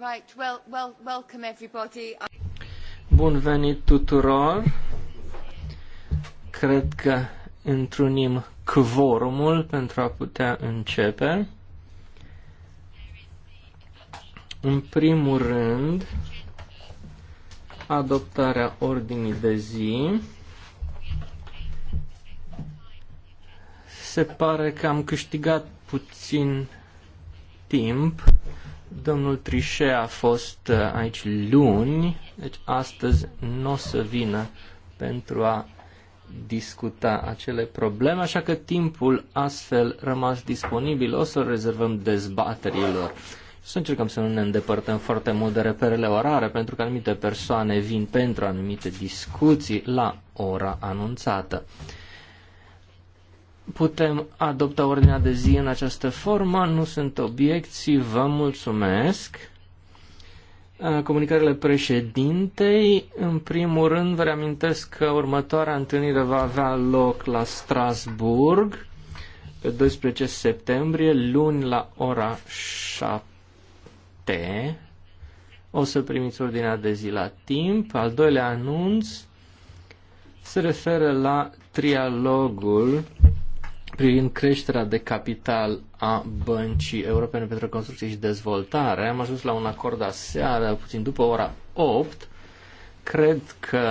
Right, well, well, welcome everybody. Bun venit tuturor. Cred că întrunim cvorumul pentru a putea începe. În primul rând, adoptarea ordinii de zi. Se pare că am câștigat puțin timp Domnul Trișe a fost uh, aici luni, deci astăzi nu o să vină pentru a discuta acele probleme, așa că timpul astfel rămas disponibil o să rezervăm dezbaterilor. Să încercăm să nu ne îndepărtăm foarte mult de reperele orare, pentru că anumite persoane vin pentru anumite discuții la ora anunțată. Putem adopta ordinea de zi în această formă, nu sunt obiecții, vă mulțumesc. Uh, comunicările președintei. În primul rând, vă reamintesc că următoarea întâlnire va avea loc la Strasburg pe 12 septembrie, luni la ora 7. O să primiți ordinea de zi la timp. Al doilea anunț se referă la trialogul prin creșterea de capital a Băncii Europene pentru Construcție și Dezvoltare. Am ajuns la un acord aseară, puțin după ora 8. Cred că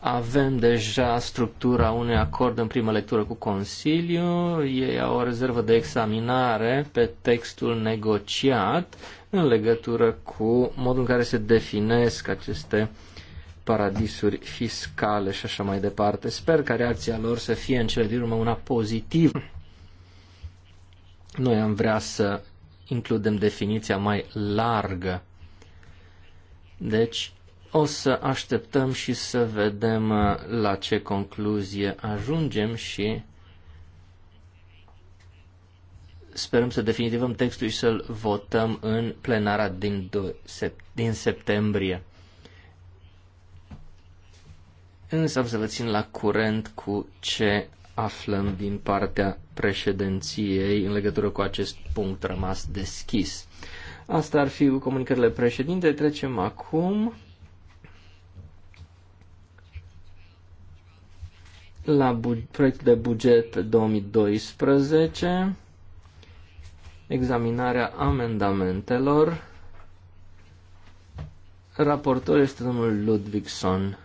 avem deja structura unui acord în primă lectură cu Consiliu. Ei au o rezervă de examinare pe textul negociat în legătură cu modul în care se definesc aceste paradisuri fiscale și așa mai departe. Sper ca reacția lor să fie în cele din urmă una pozitivă. Noi am vrea să includem definiția mai largă. Deci, o să așteptăm și să vedem uh, la ce concluzie ajungem și sperăm să definitivăm textul și să-l votăm în plenara din, do- din septembrie. Însă să vă țin la curent cu ce aflăm din partea președinției în legătură cu acest punct rămas deschis. Asta ar fi comunicările președinte. Trecem acum la bu- proiectul de buget 2012, examinarea amendamentelor. Raportor este domnul Ludvigson.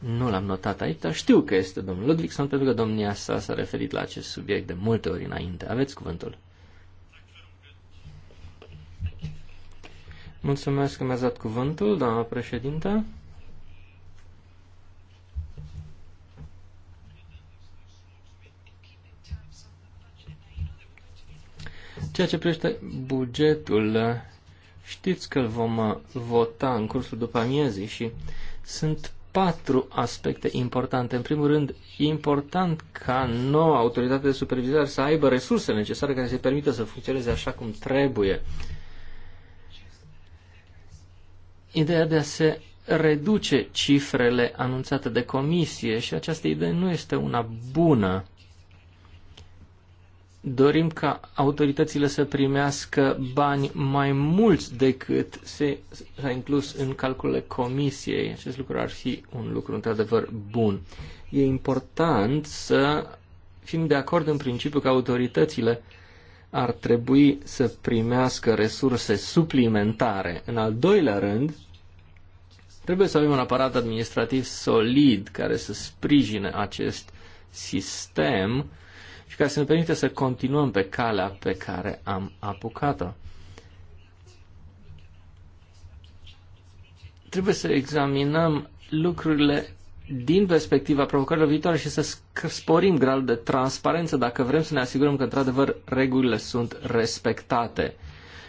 Nu l-am notat aici, dar știu că este domnul Ludvigson, pentru că domnia sa s-a referit la acest subiect de multe ori înainte. Aveți cuvântul. Mulțumesc că mi-ați dat cuvântul, doamna președintă. Ceea ce privește bugetul, știți că îl vom vota în cursul după amiezii și sunt patru aspecte importante. În primul rând, e important ca noua autoritate de supervizare să aibă resurse necesare care să se permită să funcționeze așa cum trebuie. Ideea de a se reduce cifrele anunțate de comisie și această idee nu este una bună dorim ca autoritățile să primească bani mai mulți decât se, a inclus în calculele comisiei. Acest lucru ar fi un lucru într-adevăr bun. E important să fim de acord în principiu că autoritățile ar trebui să primească resurse suplimentare. În al doilea rând, trebuie să avem un aparat administrativ solid care să sprijine acest sistem care să ne permite să continuăm pe calea pe care am apucat-o. Trebuie să examinăm lucrurile din perspectiva provocărilor viitoare și să sporim gradul de transparență dacă vrem să ne asigurăm că, într-adevăr, regulile sunt respectate.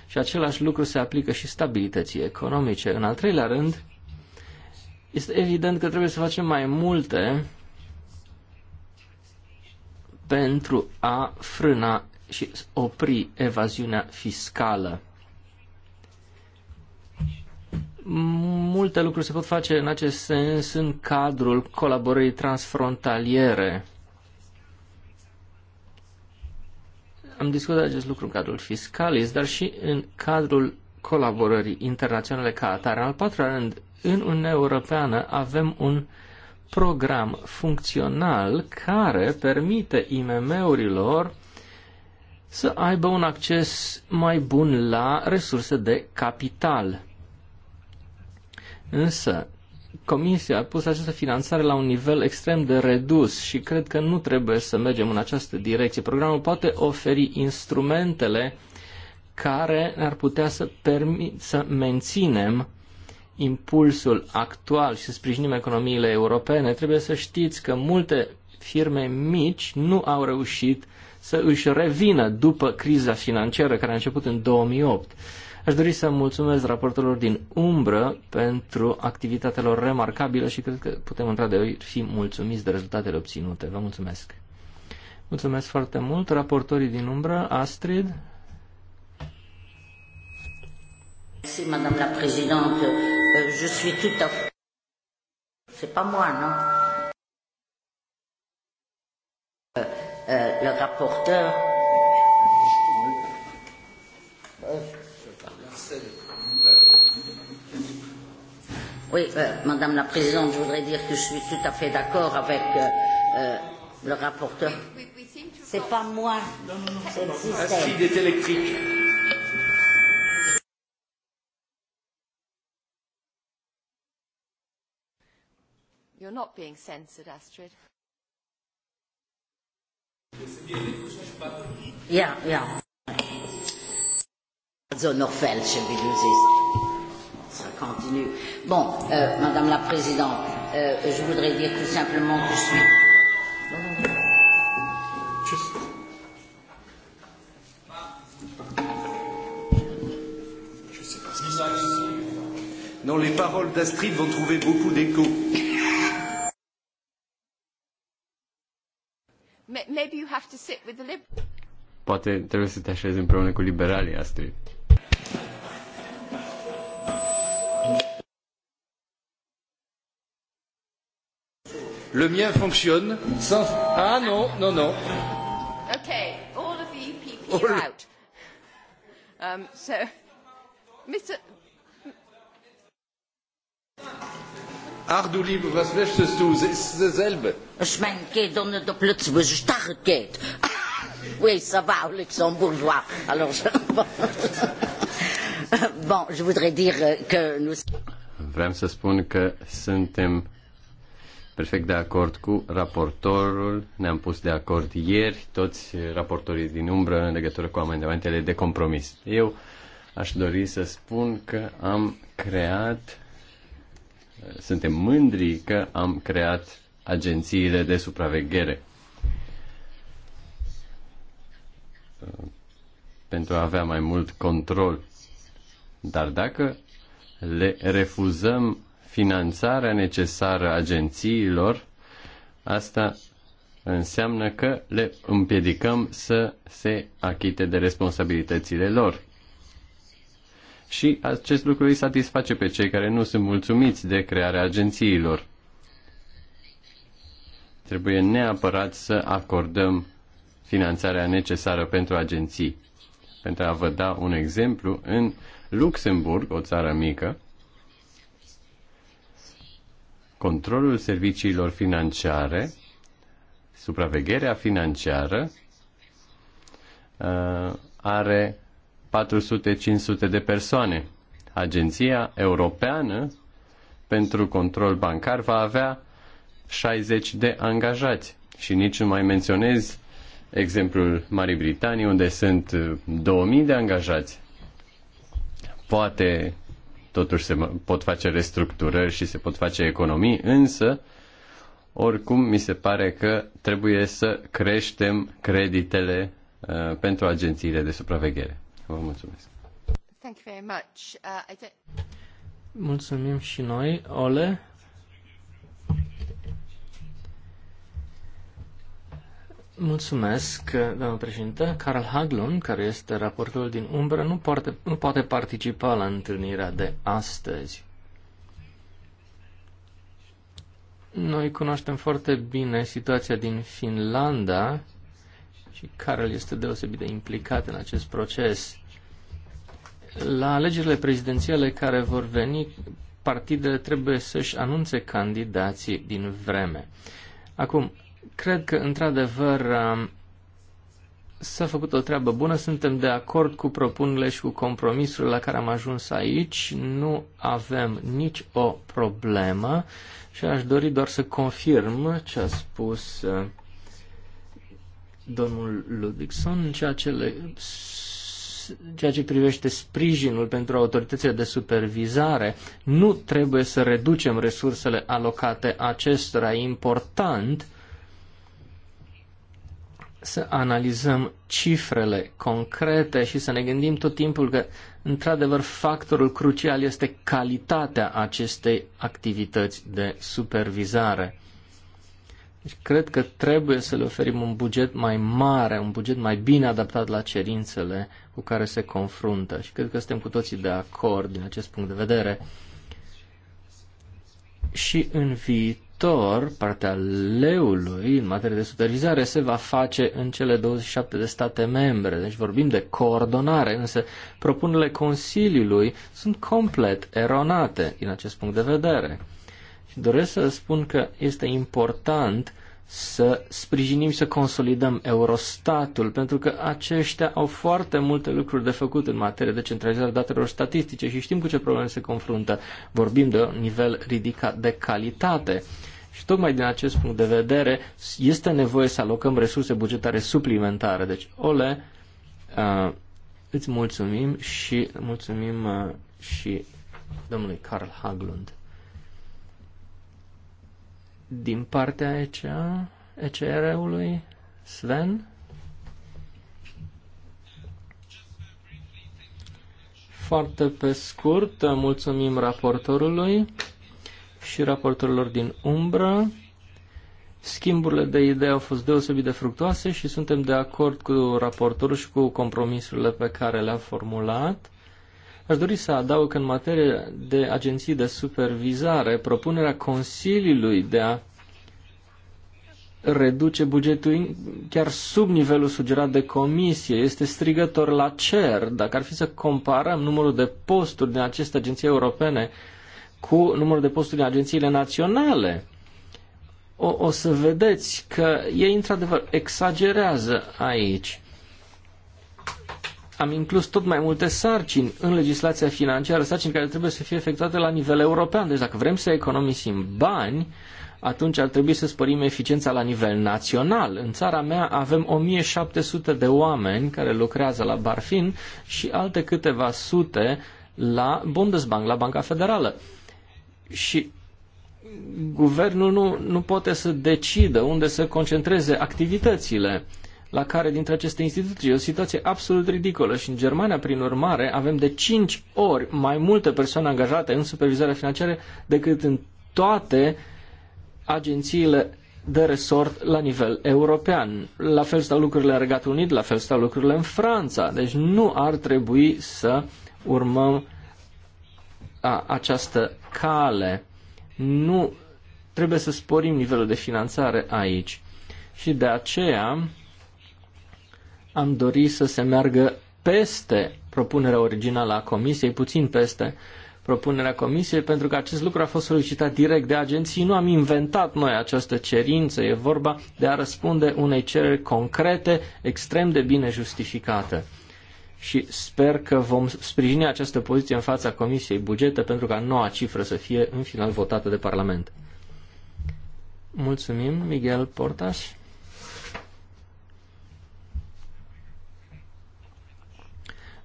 Și același lucru se aplică și stabilității economice. În al treilea rând, este evident că trebuie să facem mai multe pentru a frâna și opri evaziunea fiscală. Multe lucruri se pot face în acest sens în cadrul colaborării transfrontaliere. Am discutat acest lucru în cadrul fiscalis, dar și în cadrul colaborării internaționale ca atare. În al patrulea rând, în Uniunea Europeană avem un uh, program funcțional care permite IMM-urilor să aibă un acces mai bun la resurse de capital. Însă, Comisia a pus această finanțare la un nivel extrem de redus și cred că nu trebuie să mergem în această direcție. Programul poate oferi instrumentele care ar putea să, permit, să menținem impulsul actual și să sprijinim economiile europene, trebuie să știți că multe firme mici nu au reușit să își revină după criza financiară care a început în 2008. Aș dori să mulțumesc raportorilor din umbră pentru activitatea lor remarcabilă și cred că putem într-adevăr fi mulțumiți de rezultatele obținute. Vă mulțumesc! Mulțumesc foarte mult. Raportorii din umbră, Astrid, Si, Madame la Présidente, je suis tout à fait... C'est pas moi, non euh, Le rapporteur... Oui, euh, Madame la Présidente, je voudrais dire que je suis tout à fait d'accord avec euh, euh, le rapporteur. C'est pas moi, c'est le système. Ah, si, il est électrique. You're not being censored, Astrid. Yeah, yeah. So Norfel, should Ça continue. Bon, euh, Madame la Présidente, euh, je voudrais dire tout simplement que je suis. Non, les paroles d'Astrid vont trouver beaucoup d'écho. have to sit with the lib- Poate trebuie să te așezi împreună cu liberalii, Astrid. Le mien fonctionne sans... Ah non, non, non. OK, all of the EPP all... are out. Um, so, Mr... Ardouliv, was möchtest du? Es ist dasselbe. Je manquais dans le doppelzwe, je t'arrêtais. Oui, ça va au luxembourgeois. Alors, je... bon, je voudrais dire que nous... Vreau să spun că suntem perfect de acord cu raportorul. Ne-am pus de acord ieri, toți raportorii din umbră, în legătură cu amendamentele de compromis. Eu aș dori să spun că am creat, suntem mândri că am creat agențiile de supraveghere. Pentru a avea mai mult control. Dar dacă le refuzăm finanțarea necesară agențiilor, asta înseamnă că le împiedicăm să se achite de responsabilitățile lor. Și acest lucru îi satisface pe cei care nu sunt mulțumiți de crearea agențiilor. Trebuie neapărat să acordăm finanțarea necesară pentru agenții. Pentru a vă da un exemplu, în Luxemburg, o țară mică, controlul serviciilor financiare, supravegherea financiară, uh, are 400-500 de persoane. Agenția Europeană pentru Control Bancar va avea 60 de angajați. Și nici nu mai menționez exemplul Marii Britanii, unde sunt 2000 uh, de angajați. Poate totuși se pot face restructurări și se pot face economii, însă oricum mi se pare că trebuie să creștem creditele uh, pentru agențiile de supraveghere. Vă mulțumesc. Thank you very much. Uh, I Mulțumim și noi, Ole. Mulțumesc, doamnă președinte. Carl Haglund, care este raportorul din umbră, nu poate, nu poate participa la întâlnirea de astăzi. Noi cunoaștem foarte bine situația din Finlanda și Carl este deosebit de implicat în acest proces. La alegerile prezidențiale care vor veni, partidele trebuie să-și anunțe candidații din vreme. Acum, Cred că, într-adevăr, s-a făcut o treabă bună, suntem de acord cu propunerile și cu compromisul la care am ajuns aici, nu avem nici o problemă și aș dori doar să confirm ce a spus uh, domnul Ludvigson în ceea ce, le, ceea ce privește sprijinul pentru autoritățile de supervizare. Nu trebuie să reducem resursele alocate acestora. E important uh, să analizăm cifrele concrete și să ne gândim tot timpul că, într-adevăr, factorul crucial este calitatea acestei activități de supervizare. Deci cred că trebuie să le oferim un buget mai mare, un buget mai bine adaptat la cerințele cu care se confruntă și cred că suntem cu toții de acord din acest punct de vedere. Și în viitor viitor, partea leului în materie de supervizare se va face în cele 27 de state membre. Deci vorbim de coordonare, însă propunerile Consiliului sunt complet eronate din acest punct de vedere. Și doresc să spun că este important să sprijinim și să consolidăm Eurostatul, pentru că aceștia au foarte multe lucruri de făcut în materie de centralizare datelor statistice și știm cu ce probleme se confruntă. Vorbim de un nivel ridicat de calitate. Și tocmai din acest punct de vedere este nevoie să alocăm resurse bugetare suplimentare. Deci, Ole, uh, îți mulțumim și mulțumim uh, și domnului Carl Haglund. Din partea aici, ECR-ului, Sven? Foarte pe scurt, mulțumim raportorului și raportorilor din umbră. Schimburile de idei au fost deosebit de fructoase și suntem de acord cu raportorul și cu compromisurile pe care le-a formulat. Aș dori să adaug că în materie de agenții de supervizare, propunerea Consiliului de a reduce bugetul chiar sub nivelul sugerat de comisie este strigător la cer. Dacă ar fi să comparăm numărul de posturi din aceste agenții europene cu numărul de posturi în agențiile naționale. O, o să vedeți că ei într-adevăr exagerează aici. Am inclus tot mai multe sarcini în legislația financiară, sarcini care trebuie să fie efectuate la nivel european. Deci dacă vrem să economisim bani, atunci ar trebui să spărim eficiența la nivel național. În țara mea avem 1700 de oameni care lucrează la Barfin și alte câteva sute la Bundesbank, la Banca Federală și guvernul nu, nu poate să decidă unde să concentreze activitățile la care dintre aceste instituții. E o situație absolut ridicolă și în Germania, prin urmare, avem de 5 ori mai multe persoane angajate în supervizarea financiară decât în toate agențiile de resort la nivel european. La fel stau lucrurile în Regatul Unit, la fel stau lucrurile în Franța. Deci nu ar trebui să urmăm a, această cale. Nu trebuie să sporim nivelul de finanțare aici. Și de aceea am dorit să se meargă peste propunerea originală a Comisiei, puțin peste propunerea Comisiei, pentru că acest lucru a fost solicitat direct de agenții. Nu am inventat noi această cerință, e vorba de a răspunde unei cereri concrete, extrem de bine justificate și sper că vom sprijini această poziție în fața Comisiei Bugete pentru ca noua cifră să fie în final votată de Parlament. Mulțumim, Miguel Portas.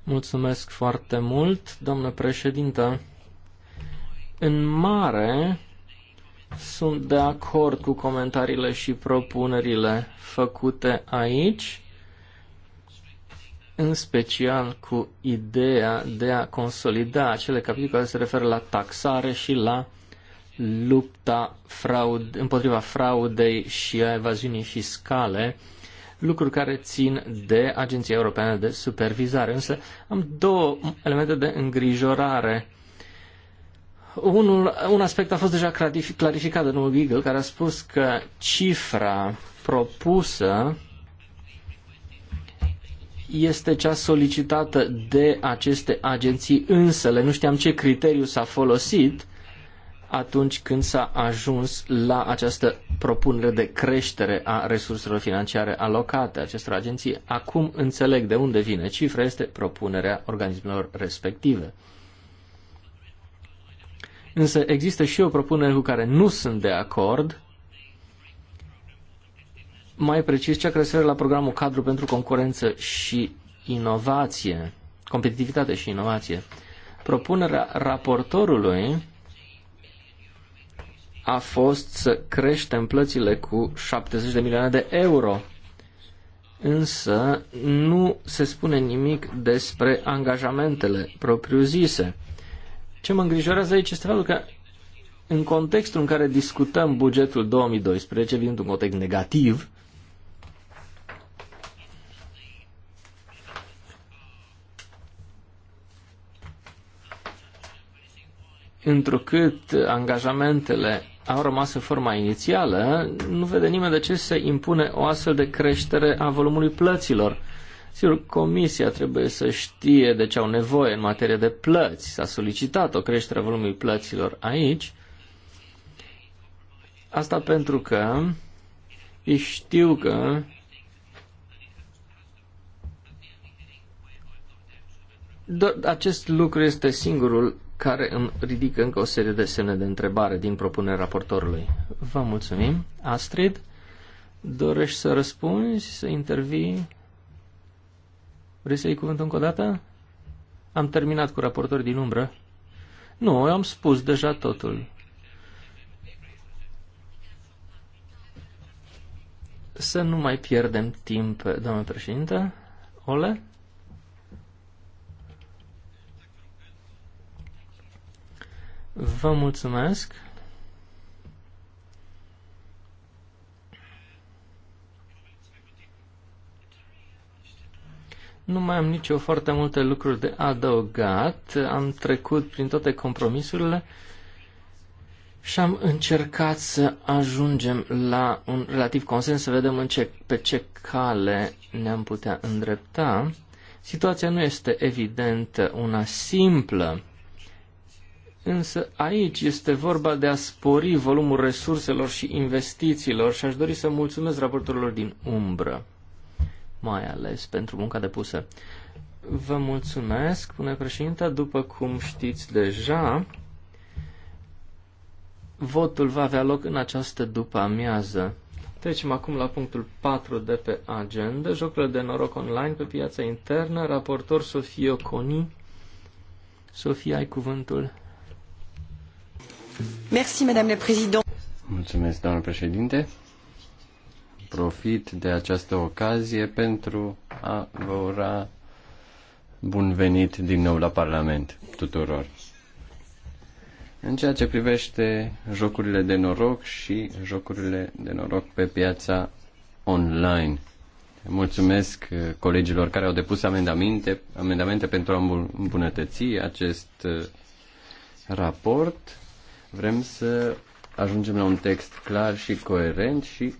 Mulțumesc foarte mult, doamnă președintă. În mare, sunt de acord cu comentariile și propunerile făcute aici în special cu ideea de a consolida acele capitole care se referă la taxare și la lupta fraud, împotriva fraudei și a evaziunii fiscale, lucruri care țin de Agenția Europeană de Supervizare. Însă am două elemente de îngrijorare. Unul, un aspect a fost deja clarificat de domnul Giggle, care a spus că cifra propusă este cea solicitată de aceste agenții însele. Nu știam ce criteriu s-a folosit atunci când s-a ajuns la această propunere de creștere a resurselor financiare alocate acestor agenții. Acum înțeleg de unde vine cifra, este propunerea organismelor respective. Însă există și o propunere cu care nu sunt de acord, mai precis cea care se la programul cadru pentru concurență și inovație, competitivitate și inovație. Propunerea raportorului a fost să creștem plățile cu 70 de milioane de euro. Însă nu se spune nimic despre angajamentele propriu-zise. Ce mă îngrijorează aici este faptul că în contextul în care discutăm bugetul 2012, vin un context negativ, întrucât angajamentele au rămas în forma inițială, nu vede nimeni de ce se impune o astfel de creștere a volumului plăților. Sigur, comisia trebuie să știe de ce au nevoie în materie de plăți. S-a solicitat o creștere a volumului plăților aici. Asta pentru că ei știu că acest lucru este singurul care îmi ridică încă o serie de semne de întrebare din propunerea raportorului. Vă mulțumim. Astrid, dorești să răspunzi, să intervii? Vrei să iei cuvântul încă o dată? Am terminat cu raportori din umbră. Nu, eu am spus deja totul. Să nu mai pierdem timp, doamnă președinte. Ole? Vă mulțumesc. Nu mai am nici eu foarte multe lucruri de adăugat. Am trecut prin toate compromisurile și am încercat să ajungem la un relativ consens, să vedem în ce, pe ce cale ne-am putea îndrepta. Situația nu este evident una simplă. Însă aici este vorba de a spori volumul resurselor și investițiilor și aș dori să mulțumesc raportorilor din umbră, mai ales pentru munca depusă. Vă mulțumesc, pune președinte, după cum știți deja, votul va avea loc în această după amiază. Trecem acum la punctul 4 de pe agenda, jocurile de noroc online pe piața internă, raportor Sofia Coni. Sofia, ai cuvântul. Mulțumesc, doamnă președinte. Profit de această ocazie pentru a vă ura bun venit din nou la Parlament tuturor. În ceea ce privește jocurile de noroc și jocurile de noroc pe piața online. Mulțumesc colegilor care au depus amendamente, amendamente pentru a îmbunătăți acest uh, raport Vrem să ajungem la un text clar și coerent și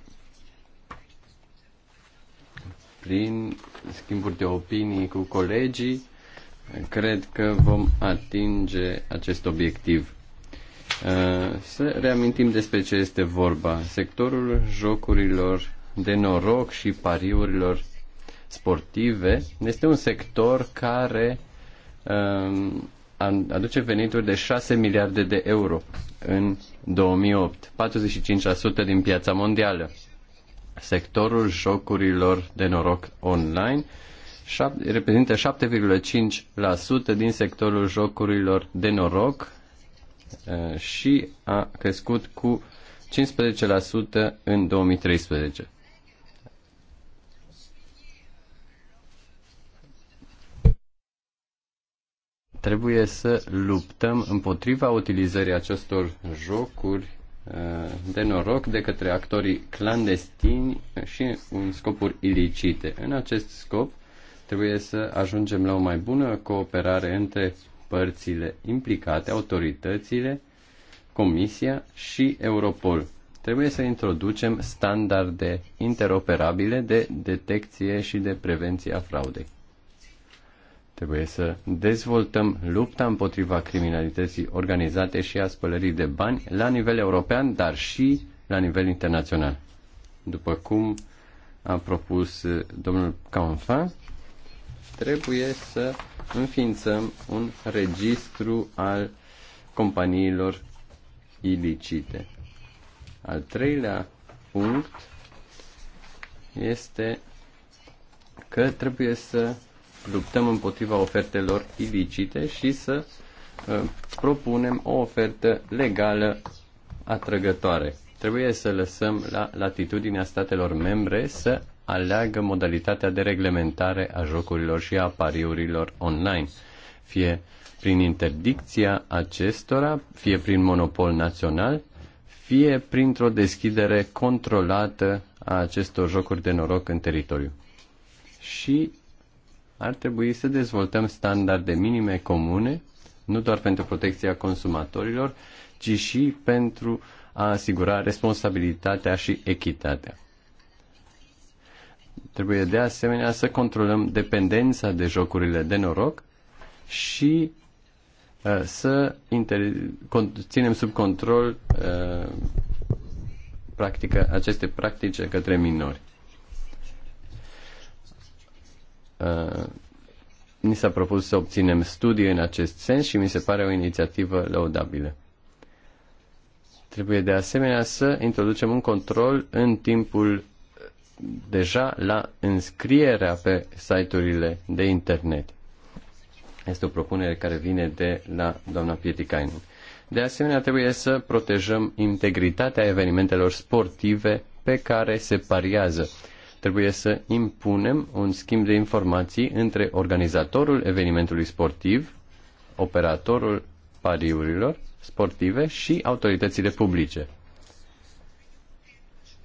prin schimburi de opinii cu colegii, cred că vom atinge acest obiectiv. Uh, să reamintim despre ce este vorba. Sectorul jocurilor de noroc și pariurilor sportive este un sector care um, aduce venituri de 6 miliarde de euro în 2008, 45% din piața mondială. Sectorul jocurilor de noroc online reprezintă 7,5% din sectorul jocurilor de noroc eh, și a crescut cu 15% în 2013. Trebuie să luptăm împotriva utilizării acestor jocuri uh, de noroc de către actorii clandestini și în scopuri ilicite. În acest scop, trebuie să ajungem la o mai bună cooperare între părțile implicate, autoritățile, Comisia și Europol. Trebuie să introducem standarde interoperabile de detecție și de prevenție a fraudei. Trebuie să dezvoltăm lupta împotriva criminalității organizate și a spălării de bani la nivel european, dar și la nivel internațional. După cum a propus eh, domnul Canfin, trebuie să înființăm un registru al companiilor ilicite. Al treilea punct este că trebuie să luptăm împotriva ofertelor ilicite și să uh, propunem o ofertă legală atrăgătoare. Trebuie să lăsăm la latitudinea statelor membre să aleagă modalitatea de reglementare a jocurilor și a pariurilor online, fie prin interdicția acestora, fie prin monopol național, fie printr-o deschidere controlată a acestor jocuri de noroc în teritoriu. Și ar trebui să dezvoltăm standarde minime comune, nu doar pentru protecția consumatorilor, ci și pentru a asigura responsabilitatea și echitatea. Trebuie de asemenea să controlăm dependența de jocurile de noroc și uh, să inter- ținem sub control uh, practică, aceste practici către minori. Uh, ni s-a propus să obținem studii în acest sens și mi se pare o inițiativă lăudabilă. Trebuie de asemenea să introducem un control în timpul uh, deja la înscrierea pe site-urile de internet. Este o propunere care vine de la doamna Pietikainen. De asemenea, trebuie să protejăm integritatea evenimentelor sportive pe care se pariază Trebuie să impunem un schimb de informații între organizatorul evenimentului sportiv, operatorul pariurilor sportive și autoritățile publice.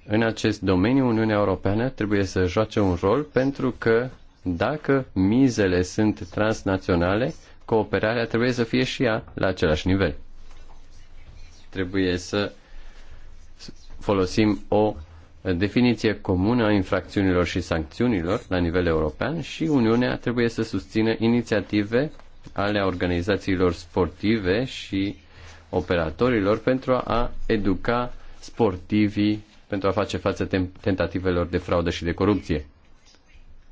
În acest domeniu, Uniunea Europeană trebuie să joace un rol pentru că dacă mizele sunt transnaționale, cooperarea trebuie să fie și ea la același nivel. Trebuie să folosim o definiție comună a infracțiunilor și sancțiunilor la nivel european și Uniunea trebuie să susțină inițiative ale organizațiilor sportive și operatorilor pentru a educa sportivii pentru a face față tentativelor de fraudă și de corupție.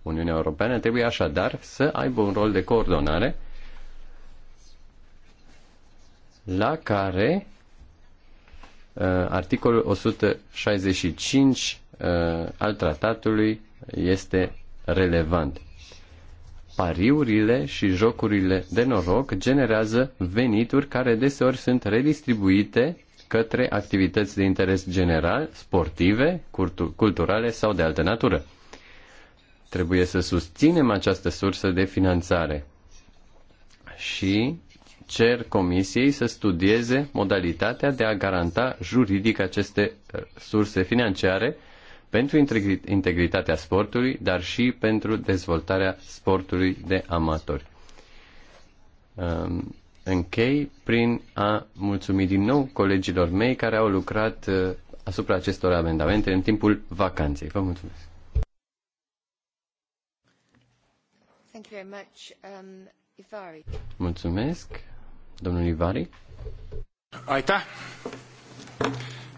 Uniunea Europeană trebuie așadar să aibă un rol de coordonare la care Uh, articolul 165 uh, al tratatului este relevant. Pariurile și jocurile de noroc generează venituri care deseori sunt redistribuite către activități de interes general, sportive, culturale sau de altă natură. Trebuie să susținem această sursă de finanțare și cer Comisiei să studieze modalitatea de a garanta juridic aceste uh, surse financiare pentru integritatea sportului, dar și pentru dezvoltarea sportului de amatori. Um, închei prin a mulțumi din nou colegilor mei care au lucrat uh, asupra acestor amendamente în timpul vacanței. Vă mulțumesc! Um, mulțumesc. Domnul Ivari? Aitäh!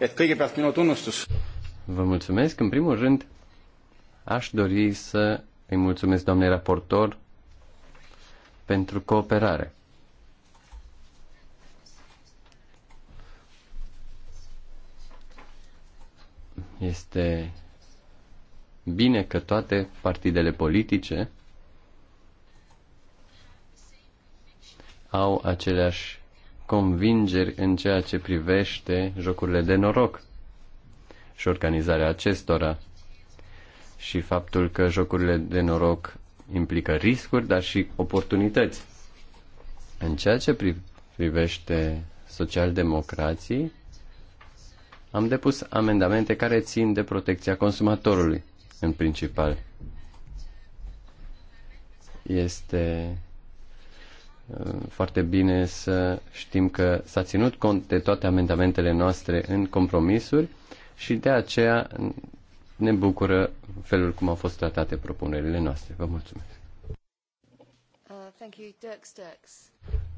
Et kõigepealt minu tunnustus. Vă mulțumesc. În primul rând, aș dori să îi mulțumesc doamnei raportor pentru cooperare. Este bine că toate partidele politice au aceleași convingeri în ceea ce privește jocurile de noroc și organizarea acestora și faptul că jocurile de noroc implică riscuri, dar și oportunități. În ceea ce pri- privește socialdemocrații, am depus amendamente care țin de protecția consumatorului, în principal. Este foarte bine să știm că s-a ținut cont de toate amendamentele noastre în compromisuri și de aceea ne bucură felul cum au fost tratate propunerile noastre. Vă mulțumesc. Uh,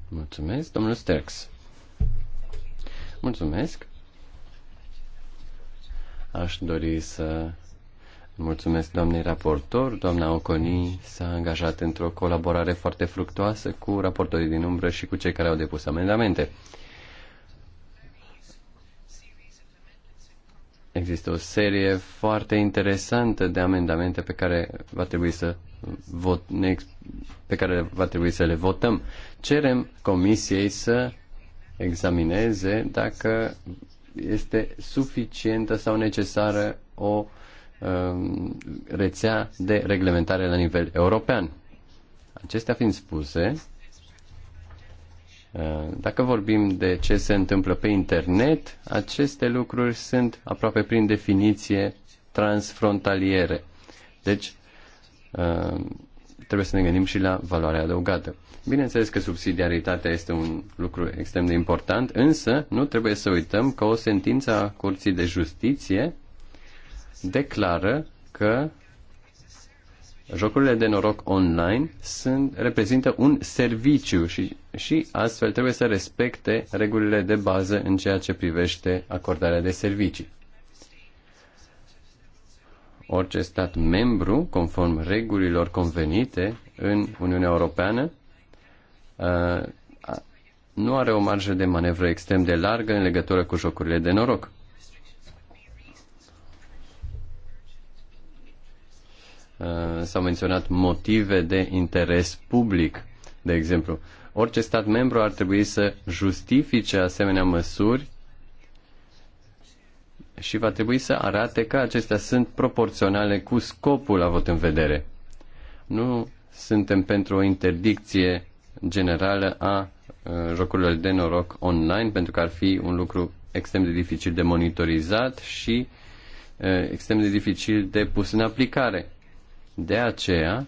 mulțumesc, domnul Sterx. Mulțumesc. Aș dori să Mulțumesc doamnei raportor. Doamna Oconi s-a angajat într-o colaborare foarte fructoasă cu raportorii din umbră și cu cei care au depus amendamente. Există o serie foarte interesantă de amendamente pe care va trebui să vot, pe care va trebui să le votăm. Cerem comisiei să examineze dacă este suficientă sau necesară o uh, Um, rețea de reglementare la nivel european. Acestea fiind spuse, uh, dacă vorbim de ce se întâmplă pe internet, aceste lucruri sunt aproape prin definiție transfrontaliere. Deci, uh, trebuie să ne gândim și la valoarea adăugată. Bineînțeles că subsidiaritatea este un lucru extrem de important, însă nu trebuie să uităm că o sentință a Curții de Justiție declară că jocurile de noroc online sunt, reprezintă un serviciu și, și astfel trebuie să respecte regulile de bază în ceea ce privește acordarea de servicii. Orice stat membru, conform regulilor convenite în Uniunea Europeană, uh, nu are o marjă de manevră extrem de largă în legătură cu jocurile de noroc. Uh, s-au menționat motive de interes public, de exemplu. Orice stat membru ar trebui să justifice asemenea măsuri și va trebui să arate că acestea sunt proporționale cu scopul avut în vedere. Nu suntem pentru o interdicție generală a uh, jocurilor de noroc online, pentru că ar fi un lucru extrem de dificil de monitorizat și uh, extrem de dificil de pus în aplicare. De aceea,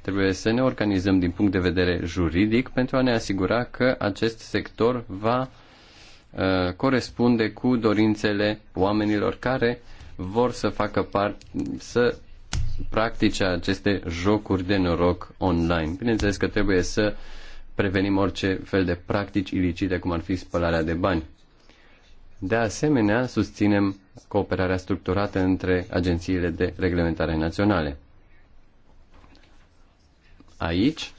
trebuie să ne organizăm din punct de vedere juridic pentru a ne asigura că acest sector va uh, corespunde cu dorințele oamenilor care vor să facă parte, să practice aceste jocuri de noroc online. Bineînțeles că trebuie să prevenim orice fel de practici ilicite, cum ar fi spălarea de bani. De asemenea, susținem cooperarea structurată între agențiile de reglementare naționale. Aici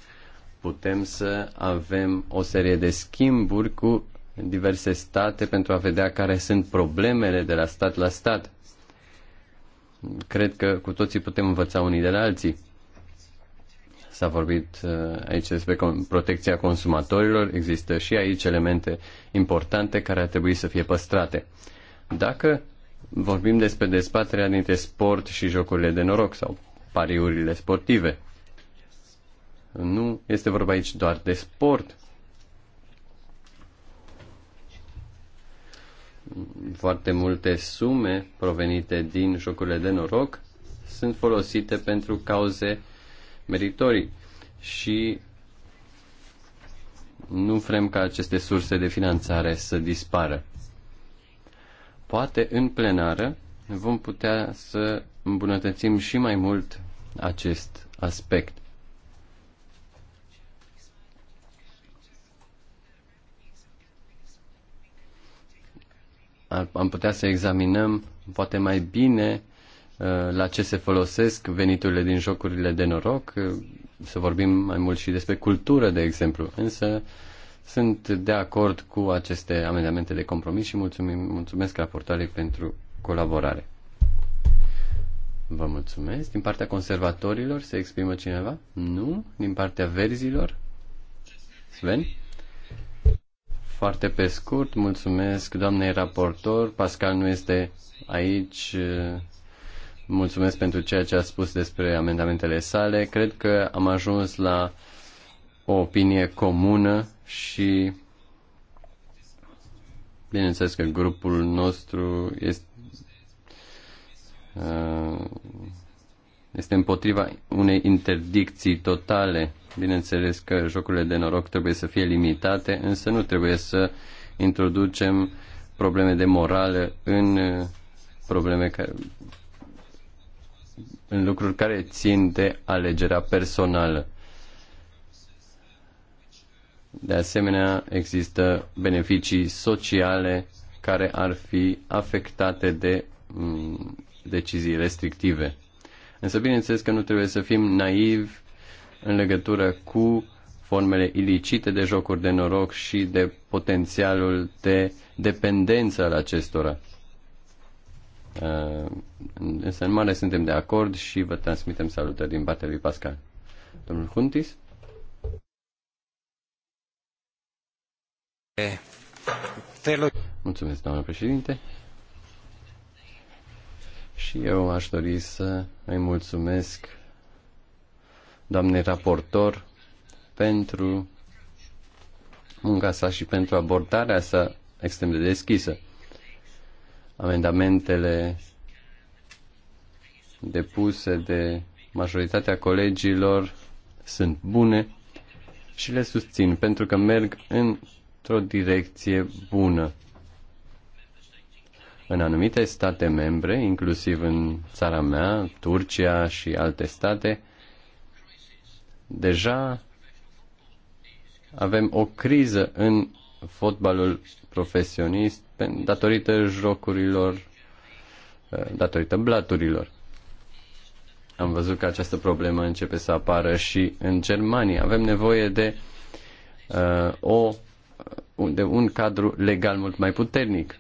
putem să avem o serie de schimburi cu diverse state pentru a vedea care sunt problemele de la stat la stat. Cred că cu toții putem învăța unii de la alții. S-a vorbit uh, aici despre protecția consumatorilor. Există și aici elemente importante care ar trebui să fie păstrate. Dacă Vorbim despre despaterea dintre sport și jocurile de noroc sau pariurile sportive. Nu este vorba aici doar de sport. Foarte multe sume provenite din jocurile de noroc sunt folosite pentru cauze meritorii și nu vrem ca aceste surse de finanțare să dispară. Poate în plenară vom putea să îmbunătățim și mai mult acest aspect. Am putea să examinăm poate mai bine uh, la ce se folosesc veniturile din jocurile de noroc, uh, să vorbim mai mult și despre cultură, de exemplu. Însă, sunt de acord cu aceste amendamente de compromis și mulțumim, mulțumesc raportoarei pentru colaborare. Vă mulțumesc. Din partea conservatorilor se exprimă cineva? Nu. Din partea verzilor? Sven? Foarte pe scurt, mulțumesc doamnei raportor. Pascal nu este aici. Mulțumesc pentru ceea ce a spus despre amendamentele sale. Cred că am ajuns la o opinie comună și bineînțeles că grupul nostru este uh, este împotriva unei interdicții totale. Bineînțeles că jocurile de noroc trebuie să fie limitate, însă nu trebuie să introducem probleme de morală în uh, probleme care în lucruri care țin de alegerea personală. De asemenea, există beneficii sociale care ar fi afectate de mm, decizii restrictive. Însă, bineînțeles că nu trebuie să fim naivi în legătură cu formele ilicite de jocuri de noroc și de potențialul de dependență al acestora. Uh, însă, în mare, suntem de acord și vă transmitem salutări din partea lui Pascal. Domnul Huntis? Mulțumesc, președinte. Și eu aș dori să îi mulțumesc doamnei raportor pentru munca sa și pentru abordarea sa extrem de deschisă. Amendamentele depuse de majoritatea colegilor sunt bune și le susțin pentru că merg în într-o direcție bună. În anumite state membre, inclusiv în țara mea, Turcia și alte state, deja avem o criză în fotbalul profesionist datorită jocurilor, eh, datorită blaturilor. Am văzut că această problemă începe să apară și în Germania. Avem nevoie de uh, o de un cadru legal mult mai puternic.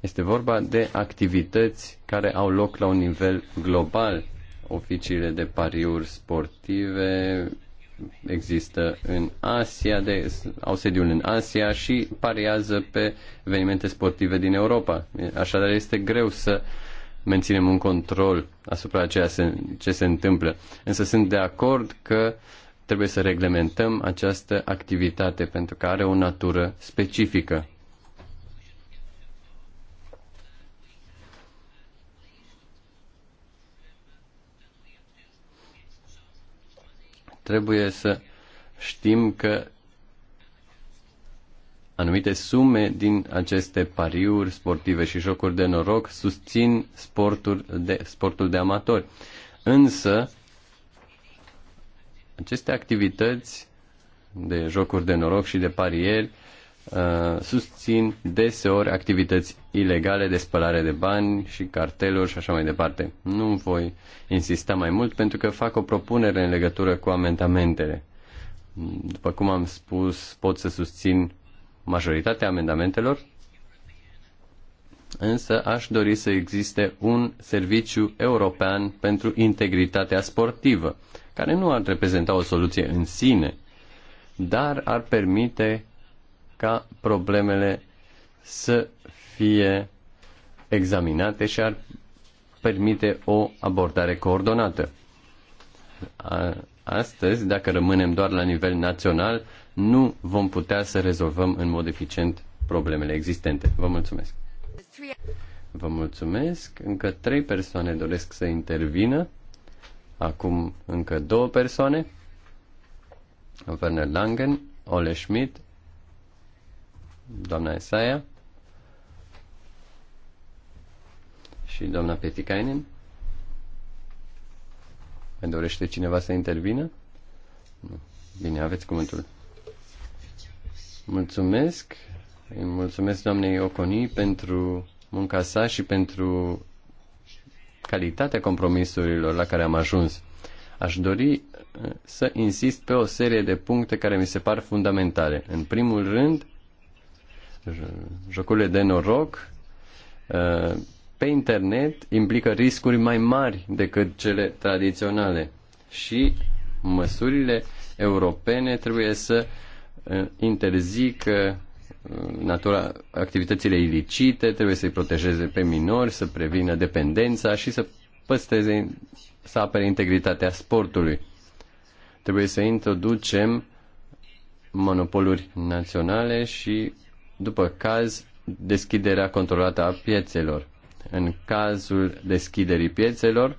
Este vorba de activități care au loc la un nivel global. Oficiile de pariuri sportive există în Asia, de, au sediul în Asia și pariază pe evenimente sportive din Europa. Așadar este greu să menținem un control asupra ceea ce se întâmplă. Însă sunt de acord că uh, trebuie să reglementăm această activitate pentru că are o natură specifică. Trebuie să știm că anumite sume din aceste pariuri sportive și jocuri de noroc susțin sportul de, sportul de amatori. Însă, aceste activități de jocuri de noroc și de parieri uh, susțin deseori activități ilegale de spălare de bani și carteluri și așa mai departe. Nu voi insista mai mult pentru că fac o propunere în legătură cu amendamentele. După cum am spus, pot să susțin majoritatea amendamentelor, însă aș dori să existe un serviciu european pentru integritatea sportivă care nu ar reprezenta o soluție în sine, dar ar permite ca problemele să fie examinate și ar permite o abordare coordonată. Astăzi, dacă rămânem doar la nivel național, nu vom putea să rezolvăm în mod eficient problemele existente. Vă mulțumesc! Vă mulțumesc! Încă trei persoane doresc să intervină. Acum încă două persoane. Werner Langen, Ole Schmidt, doamna Esaia și doamna Petikainen. Mai dorește cineva să intervină? Nu. Bine, aveți cuvântul. Mulțumesc. Îi mulțumesc doamnei Oconi pentru munca sa și pentru calitatea compromisurilor la care am ajuns. Aș dori eh, să insist pe o serie de puncte care mi se par fundamentale. În primul rând, jocurile de noroc eh, pe internet implică riscuri mai mari decât cele tradiționale și măsurile europene trebuie să eh, interzică natura activitățile ilicite, trebuie să-i protejeze pe minori, să prevină dependența și să păstreze, să apere integritatea sportului. Trebuie să introducem monopoluri naționale și, după caz, deschiderea controlată a piețelor. În cazul deschiderii piețelor,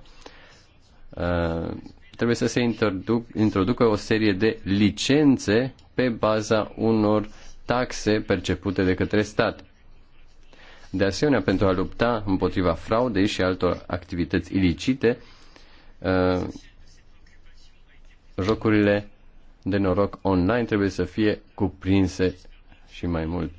uh, trebuie să se introducă o serie de licențe pe baza unor taxe percepute de către stat. De asemenea, pentru a lupta împotriva fraudei și altor activități ilicite, uh, jocurile de noroc online trebuie să fie cuprinse și mai mult.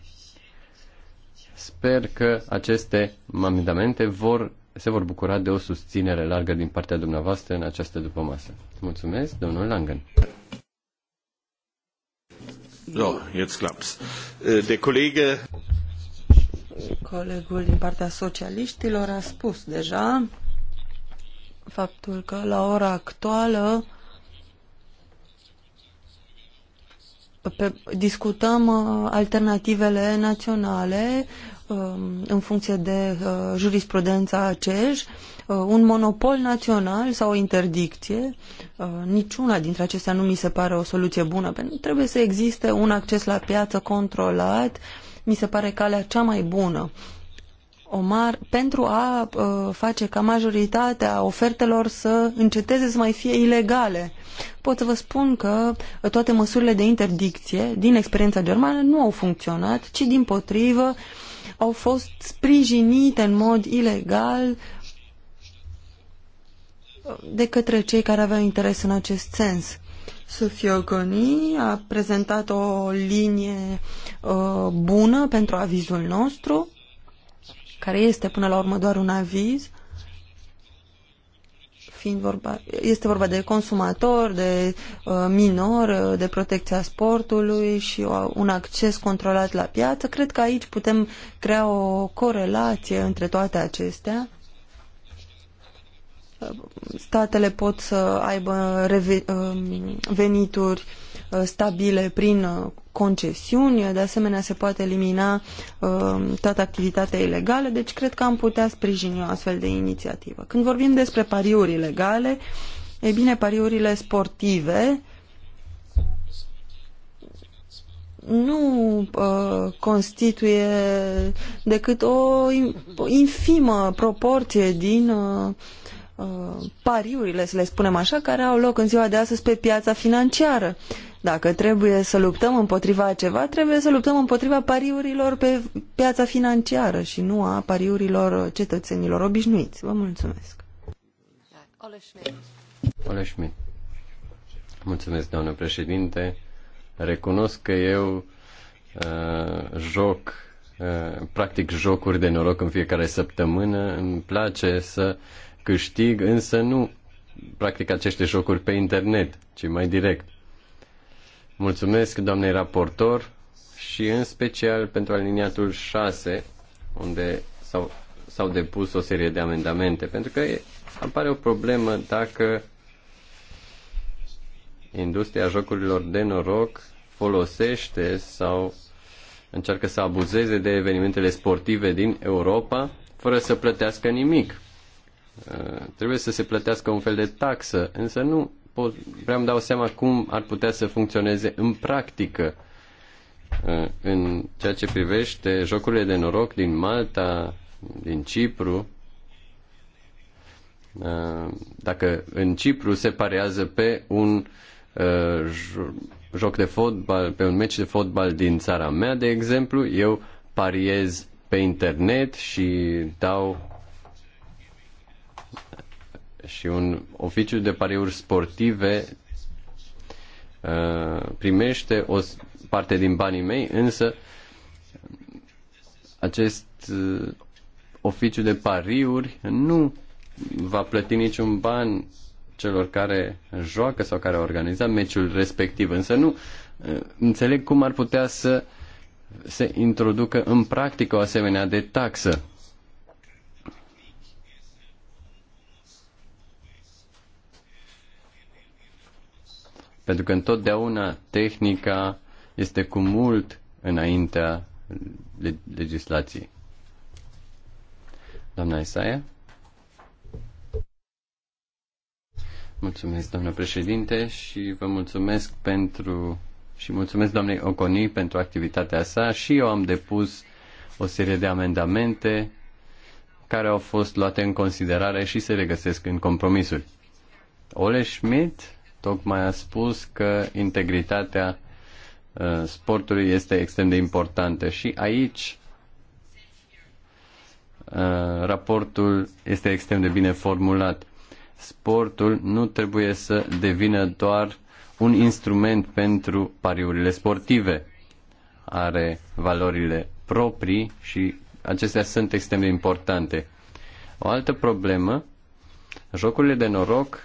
Sper că aceste amendamente vor, se vor bucura de o susținere largă din partea dumneavoastră în această dupămasă. Mulțumesc, domnul Langen. Äh, colegul din partea socialiștilor a spus deja faptul că la ora actuală pe, discutăm uh, alternativele naționale Um, în funcție de uh, jurisprudența CEJ, uh, un monopol național sau o interdicție. Uh, niciuna dintre acestea nu mi se pare o soluție bună. Pentru că trebuie să existe un acces la piață controlat, mi se pare calea cea mai bună. mar... pentru a face ca majoritatea ofertelor să înceteze să mai fie ilegale. Pot să vă spun că toate măsurile de interdicție din experiența germană nu au funcționat, ci din potrivă uh, au fost sprijinite în mod ilegal de către cei care aveau interes în acest sens. Sufiogoni a prezentat o linie uh, bună pentru avizul nostru, care este până la urmă doar un aviz, fiind vorba, este vorba de consumator, de uh, minor, uh, de protecția sportului și un acces controlat la piață. Cred că aici putem crea o corelație între toate acestea. Uh, statele pot să aibă venituri stabile prin concesiuni, de asemenea se poate elimina uh, toată activitatea ilegală, deci cred că am putea sprijini o astfel de inițiativă. Când vorbim despre pariuri ilegale, e bine, pariurile sportive nu uh, constituie decât o infimă proporție din uh, Uh, pariurile, să le spunem așa, care au loc în ziua de astăzi pe piața financiară. Dacă trebuie să luptăm împotriva ceva, trebuie să luptăm împotriva pariurilor pe piața financiară și nu a pariurilor cetățenilor obișnuiți. Vă mulțumesc. Ole Schmidt. Mulțumesc, doamnă președinte. Recunosc că eu uh, joc, uh, practic jocuri de noroc în fiecare săptămână. Îmi place să câștig, însă nu practic aceste jocuri pe internet, ci mai direct. Mulțumesc doamnei raportor și în special pentru aliniatul 6, unde s-au, s-au depus o serie de amendamente, pentru că apare o problemă dacă industria jocurilor de noroc folosește sau încearcă să abuzeze de evenimentele sportive din Europa fără să plătească nimic Eh, trebuie să se plătească un fel de taxă, însă nu pot, prea îmi dau seama cum ar putea să funcționeze în practică eh, în ceea ce privește jocurile de noroc din Malta, din Cipru, eh, dacă în Cipru se parează pe un joc de fotbal, pe un meci de fotbal din țara mea, de exemplu, eu pariez pe internet și dau și un oficiu de pariuri sportive uh, primește o parte din banii mei, însă acest uh, oficiu de pariuri nu va plăti niciun ban celor care joacă sau care au organizat meciul respectiv. Însă nu uh, înțeleg cum ar putea să se introducă în practică o asemenea de taxă. Pentru că întotdeauna tehnica este cu mult înaintea legislației. Doamna Isaia? Mulțumesc, doamnă președinte, și vă mulțumesc pentru și mulțumesc doamnei Oconi pentru activitatea sa și eu am depus o serie de amendamente care au fost luate în considerare și se regăsesc în compromisuri. Ole Schmidt tocmai a spus că integritatea uh, sportului este extrem de importantă și aici uh, raportul este extrem de bine formulat. Sportul nu trebuie să devină doar un instrument pentru pariurile sportive. Are valorile proprii și acestea sunt extrem de importante. O altă problemă, jocurile de noroc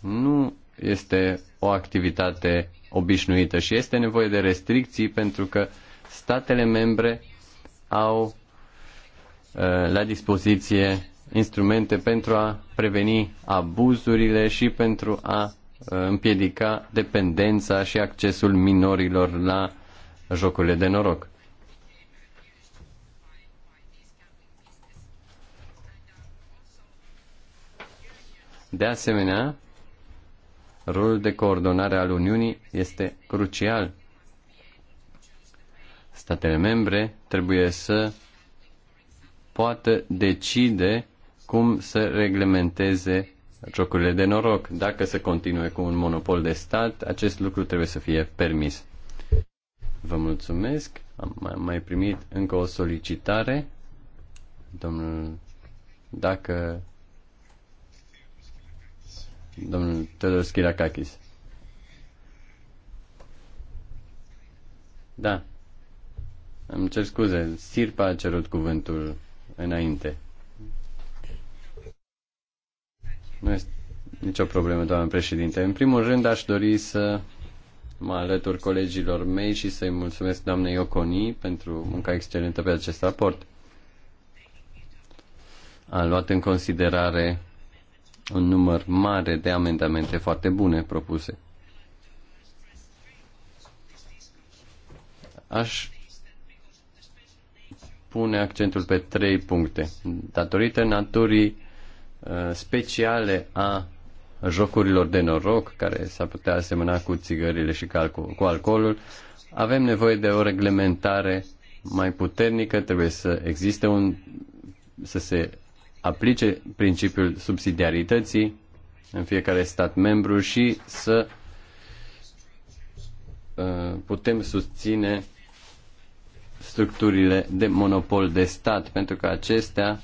nu este o activitate obișnuită și este nevoie de restricții pentru că statele membre au uh, la dispoziție instrumente pentru a preveni abuzurile și pentru a uh, împiedica dependența și accesul minorilor la jocurile de noroc. De asemenea, Rolul de coordonare al Uniunii este crucial. Statele membre trebuie să poată decide cum să reglementeze jocurile de noroc. Dacă se continue cu un monopol de stat, acest lucru trebuie să fie permis. Vă mulțumesc. Am mai primit încă o solicitare. Domnul, dacă domnul Teodor Schirakakis. Da. Îmi cer scuze. Sirpa a cerut cuvântul înainte. Nu este nicio problemă, doamnă președinte. În primul rând aș dori să mă alătur colegilor mei și să-i mulțumesc doamnei Oconi pentru munca excelentă pe acest raport. Am luat în considerare un număr mare de amendamente foarte bune propuse. Aș pune accentul pe trei puncte. Datorită naturii uh, speciale a jocurilor de noroc, care s-ar putea asemăna cu țigările și cu alcoolul, avem nevoie de o reglementare mai puternică, trebuie să existe un să se aplice principiul subsidiarității în fiecare stat membru și să uh, putem susține structurile de monopol de stat, pentru că acestea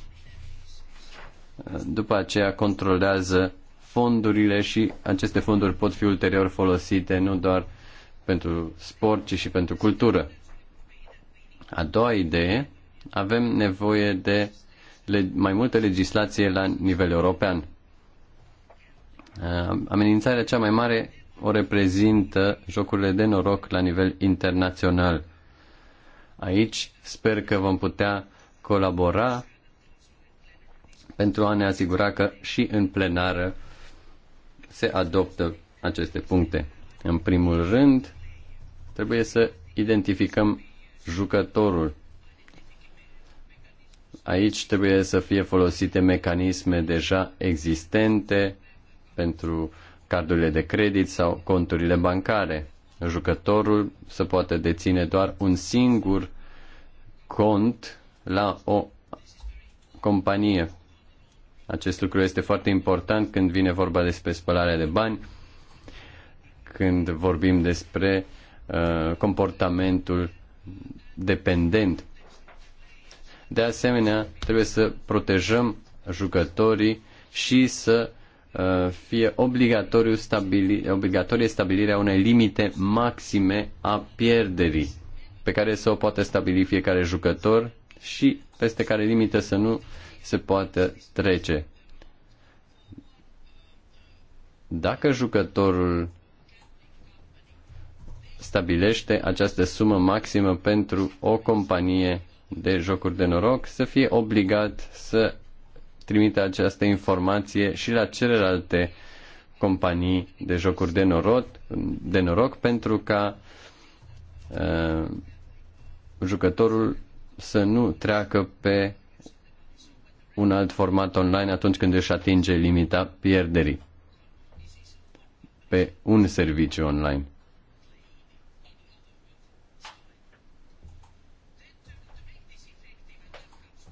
uh, după aceea controlează fondurile și aceste fonduri pot fi ulterior folosite nu doar pentru sport, ci și pentru cultură. A doua idee, avem nevoie de mai multă legislație la nivel european. Uh, amenințarea cea mai mare o reprezintă jocurile de noroc la nivel internațional. Aici sper că vom putea colabora pentru a ne asigura că și în plenară se adoptă aceste puncte. În primul rând, trebuie să identificăm jucătorul Aici trebuie să fie folosite mecanisme deja existente pentru cardurile de credit sau conturile bancare. Jucătorul să poată deține doar un singur cont la o companie. Acest lucru este foarte important când vine vorba despre spălarea de bani, când vorbim despre uh, comportamentul dependent de asemenea, trebuie să protejăm jucătorii și să uh, fie obligatoriu stabili, obligatorie stabilirea unei limite maxime a pierderii pe care să o poate stabili fiecare jucător și peste care limită să nu se poate trece. Dacă jucătorul stabilește această sumă maximă pentru o companie de jocuri de noroc să fie obligat să trimite această informație și la celelalte companii de jocuri de noroc, de noroc pentru ca uh, jucătorul să nu treacă pe un alt format online atunci când își atinge limita pierderii pe un serviciu online.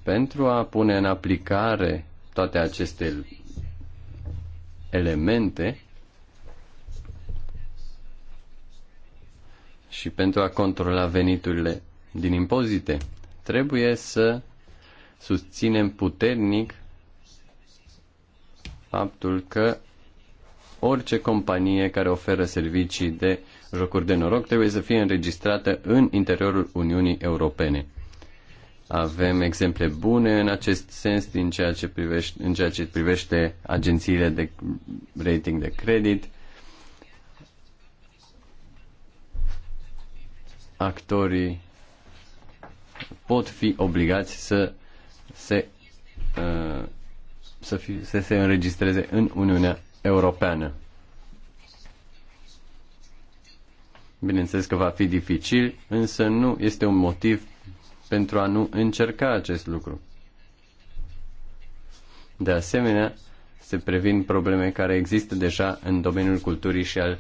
Pentru a pune în aplicare toate aceste elemente și pentru a controla veniturile din impozite, trebuie să susținem puternic faptul că orice companie care oferă servicii de jocuri de noroc trebuie să fie înregistrată în interiorul Uniunii Europene. Avem exemple bune în acest sens din ceea ce privește, în ceea ce privește agențiile de rating de credit, actorii pot fi obligați să se, uh, să, fi, să se înregistreze în Uniunea Europeană. Bineînțeles că va fi dificil, însă nu este un motiv pentru a nu încerca acest lucru. De asemenea, se previn probleme care există deja în domeniul culturii și al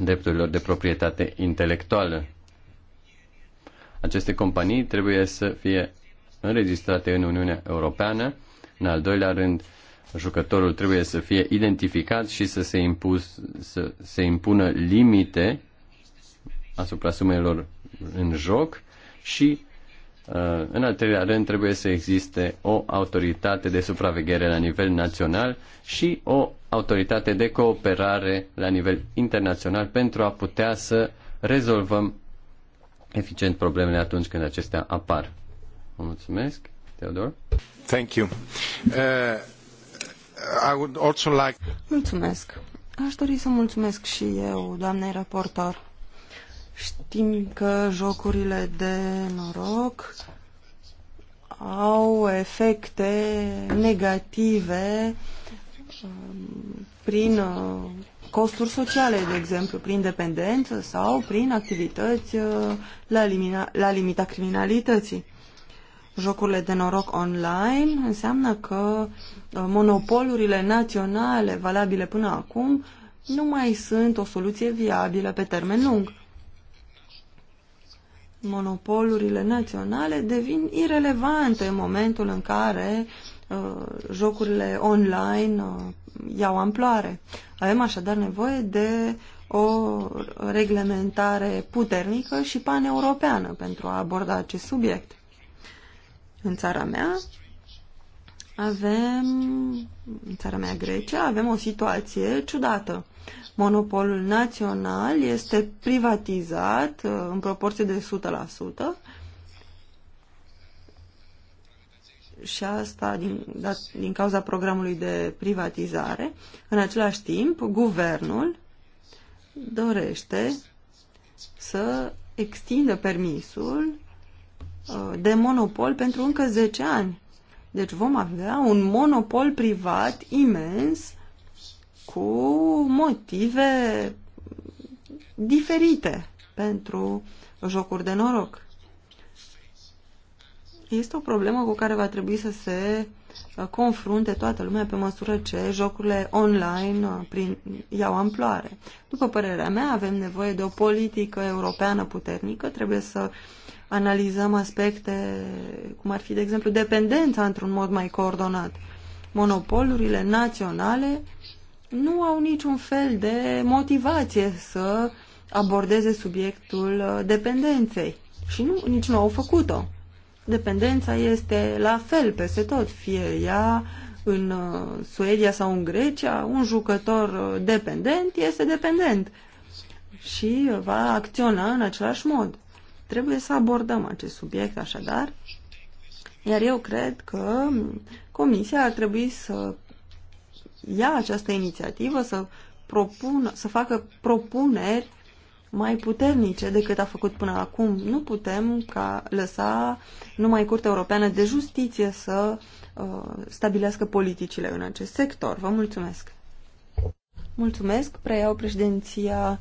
drepturilor de proprietate intelectuală. Aceste companii trebuie să fie înregistrate în Uniunea Europeană. În al doilea rând, jucătorul trebuie să fie identificat și să se, impus, să se impună limite asupra sumelor în joc și, uh, în al treilea rând, trebuie să existe o autoritate de supraveghere la nivel național și o autoritate de cooperare la nivel internațional pentru a putea să rezolvăm eficient problemele atunci când acestea apar. Vă mulțumesc, Teodor. Thank you. Uh, I would also like... Mulțumesc. Aș dori să mulțumesc și eu, doamnei raportor. Știm că jocurile de noroc au efecte negative um, prin uh, costuri sociale, de exemplu, prin dependență sau prin activități uh, la, limina, la limita criminalității. Jocurile de noroc online înseamnă că uh, monopolurile naționale valabile până acum nu mai sunt o soluție viabilă pe termen lung monopolurile naționale devin irelevante în momentul în care uh, jocurile online uh, iau amploare. Avem așadar nevoie de o reglementare puternică și paneuropeană pentru a aborda acest subiect. În țara mea avem, în țara mea Grecia, avem o situație ciudată monopolul național este privatizat uh, în proporție de 100% și asta din, dat, din cauza programului de privatizare. În același timp, guvernul dorește să extindă permisul uh, de monopol pentru încă 10 ani. Deci vom avea un monopol privat imens cu motive diferite pentru jocuri de noroc. Este o problemă cu care va trebui să se uh, confrunte toată lumea pe măsură ce jocurile online uh, prin, iau amploare. După părerea mea, avem nevoie de o politică europeană puternică, trebuie să analizăm aspecte cum ar fi, de exemplu, dependența într-un mod mai coordonat. Monopolurile naționale nu au niciun fel de motivație să abordeze subiectul uh, dependenței. Și nu, nici nu au făcut-o. Dependența este la fel peste tot, fie ea în uh, Suedia sau în Grecia, un jucător uh, dependent este dependent și va acționa în același mod. Trebuie să abordăm acest subiect așadar, iar eu cred că mm, Comisia ar trebui să ia această inițiativă să, propună, să facă propuneri mai puternice decât a făcut până acum. Nu putem ca lăsa numai Curtea Europeană de Justiție să uh, stabilească politicile în acest sector. Vă mulțumesc! Mulțumesc, preiau președinția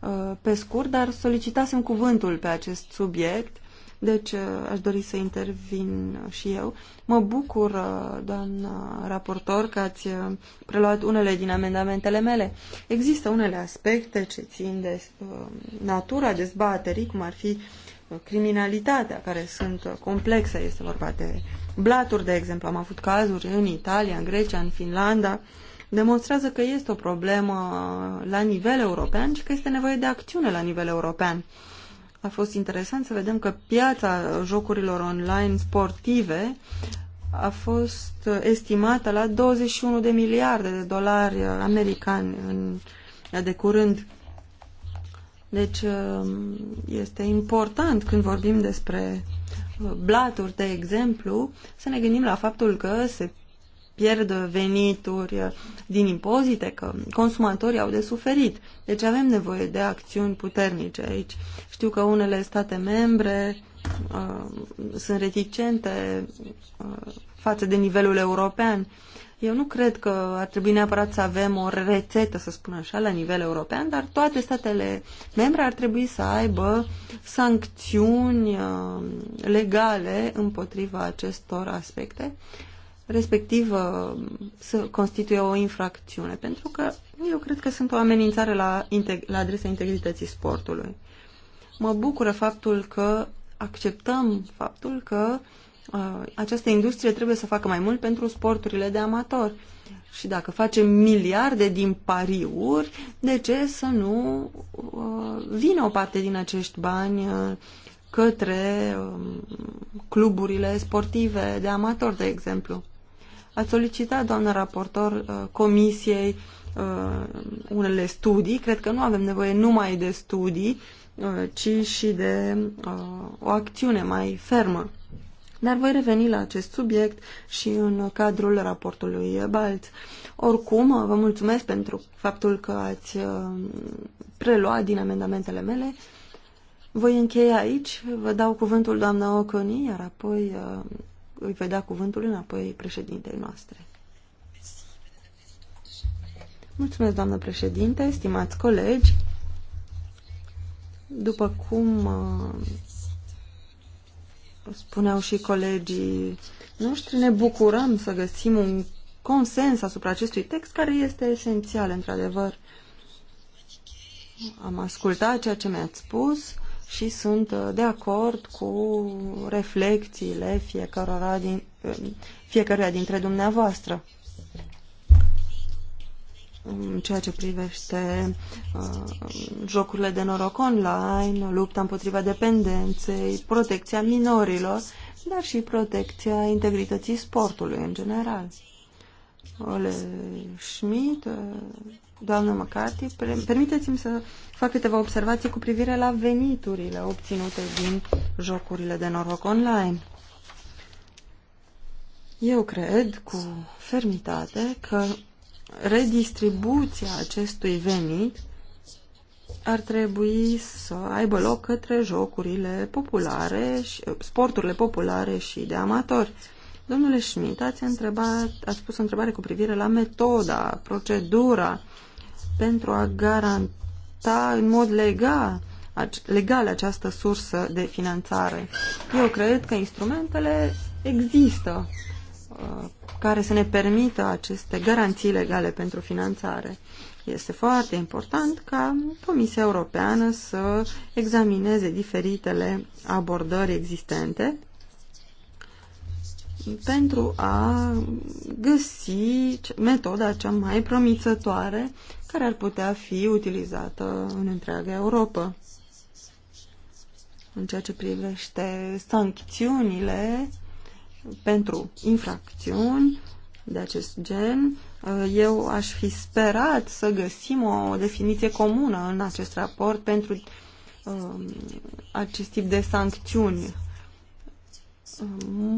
uh, pe scurt, dar solicitasem cuvântul pe acest subiect deci uh, aș dori să intervin și eu. Mă bucur, uh, doamnă raportor, că ați uh, preluat unele din amendamentele mele. Există unele aspecte ce țin de natura dezbaterii, cum ar fi criminalitatea, care sunt complexe. Este vorba de blaturi, de exemplu. Am avut cazuri în Italia, în Grecia, în Finlanda. Demonstrează că este o problemă la nivel european și că este nevoie de acțiune la nivel european a fost interesant să vedem că piața jocurilor online sportive a fost estimată la 21 de miliarde de dolari americani în, de curând. Deci um, este important când vorbim despre uh, blaturi, de exemplu, să ne gândim la faptul că se pierd venituri din impozite, că consumatorii au de suferit. Deci avem nevoie de acțiuni puternice aici. Știu că unele state membre uh, sunt reticente uh, față de nivelul european. Eu nu cred că ar trebui neapărat să avem o rețetă, să spun așa, la nivel european, dar toate statele membre ar trebui să aibă sancțiuni uh, legale împotriva acestor aspecte respectiv uh, să constituie o infracțiune, pentru că eu cred că sunt o amenințare la, la adresa integrității sportului. Mă bucură faptul că acceptăm faptul că uh, această industrie trebuie să facă mai mult pentru sporturile de amator. Și dacă facem miliarde din pariuri, de ce să nu uh, vină o parte din acești bani uh, către uh, cluburile sportive de amator, de exemplu? Ați solicitat, doamna raportor, uh, comisiei uh, unele studii. Cred că nu avem nevoie numai de studii, uh, ci și de o acțiune mai fermă. Dar voi reveni la acest subiect și în cadrul raportului Balt. Oricum, vă mulțumesc pentru faptul că ați preluat din amendamentele mele. Voi încheia aici, vă dau cuvântul doamna Oconi, iar apoi îi vedea cuvântul înapoi președintei noastre. Mulțumesc, doamnă președinte, stimați colegi. După cum uh, spuneau și colegii noștri, ne bucurăm să găsim un consens asupra acestui text care este esențial, într-adevăr. Am ascultat ceea ce mi-ați spus și sunt uh, de acord cu reflecțiile fiecăruia, din, uh, fiecăruia dintre dumneavoastră în ceea ce privește uh, jocurile de noroc online, lupta împotriva dependenței, protecția minorilor, dar și protecția integrității sportului în general. Ole Schmidt uh, doamnă Măcati, permiteți-mi să fac câteva observații cu privire la veniturile obținute din jocurile de noroc online. Eu cred cu fermitate că redistribuția acestui venit ar trebui să aibă loc către jocurile populare, și, sporturile populare și de amatori. Domnule Schmidt, ați, întrebat, ați pus o întrebare cu privire la metoda, procedura pentru a garanta în mod legal, legal această sursă de finanțare. Eu cred că instrumentele există uh, care să ne permită aceste garanții legale pentru finanțare. Este foarte important ca Comisia Europeană să examineze diferitele abordări existente pentru a găsi metoda cea mai promițătoare care ar putea fi utilizată în întreaga Europa. În ceea ce privește sancțiunile pentru infracțiuni de acest gen, eu aș fi sperat să găsim o definiție comună în acest raport pentru um, acest tip de sancțiuni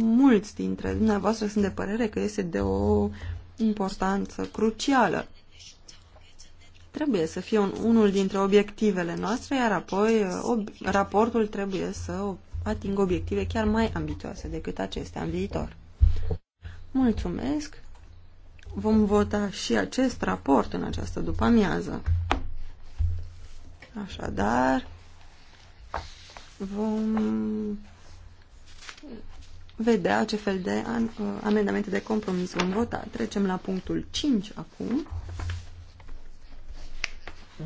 mulți dintre dumneavoastră sunt de părere că este de o importanță crucială. Trebuie să fie un, unul dintre obiectivele noastre, iar apoi uh, ob, raportul trebuie să atingă obiective chiar mai ambițioase decât acestea în viitor. Mulțumesc! Vom vota și acest raport în această după-amiază. Așadar, vom vedea ce fel de uh, amendamente de compromis vom vota. Trecem la punctul 5 acum.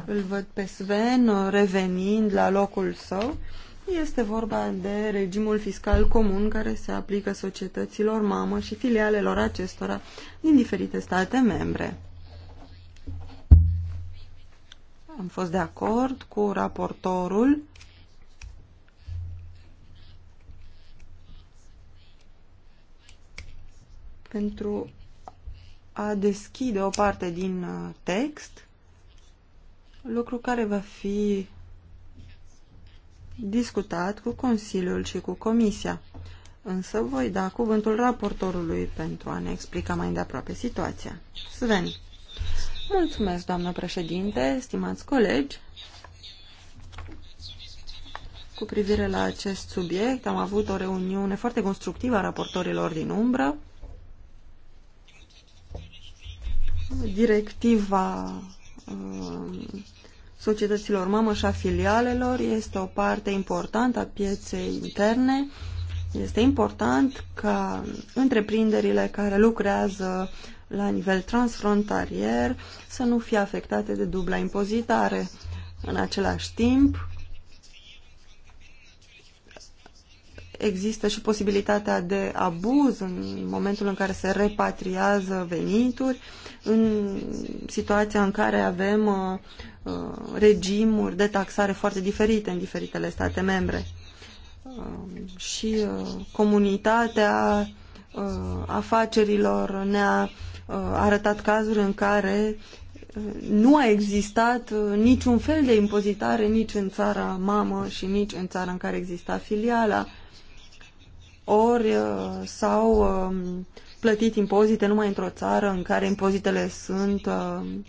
Îl văd pe Sven uh, revenind la locul său. Este vorba de regimul fiscal comun care se aplică societăților mamă și filialelor acestora din diferite state membre. Am fost de acord cu raportorul pentru a deschide o parte din uh, text, lucru care va fi discutat cu Consiliul și cu Comisia. Însă voi da cuvântul raportorului pentru a ne explica mai îndeaproape situația. Sven. Mulțumesc, doamnă președinte, stimați colegi. Cu privire la acest subiect, am avut o reuniune foarte constructivă a raportorilor din umbră Directiva um, societăților mamă și a filialelor este o parte importantă a pieței interne. Este important ca întreprinderile care lucrează la nivel transfrontalier să nu fie afectate de dubla impozitare. În același timp, există și posibilitatea de abuz în momentul în care se repatriază venituri, în situația în care avem uh, uh regimuri de taxare foarte diferite în diferitele state membre. Uh, și uh, comunitatea uh, afacerilor ne-a uh, arătat cazuri în care nu a existat niciun fel de impozitare nici în țara mamă și nici în țara în care exista filiala ori uh, s-au um, plătit impozite numai într-o țară în care impozitele sunt um,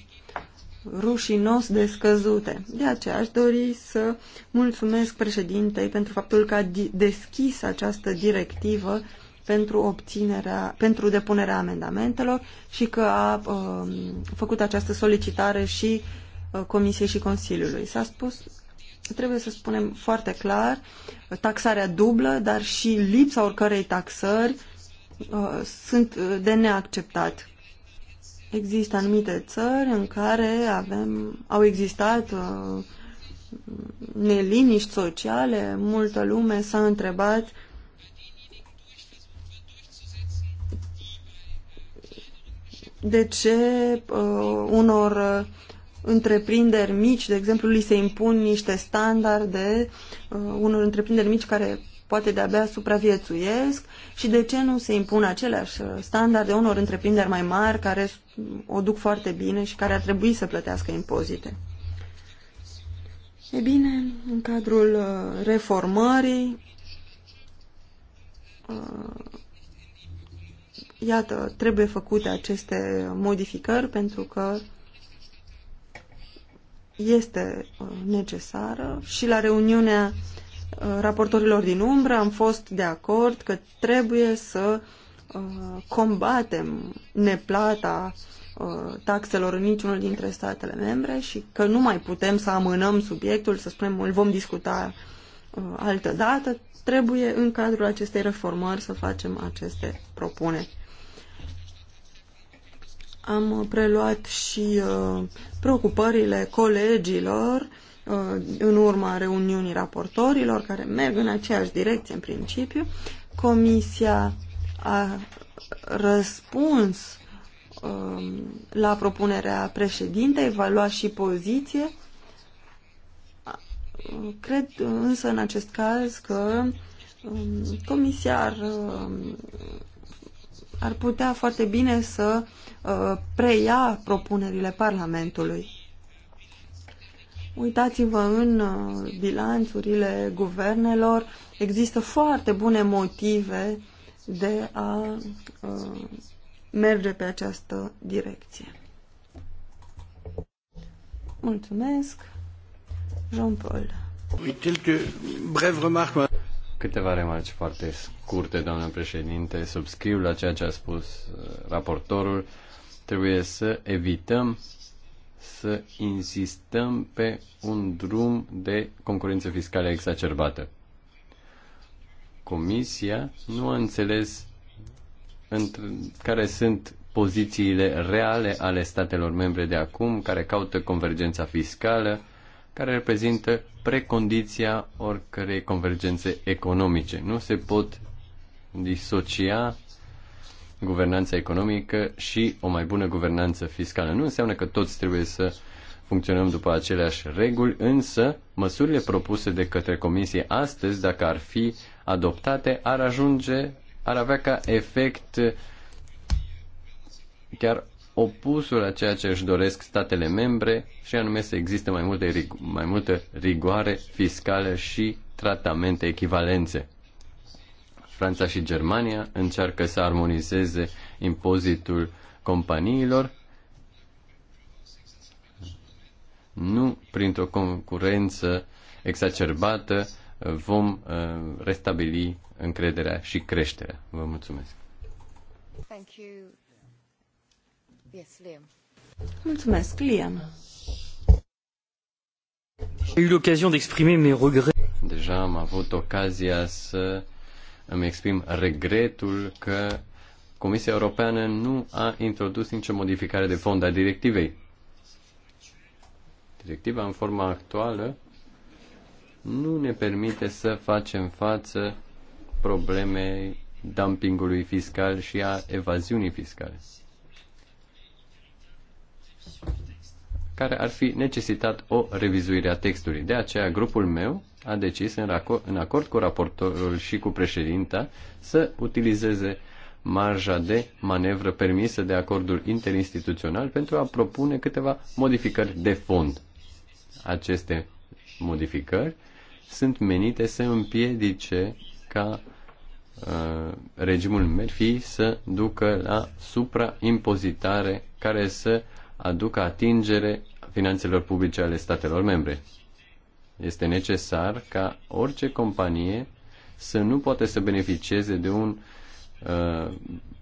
rușinos de scăzute. De aceea aș dori să mulțumesc președintei pentru faptul că a deschis această directivă pentru, obținerea, pentru depunerea amendamentelor și că a um, făcut această solicitare și uh, Comisiei și Consiliului. S-a spus trebuie să spunem foarte clar, taxarea dublă, dar și lipsa oricărei taxări uh, sunt uh, de neacceptat. Există anumite țări în care avem, au existat uh, neliniști sociale, multă lume s-a întrebat de ce uh, unor întreprinderi mici, de exemplu, li se impun niște standarde uh, unor întreprinderi mici care poate de-abia supraviețuiesc și de ce nu se impun aceleași standarde unor întreprinderi mai mari care o duc foarte bine și care ar trebui să plătească impozite. E bine, în cadrul uh, reformării, uh, iată, trebuie făcute aceste modificări pentru că este uh, necesară și la reuniunea uh, raportorilor din umbră am fost de acord că trebuie să uh, combatem neplata taxelor în niciunul dintre statele membre și că nu mai putem să amânăm subiectul, să spunem, îl vom discuta altă dată, trebuie în cadrul acestei reformări să facem aceste propuneri. Am uh, preluat și uh, preocupările colegilor uh, în urma reuniunii raportorilor care merg în aceeași direcție în principiu. Comisia a răspuns uh, la propunerea președintei, va lua și poziție. Cred însă în acest caz că um, Comisia ar um, ar putea foarte bine să uh, preia propunerile Parlamentului. Uitați-vă în uh, bilanțurile guvernelor, există foarte bune motive de a uh, merge pe această direcție. Mulțumesc, Jean-Paul. Câteva remarci foarte scurte, doamnă președinte. Subscriu la ceea ce a spus uh, raportorul. Trebuie să evităm să insistăm pe un drum de concurență fiscală exacerbată. Comisia nu a înțeles care sunt pozițiile reale ale statelor membre de acum, care caută convergența fiscală, care reprezintă precondiția oricărei convergențe economice. Nu se pot disocia guvernanța economică și o mai bună guvernanță fiscală. Nu înseamnă că toți trebuie să funcționăm după aceleași reguli, însă măsurile propuse de către Comisie astăzi, dacă ar fi adoptate, ar ajunge, ar avea ca efect chiar opusul a ceea ce își doresc statele membre și anume să existe mai, multe, mai multe rigoare fiscale și tratamente echivalențe. Franța și Germania încearcă să armonizeze impozitul companiilor nu printr-o concurență exacerbată vom uh, restabili încrederea și creșterea. Vă mulțumesc. Thank you. Yes, Liam. Mulțumesc, Liam. Eu eu l'occasion d'exprimer mes regrets. am avut ocazia să îmi exprim regretul că Comisia Europeană nu a introdus nicio modificare de fond a directivei. Directiva în forma actuală nu ne permite să facem față problemei dumpingului fiscal și a evaziunii fiscale care ar fi necesitat o revizuire a textului. De aceea, grupul meu a decis, în, în acord cu raportorul și cu președinta, să utilizeze marja de manevră permisă de acordul interinstituțional pentru a propune câteva modificări de fond. Aceste modificări sunt menite să împiedice ca uh, regimul Murphy să ducă la supraimpozitare care să uh, aducă atingere finanțelor publice ale statelor membre. Este necesar ca orice companie să nu poate să beneficieze de un uh,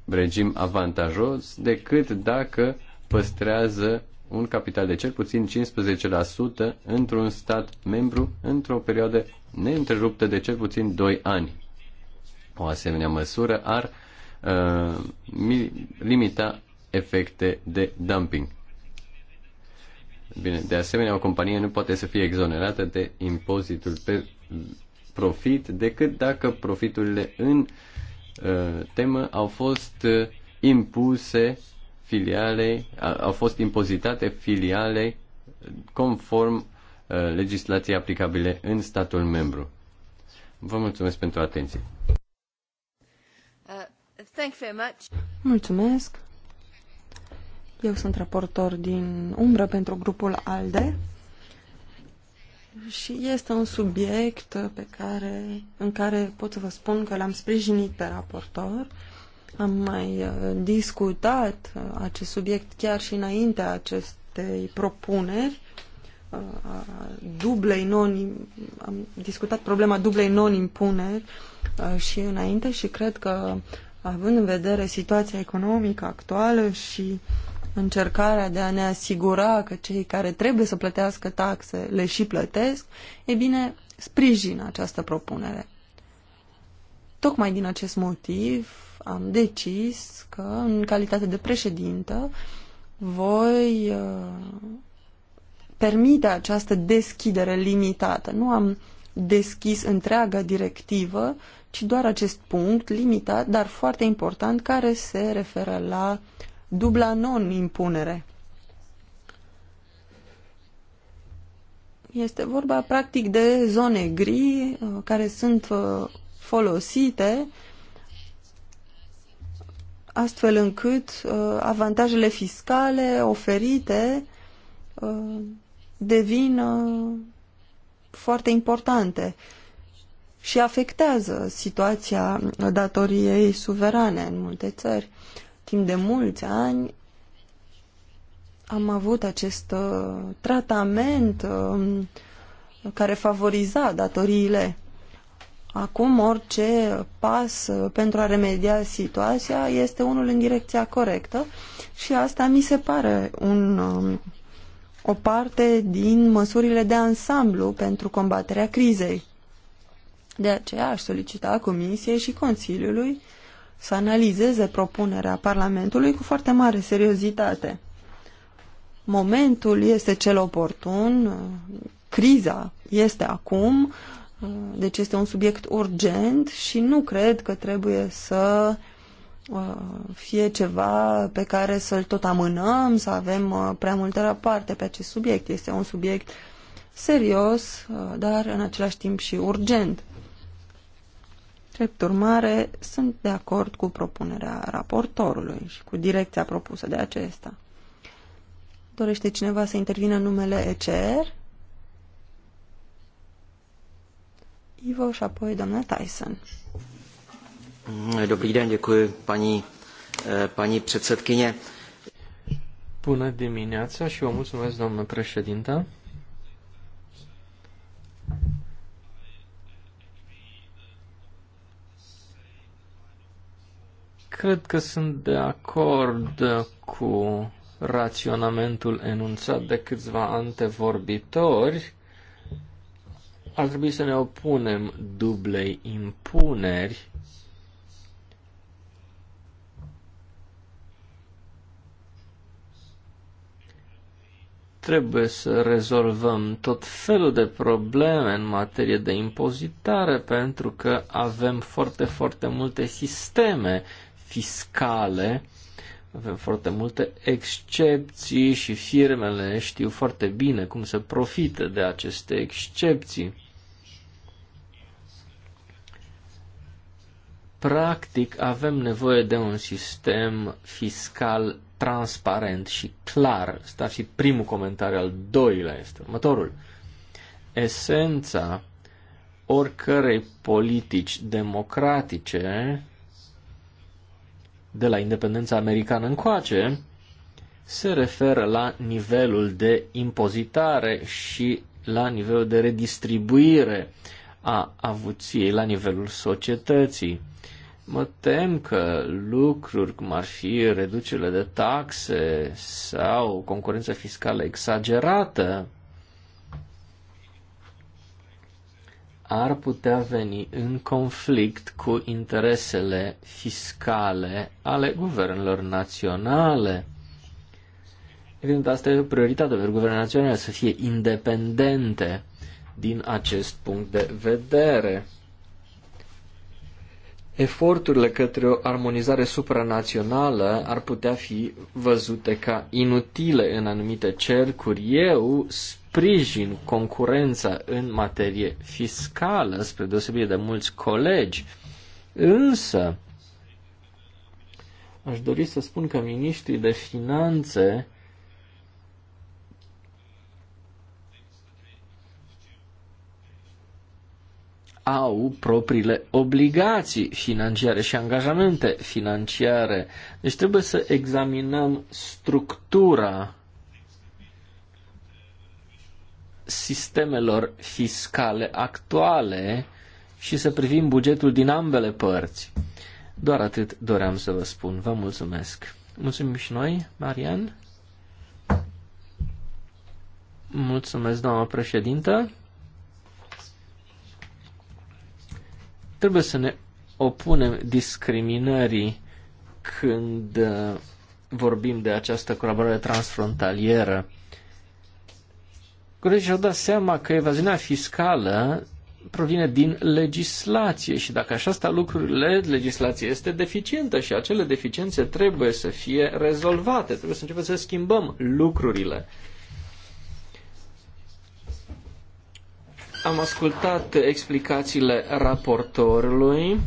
regim avantajos decât dacă păstrează un capital de cel puțin 15% într-un stat membru într-o perioadă neîntreruptă de cel puțin 2 ani. O asemenea măsură ar uh, limita efecte de dumping. Bine, de asemenea, o companie nu poate să fie exonerată de impozitul pe profit decât dacă profiturile în uh, temă au fost uh, impuse filialei, au fost impozitate filialei conform uh, legislației aplicabile în statul membru. Vă mulțumesc pentru atenție. Uh, thank you very much. Mulțumesc. Eu sunt raportor din umbră pentru grupul ALDE și este un subiect pe care, în care pot să vă spun că l-am sprijinit pe raportor. Am mai uh, discutat uh, acest subiect chiar și înaintea acestei propuneri uh, a dublei non am discutat problema dublei non-impuneri și înainte și cred că având în vedere situația economică actuală și încercarea de a ne asigura că cei care trebuie să plătească taxe le și plătesc, e bine, sprijină această propunere. Tocmai din acest motiv am decis că, în calitate de președintă, voi uh, permite această deschidere limitată. Nu am deschis întreaga directivă, ci doar acest punct limitat, dar foarte important, care se referă la dubla non-impunere. Este vorba practic de zone gri uh, care sunt uh, folosite astfel încât uh, avantajele fiscale oferite devin foarte importante și afectează situația datoriei suverane în multe țări. Timp de mulți ani am avut acest uh, tratament uh, care favoriza datoriile. Acum orice pas uh, pentru a remedia situația este unul în direcția corectă și asta mi se pare un, um, o parte din măsurile de ansamblu pentru combaterea crizei. De aceea aș solicita Comisiei și Consiliului să analizeze propunerea Parlamentului cu foarte mare seriozitate. Momentul este cel oportun, criza este acum, deci este un subiect urgent și nu cred că trebuie să uh, fie ceva pe care să-l tot amânăm, să avem uh, prea multe rapoarte pe acest subiect. Este un subiect serios, uh, dar în același timp și urgent. Drept urmare, sunt de acord cu propunerea raportorului și cu direcția propusă de acesta. Dorește cineva să intervină în numele ECR? Ivo și apoi doamna Tyson. Dobrý den, děkuji paní, eh, paní předsedkyně. Bună dimineața și vă mulțumesc, doamnă președintă. Cred că sunt de acord cu raționamentul enunțat de câțiva antevorbitori. Ar trebui să ne opunem dublei impuneri trebuie să rezolvăm tot felul de probleme în materie de impozitare pentru că avem foarte, foarte multe sisteme fiscale. Avem foarte multe excepții și firmele știu foarte bine cum să profite de aceste excepții. Practic avem nevoie de un sistem fiscal transparent și clar. Asta ar fi primul comentariu, al doilea este următorul. Esența oricărei politici democratice de la independența americană încoace se referă la nivelul de impozitare și la nivelul de redistribuire a avuției la nivelul societății. Mă tem că lucruri cum ar fi reducerile de taxe sau concurența fiscală exagerată ar putea veni în conflict cu interesele fiscale ale guvernelor naționale. Evident, asta e o prioritate pentru guvernele naționale, să fie independente din acest punct de vedere. Eforturile către o armonizare supranațională ar putea fi văzute ca inutile în anumite cercuri. Eu sprijin concurența în materie fiscală, spre deosebire de mulți colegi. Însă, aș dori să spun că ministrii de finanțe au propriile obligații financiare și angajamente financiare. Deci trebuie să examinăm structura sistemelor fiscale actuale și să privim bugetul din ambele părți. Doar atât doream să vă spun. Vă mulțumesc. Mulțumim și noi, Marian. Mulțumesc, doamna președintă. Trebuie să ne opunem discriminării când uh, vorbim de această colaborare transfrontalieră și au dat seama că evaziunea fiscală provine din legislație și dacă așa stau lucrurile, legislația este deficientă și acele deficiențe trebuie să fie rezolvate, trebuie să începem să schimbăm lucrurile. Am ascultat explicațiile raportorului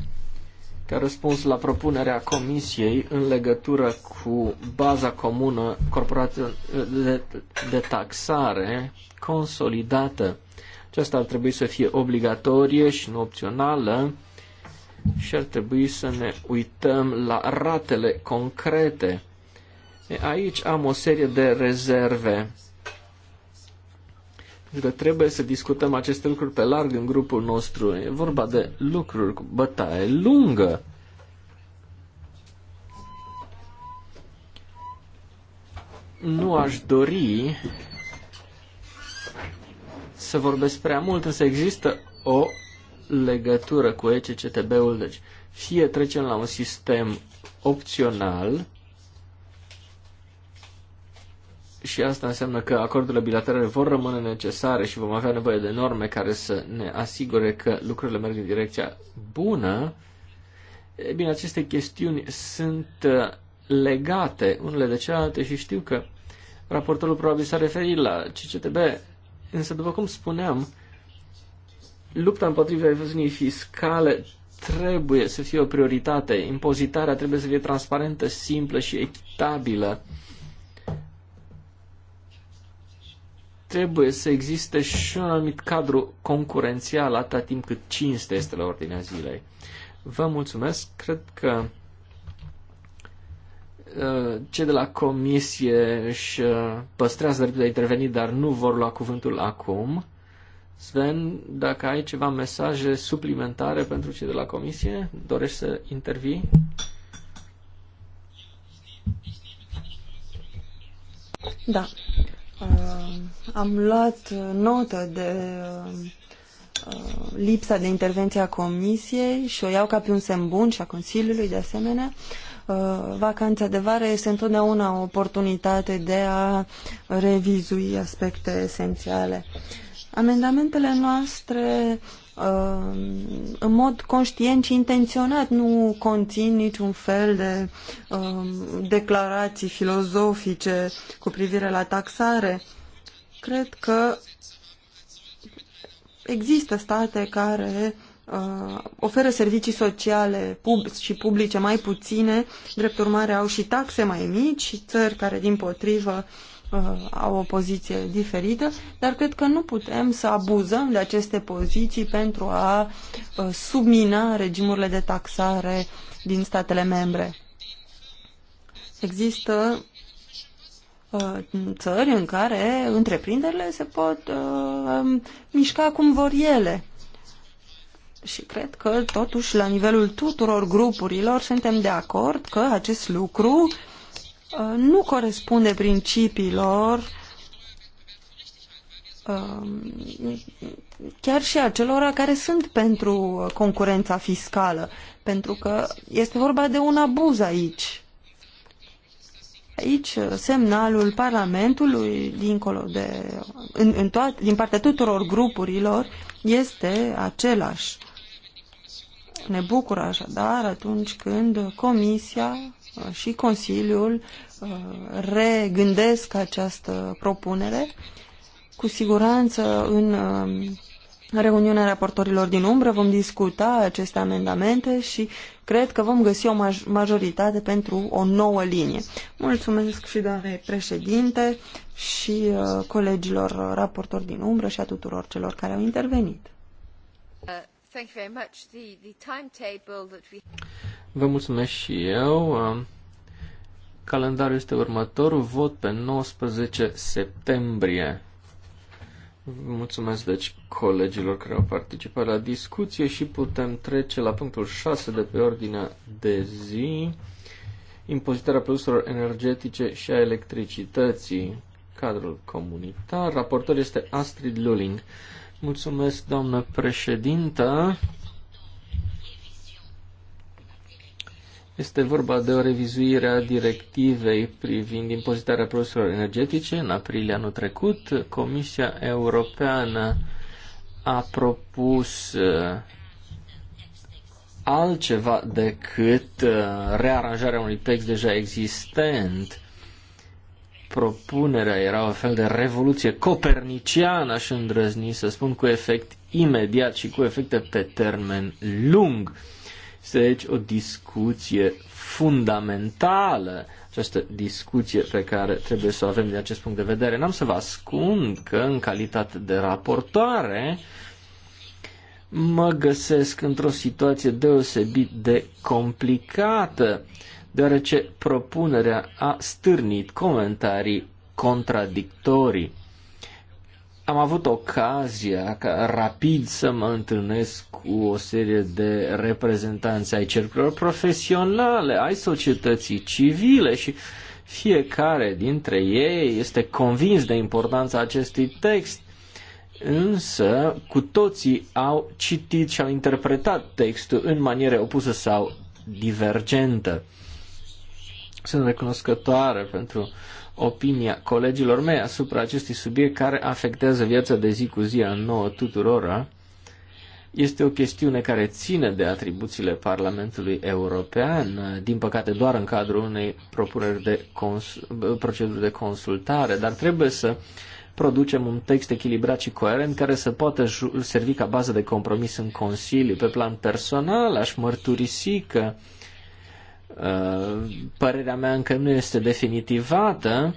ca răspuns la propunerea Comisiei în legătură cu baza comună de, de taxare consolidată. Aceasta ar trebui să fie obligatorie și nu opțională și ar trebui să ne uităm la ratele concrete. Aici am o serie de rezerve pentru că trebuie să discutăm aceste lucruri pe larg în grupul nostru. E vorba de lucruri cu bătaie lungă. Nu aș dori să vorbesc prea mult, însă există o legătură cu ECCTB-ul. Deci, fie trecem la un sistem opțional, și asta înseamnă că acordurile bilaterale vor rămâne necesare și vom avea nevoie de norme care să ne asigure că lucrurile merg în direcția bună, e bine, aceste chestiuni sunt uh, legate unele de celelalte și știu că raportorul probabil s-a referit la CCTB, însă, după cum spuneam, lupta împotriva evaziunii fiscale trebuie să fie o prioritate, impozitarea trebuie să fie transparentă, simplă și echitabilă trebuie să existe și un anumit cadru concurențial atâta timp cât cinste este la ordinea zilei. Vă mulțumesc. Cred că uh, cei de la comisie își uh, păstrează dreptul de a interveni, dar nu vor lua cuvântul acum. Sven, dacă ai ceva mesaje suplimentare pentru cei de la comisie, dorești să intervii? Da. Uh, am luat uh, notă de uh, lipsa de intervenție a Comisiei și o iau ca pe un semn bun și a Consiliului de asemenea. vacanța de vară este întotdeauna o oportunitate de a revizui aspecte esențiale. Amendamentele noastre Uh, în mod conștient și intenționat nu conțin niciun fel de uh, declarații filozofice cu privire la taxare. Cred că există state care uh, oferă servicii sociale pub și publice mai puține, drept urmare au și taxe mai mici și țări care din potrivă uh, Uh, au o poziție diferită, dar cred că nu putem să abuzăm de aceste poziții pentru a uh, submina regimurile de taxare din statele membre. Există uh, țări în care întreprinderile se pot um, mișca cum vor ele. Și cred că, totuși, la nivelul tuturor grupurilor, suntem de acord că acest lucru uh, Uh, nu corespunde principiilor uh, chiar și acelora care sunt pentru concurența fiscală, pentru că este vorba de un abuz aici. Aici uh, semnalul Parlamentului, dincolo de, în, în toat, din partea tuturor grupurilor, este același. Ne bucură așadar atunci când Comisia și Consiliul uh, regândesc această propunere. Cu siguranță în uh, reuniunea raportorilor din umbră vom discuta aceste amendamente și cred că vom găsi o majoritate pentru o nouă linie. Mulțumesc și doamnei președinte și uh, colegilor raportori din umbră și a tuturor celor care au intervenit. Vă mulțumesc și eu. Calendarul este următorul, vot pe 19 septembrie. Mulțumesc, deci, colegilor care au participat la discuție și putem trece la punctul 6 de pe ordinea de zi, impozitarea produselor energetice și a electricității, cadrul comunitar. Raportor este Astrid Luling. Mulțumesc, doamnă președintă. Este vorba de o revizuire a directivei privind impozitarea produselor energetice. În aprilie anul trecut, Comisia Europeană a propus uh, altceva decât uh, rearanjarea unui text deja existent propunerea era un fel de revoluție coperniciană, aș îndrăzni să spun, cu efect imediat și cu efecte pe termen lung. Este aici deci, o discuție fundamentală, această discuție pe care trebuie să o avem din acest punct de vedere. N-am să vă ascund că, în calitate de raportoare, mă găsesc într-o situație deosebit de complicată deoarece propunerea a stârnit comentarii contradictorii. Am avut ocazia ca rapid să mă întâlnesc cu o serie de reprezentanți ai cercurilor profesionale, ai societății civile și fiecare dintre ei este convins de importanța acestui text, însă cu toții au citit și au interpretat textul în maniere opusă sau divergentă. Sunt recunoscătoare pentru opinia colegilor mei asupra acestui subiect care afectează viața de zi cu zi a nouă tuturora. Este o chestiune care ține de atribuțiile Parlamentului European, din păcate doar în cadrul unei propuneri de cons- proceduri de consultare, dar trebuie să producem un text echilibrat și coerent care să poată servi ca bază de compromis în Consiliu. Pe plan personal, aș mărturisi că uh, Uh, părerea mea încă nu este definitivată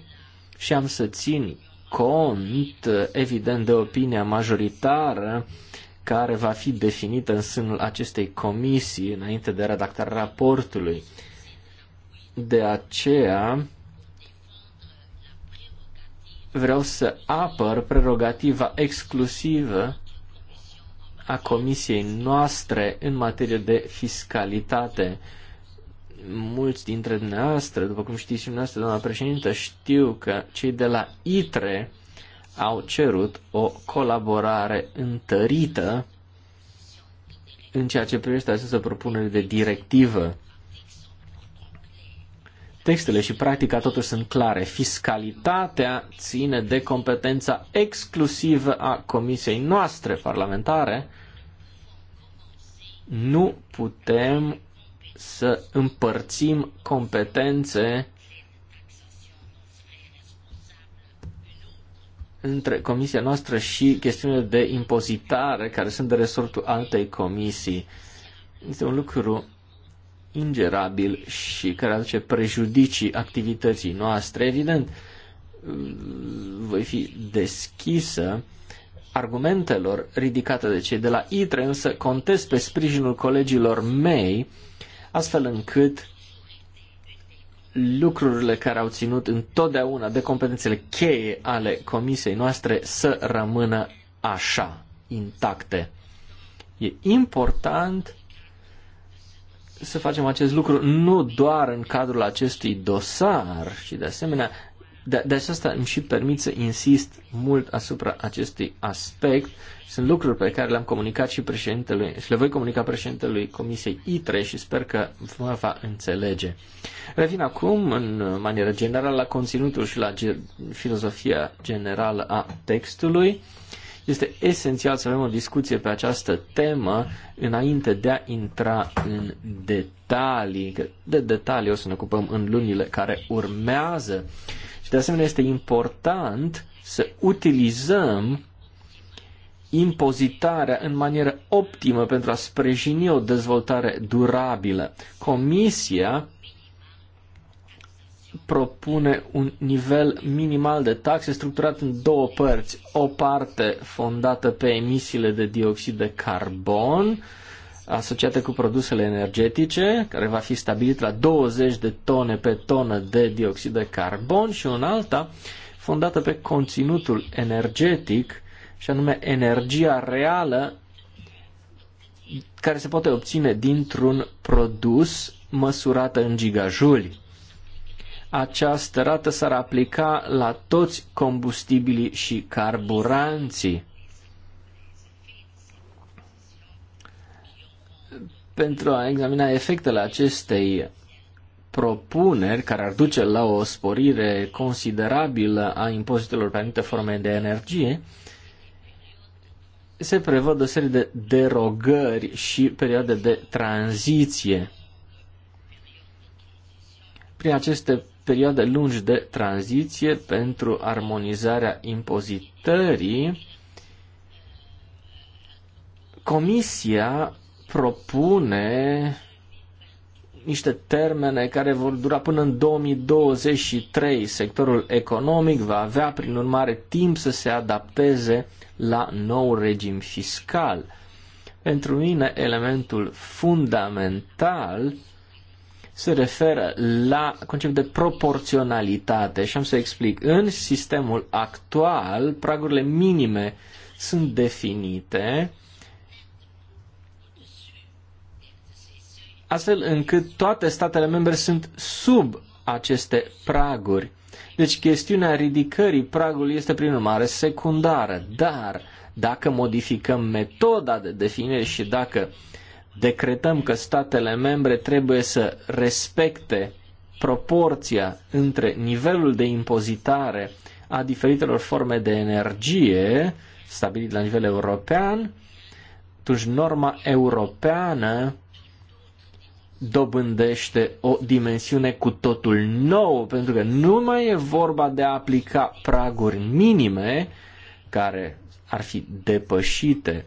și am să țin cont, evident, de opinia majoritară care va fi definită în sânul acestei comisii înainte de redactarea raportului. De aceea vreau să apăr prerogativa exclusivă a comisiei noastre în materie de fiscalitate mulți dintre dumneavoastră, după cum știți și dumneavoastră, doamna președintă, știu că cei de la ITRE au cerut o colaborare întărită în ceea ce privește această propunere de directivă. Textele și practica totuși sunt clare. Fiscalitatea ține de competența exclusivă a comisiei noastre parlamentare. Nu putem să împărțim competențe între comisia noastră și chestiunile de impozitare care sunt de resortul altei comisii. Este un lucru ingerabil și care aduce prejudicii activității noastre. Evident, voi fi deschisă argumentelor ridicate de cei de la ITRE, însă contest pe sprijinul colegilor mei astfel încât lucrurile care au ținut întotdeauna de competențele cheie ale comisiei noastre să rămână așa, intacte. E important să facem acest lucru nu doar în cadrul acestui dosar, ci de asemenea, de, de asta îmi și permit să insist mult asupra acestui aspect sunt lucruri pe care le-am comunicat și președintelui și le voi comunica președintelui Comisiei ITRE și sper că mă va înțelege. Revin acum în manieră generală la conținutul și la ge- filozofia generală a textului. Este esențial să avem o discuție pe această temă înainte de a intra în detalii, că de detalii o să ne ocupăm în lunile care urmează. Și de asemenea este important să utilizăm impozitarea în manieră optimă pentru a sprijini o dezvoltare durabilă. Comisia propune un nivel minimal de taxe structurat în două părți. O parte fondată pe emisiile de dioxid de carbon asociate cu produsele energetice, care va fi stabilit la 20 de tone pe tonă de dioxid de carbon și un alta fondată pe conținutul energetic și anume energia reală care se poate obține dintr-un produs măsurată în gigajuli. Această rată s-ar aplica la toți combustibilii și carburanții. Pentru a examina efectele acestei propuneri care ar duce la o sporire considerabilă a impozitelor pe anumite forme de energie, se prevăd o serie de derogări și perioade de tranziție. Prin aceste perioade lungi de tranziție pentru armonizarea impozitării, Comisia propune niște termene care vor dura până în 2023. Sectorul economic va avea, prin urmare, timp să se adapteze la nou regim fiscal. Pentru mine, elementul fundamental se referă la conceptul de proporționalitate și am să explic. În sistemul actual, pragurile minime sunt definite astfel încât toate statele membre sunt sub aceste praguri. Deci chestiunea ridicării pragului este prin urmare secundară, dar dacă modificăm metoda de definire și dacă decretăm că statele membre trebuie să respecte proporția între nivelul de impozitare a diferitelor forme de energie stabilit la nivel european, atunci norma europeană dobândește o dimensiune cu totul nouă, pentru că nu mai e vorba de a aplica praguri minime care ar fi depășite,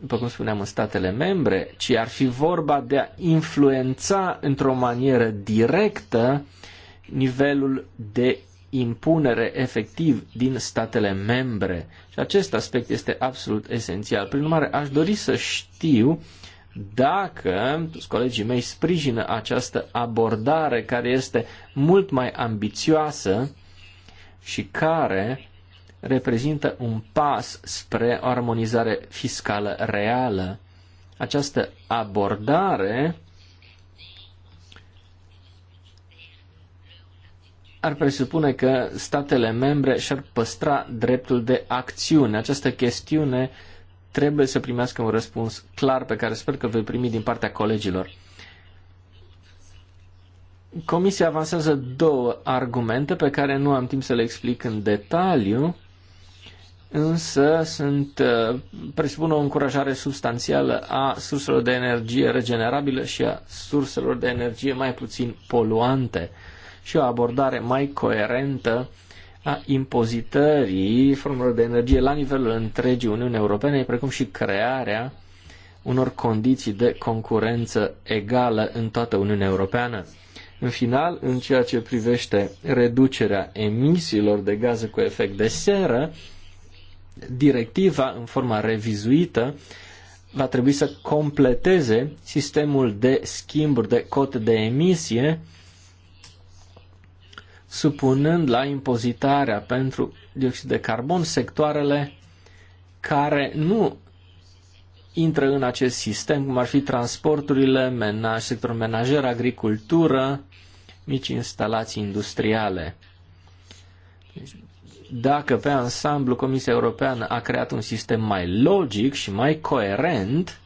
după cum spuneam, în statele membre, ci ar fi vorba de a influența într-o manieră directă nivelul de impunere efectiv din statele membre. Și acest aspect este absolut esențial. Prin urmare, aș dori să știu dacă toți colegii mei sprijină această abordare care este mult mai ambițioasă și care reprezintă un pas spre o armonizare fiscală reală. Această abordare ar presupune că statele membre și-ar păstra dreptul de acțiune. Această chestiune uh, trebuie să primească un răspuns clar pe care sper că îl vei primi din partea colegilor. Comisia avansează două argumente pe care nu am timp să le explic în detaliu, însă sunt, uh, presupun o încurajare substanțială a surselor de energie regenerabilă și a surselor de energie mai puțin poluante și o abordare mai coerentă a impozitării formelor de energie la nivelul întregii Uniuni Europene, precum și crearea unor condiții de concurență egală în toată Uniunea Europeană. În final, în ceea ce privește reducerea emisiilor de gaze cu efect de seră, directiva, în forma revizuită, va trebui să completeze sistemul de schimburi de cote de emisie supunând la impozitarea pentru dioxid de carbon sectoarele care nu intră în acest sistem, cum ar fi transporturile, menaj, sectorul menajer, agricultură, mici instalații industriale. Deci, dacă pe ansamblu Comisia Europeană a creat un sistem mai logic și mai coerent,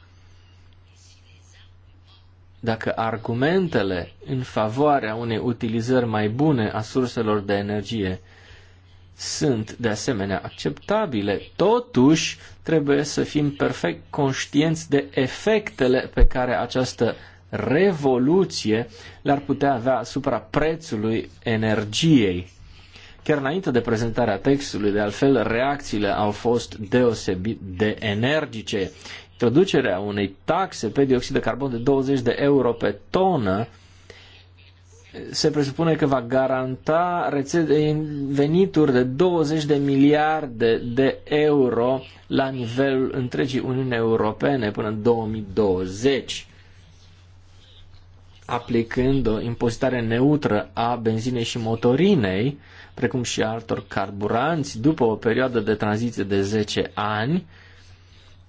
dacă argumentele în favoarea unei utilizări mai bune a surselor de energie sunt de asemenea acceptabile, totuși trebuie să fim perfect conștienți de efectele pe care această revoluție le-ar putea avea asupra prețului energiei. Chiar înainte de prezentarea textului, de altfel, reacțiile au fost deosebit de energice introducerea unei taxe pe dioxid de carbon de 20 de euro pe tonă se presupune că va garanta rețele, venituri de 20 de miliarde de euro la nivelul întregii Uniuni Europene până în 2020, aplicând o impozitare neutră a benzinei și motorinei, precum și a altor carburanți, după o perioadă de tranziție de 10 ani,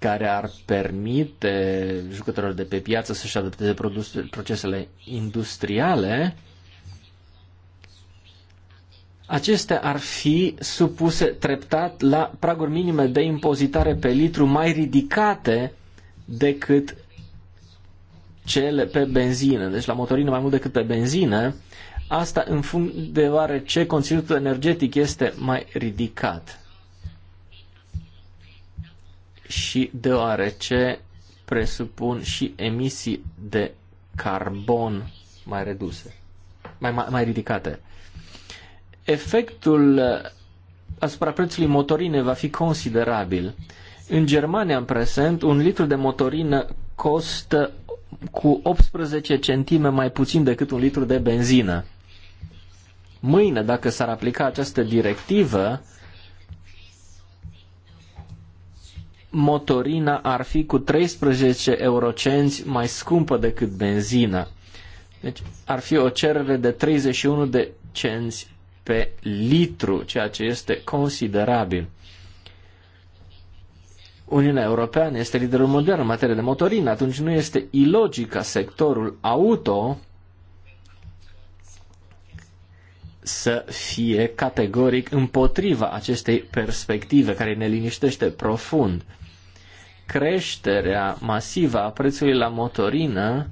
care ar permite jucătorilor de pe piață să-și adapteze procesele industriale, acestea ar fi supuse treptat la praguri minime de impozitare pe litru mai ridicate decât cele pe benzină, deci la motorină mai mult decât pe benzină, asta în funcție deoarece conținutul energetic este mai ridicat și deoarece presupun și emisii de carbon mai reduse, mai, mai, mai ridicate. Efectul asupra prețului motorine va fi considerabil. În Germania, în prezent, un litru de motorină costă cu 18 centime mai puțin decât un litru de benzină. Mâine, dacă s-ar aplica această directivă, motorina ar fi cu 13 eurocenți mai scumpă decât benzina. Deci ar fi o cerere de 31 de cenți pe litru, ceea ce este considerabil. Uniunea Europeană este liderul modern în materie de motorină, atunci nu este ilogic ca sectorul auto să fie categoric împotriva acestei perspective care ne liniștește profund creșterea masivă a prețului la motorină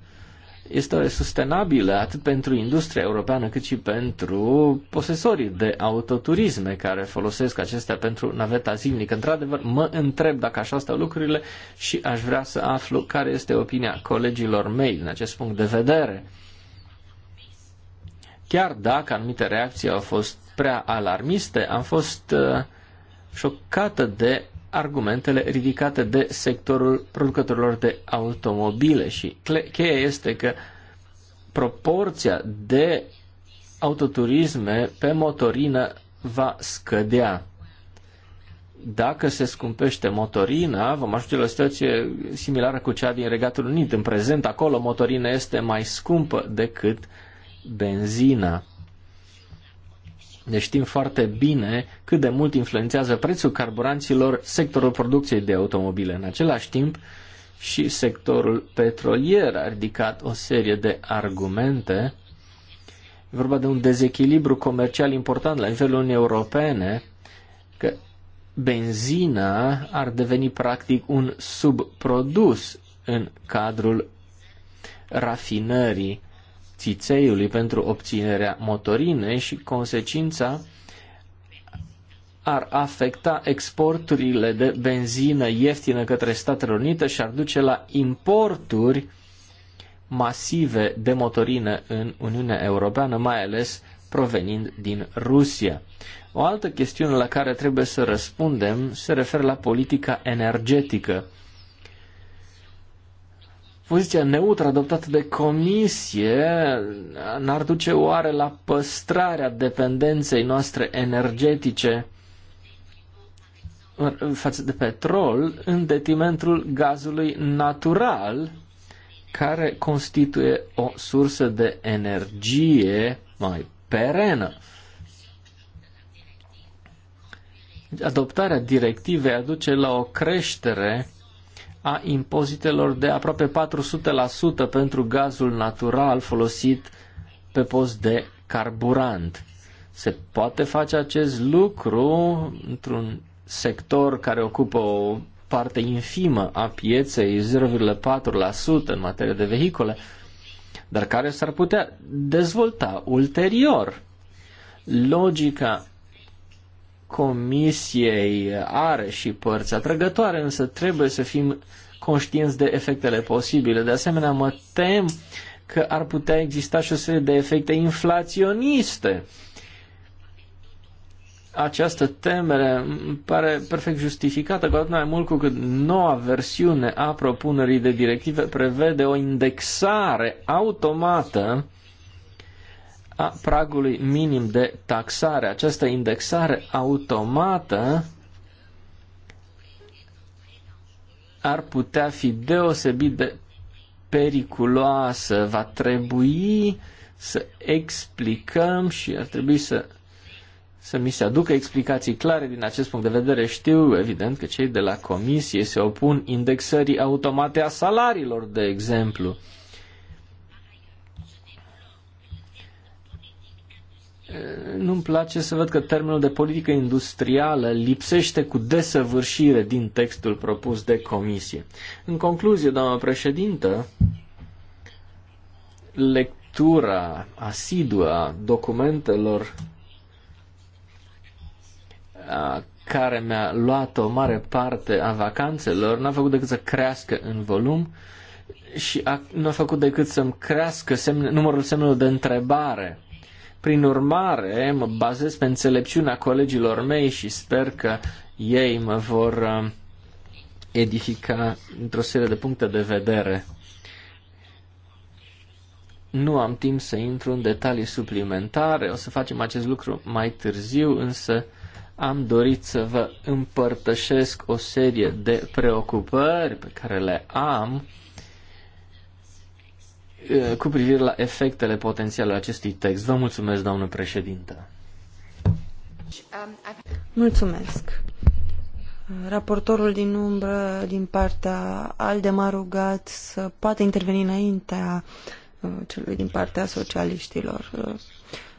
este sustenabilă atât pentru industria europeană cât și pentru posesorii de autoturisme care folosesc acestea pentru naveta zilnică. Într-adevăr, mă întreb dacă așa stau lucrurile și aș vrea să aflu care este opinia colegilor mei din acest punct de vedere. Chiar dacă anumite reacții au fost prea alarmiste, am fost uh, șocată de argumentele ridicate de sectorul producătorilor de automobile și cheia este că proporția de autoturisme pe motorină va scădea. Dacă se scumpește motorina, vom ajunge la o situație similară cu cea din Regatul Unit. În prezent, acolo, motorina este mai scumpă decât benzina. Ne știm foarte bine cât de mult influențează prețul carburanților sectorul producției de automobile. În același timp, și sectorul petrolier a ridicat o serie de argumente. E vorba de un dezechilibru comercial important la nivelul Uniunii Europene, că benzina ar deveni practic un subprodus în cadrul rafinării țițeiului pentru obținerea motorinei și consecința ar afecta exporturile de benzină ieftină către Statele Unite și ar duce la importuri masive de motorină în Uniunea Europeană, mai ales provenind din Rusia. O altă chestiune la care trebuie să răspundem se referă la politica energetică poziția neutră adoptată de comisie n-ar duce oare la păstrarea dependenței noastre energetice față de petrol în detrimentul gazului natural care constituie o sursă de energie mai perenă. Adoptarea directivei aduce la o creștere a impozitelor de aproape 400% pentru gazul natural folosit pe post de carburant. Se poate face acest lucru într-un sector care ocupă o parte infimă a pieței, 0,4% în materie de vehicule, dar care s-ar putea dezvolta ulterior. Logica comisiei are și părți atrăgătoare, însă trebuie să fim conștienți de efectele posibile. De asemenea, mă tem că ar putea exista și o serie de efecte inflaționiste. Această temere îmi pare perfect justificată, cu atât mai mult cu cât noua versiune a propunerii de directive prevede o indexare automată a pragului minim de taxare. Această indexare automată ar putea fi deosebit de periculoasă. Va trebui să explicăm și ar trebui să, să mi se aducă explicații clare din acest punct de vedere. Știu, evident, că cei de la comisie se opun indexării automate a salariilor, de exemplu. nu-mi place să văd că termenul de politică industrială lipsește cu desăvârșire din textul propus de comisie. În concluzie, doamnă președintă, lectura asiduă a documentelor a care mi-a luat o mare parte a vacanțelor n-a făcut decât să crească în volum și a, nu a făcut decât să-mi crească numărul semnelor de întrebare prin urmare, mă bazez pe înțelepciunea colegilor mei și sper că ei mă vor um, edifica într-o serie de puncte de vedere. Nu am timp să intru în detalii suplimentare, o să facem acest lucru mai târziu, însă am dorit să vă împărtășesc o serie de preocupări pe care le am cu privire la efectele potențiale acestui text. Vă mulțumesc, doamnă președintă. Mulțumesc. Raportorul din umbră, din partea ALDE, m-a rugat să poată interveni înaintea uh, celui din partea socialiștilor. Uh,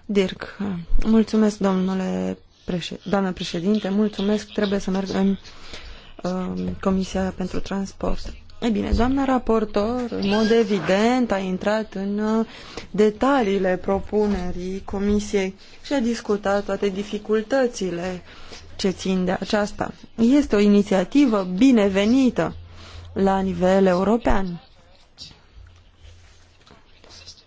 Dirk, uh, mulțumesc, domnule președ... doamnă președinte, mulțumesc, trebuie să merg în Comisia pentru Transport. Ei bine, doamna raportor, în mod evident, a intrat în uh, detaliile propunerii comisiei și a discutat toate dificultățile ce țin de aceasta. Este o inițiativă binevenită la nivel european,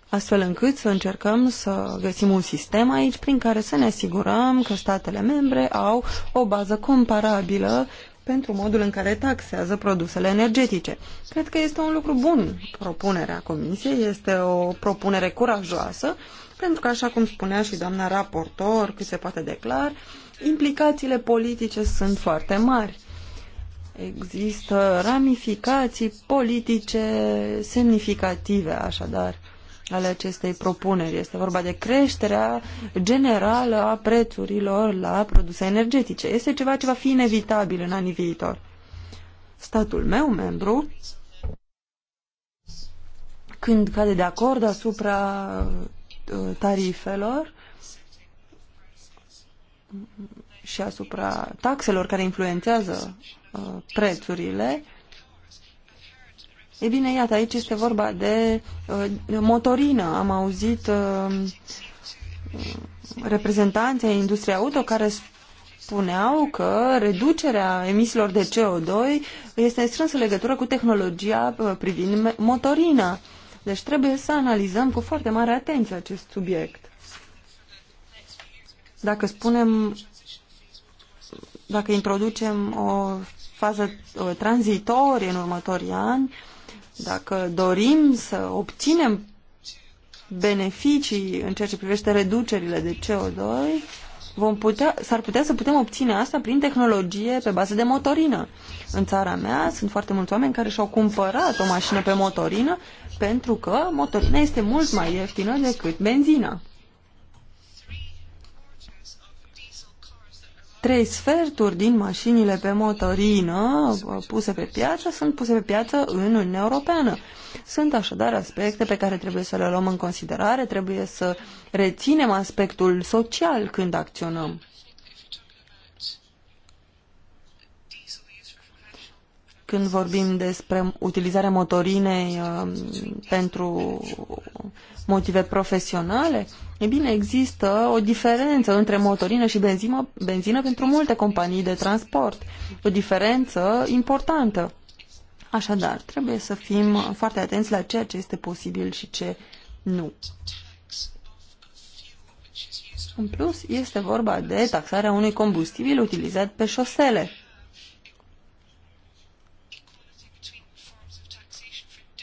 astfel încât să încercăm să găsim un sistem aici prin care să ne asigurăm că statele membre au o bază comparabilă pentru modul în care taxează produsele energetice. Cred că este un lucru bun. Propunerea Comisiei este o propunere curajoasă, pentru că, așa cum spunea și doamna raportor, cât se poate declar, implicațiile politice sunt foarte mari. Există ramificații politice semnificative, așadar ale acestei propuneri. Este vorba de creșterea generală a prețurilor la produse energetice. Este ceva ce va fi inevitabil în anii viitor. Statul meu, membru, când cade de acord asupra uh, tarifelor și asupra taxelor care influențează uh, prețurile, E bine, iată, aici este vorba de, uh, motorină. Am auzit uh, reprezentanții industriei auto care spuneau că reducerea emisiilor de CO2 este în strânsă legătură cu tehnologia uh, privind motorina. Deci trebuie să analizăm cu foarte mare atenție acest subiect. Dacă spunem, dacă introducem o fază tranzitorie în următorii ani, dacă dorim să obținem beneficii în ceea ce privește reducerile de CO2, vom putea, s-ar putea să putem obține asta prin tehnologie pe bază de motorină. În țara mea sunt foarte mulți oameni care și-au cumpărat o mașină pe motorină pentru că motorina este mult mai ieftină decât benzina. trei sferturi din mașinile pe motorină uh, puse pe piață sunt puse pe piață în Uniunea Europeană. Sunt așadar aspecte pe care trebuie să le luăm în considerare, trebuie să reținem aspectul social când acționăm. când vorbim despre utilizarea motorinei uh, pentru motive profesionale, e bine, există o diferență între motorină și benzină, benzină pentru multe companii de transport. O diferență importantă. Așadar, trebuie să fim foarte atenți la ceea ce este posibil și ce nu. În plus, este vorba de taxarea unui combustibil utilizat pe șosele.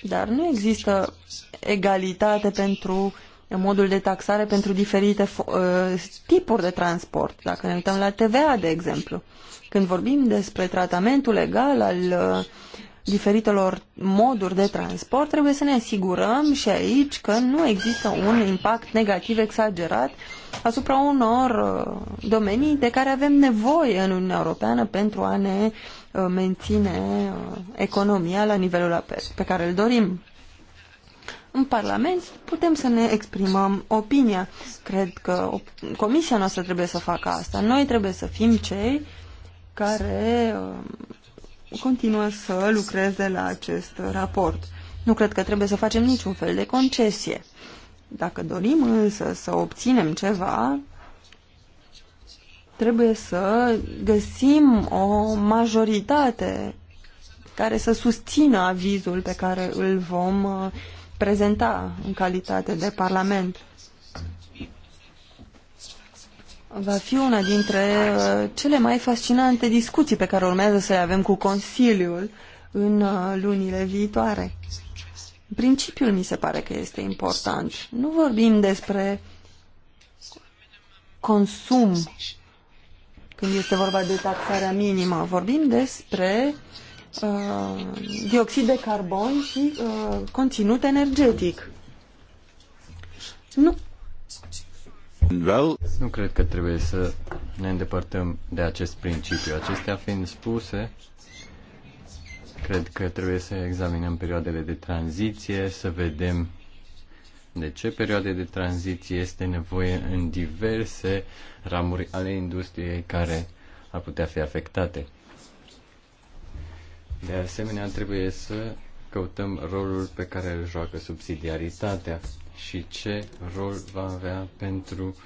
Dar nu există egalitate pentru modul de taxare pentru diferite ă, tipuri de transport. Dacă ne uităm la TVA, de exemplu, când vorbim despre tratamentul legal al ă, diferitelor moduri de transport, trebuie să ne asigurăm și aici că nu există un impact negativ exagerat asupra unor ă, domenii de care avem nevoie în Uniunea Europeană pentru a ne Uh, menține uh, economia la nivelul pe care îl dorim. În Parlament putem să ne exprimăm opinia. Cred că comisia noastră trebuie să facă asta. Noi trebuie să fim cei care uh, continuă să lucreze la acest raport. Nu cred că trebuie să facem niciun fel de concesie. Dacă dorim însă să obținem ceva, Trebuie să găsim o majoritate care să susțină avizul pe care îl vom uh, prezenta în calitate de Parlament. Va fi una dintre uh, cele mai fascinante discuții pe care urmează să le avem cu Consiliul în uh, lunile viitoare. Principiul mi se pare că este important. Nu vorbim despre consum când este vorba de taxarea minimă. Vorbim despre uh, dioxid de carbon și uh, conținut energetic. Nu. Well. Nu cred că trebuie să ne îndepărtăm de acest principiu. Acestea fiind spuse, cred că trebuie să examinăm perioadele de tranziție, să vedem de ce perioade de tranziție este nevoie în diverse ramuri ale industriei care ar putea fi afectate? De asemenea, trebuie să căutăm rolul pe care îl joacă subsidiaritatea și ce rol va avea pentru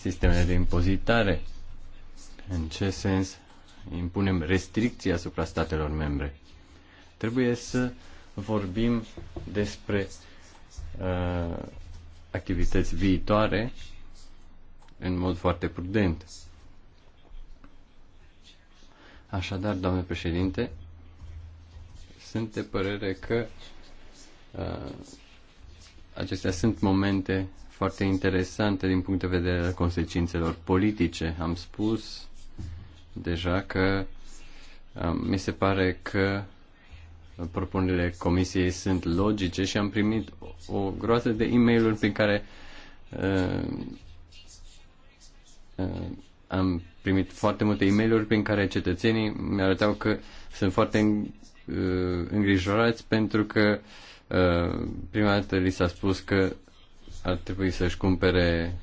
sistemele de impozitare. În ce sens impunem restricții asupra statelor membre? Trebuie să vorbim despre Uh, activități viitoare în mod foarte prudent. Așadar, doamne președinte, sunt de părere că uh, acestea sunt momente foarte interesante din punct de vedere al consecințelor politice. Am spus deja că uh, mi se pare că propunerile comisiei sunt logice și am primit o groază de e mail prin care uh, uh, am primit foarte multe e mail prin care cetățenii mi-arătau că sunt foarte uh, îngrijorați pentru că uh, prima dată li s-a spus că ar trebui să-și cumpere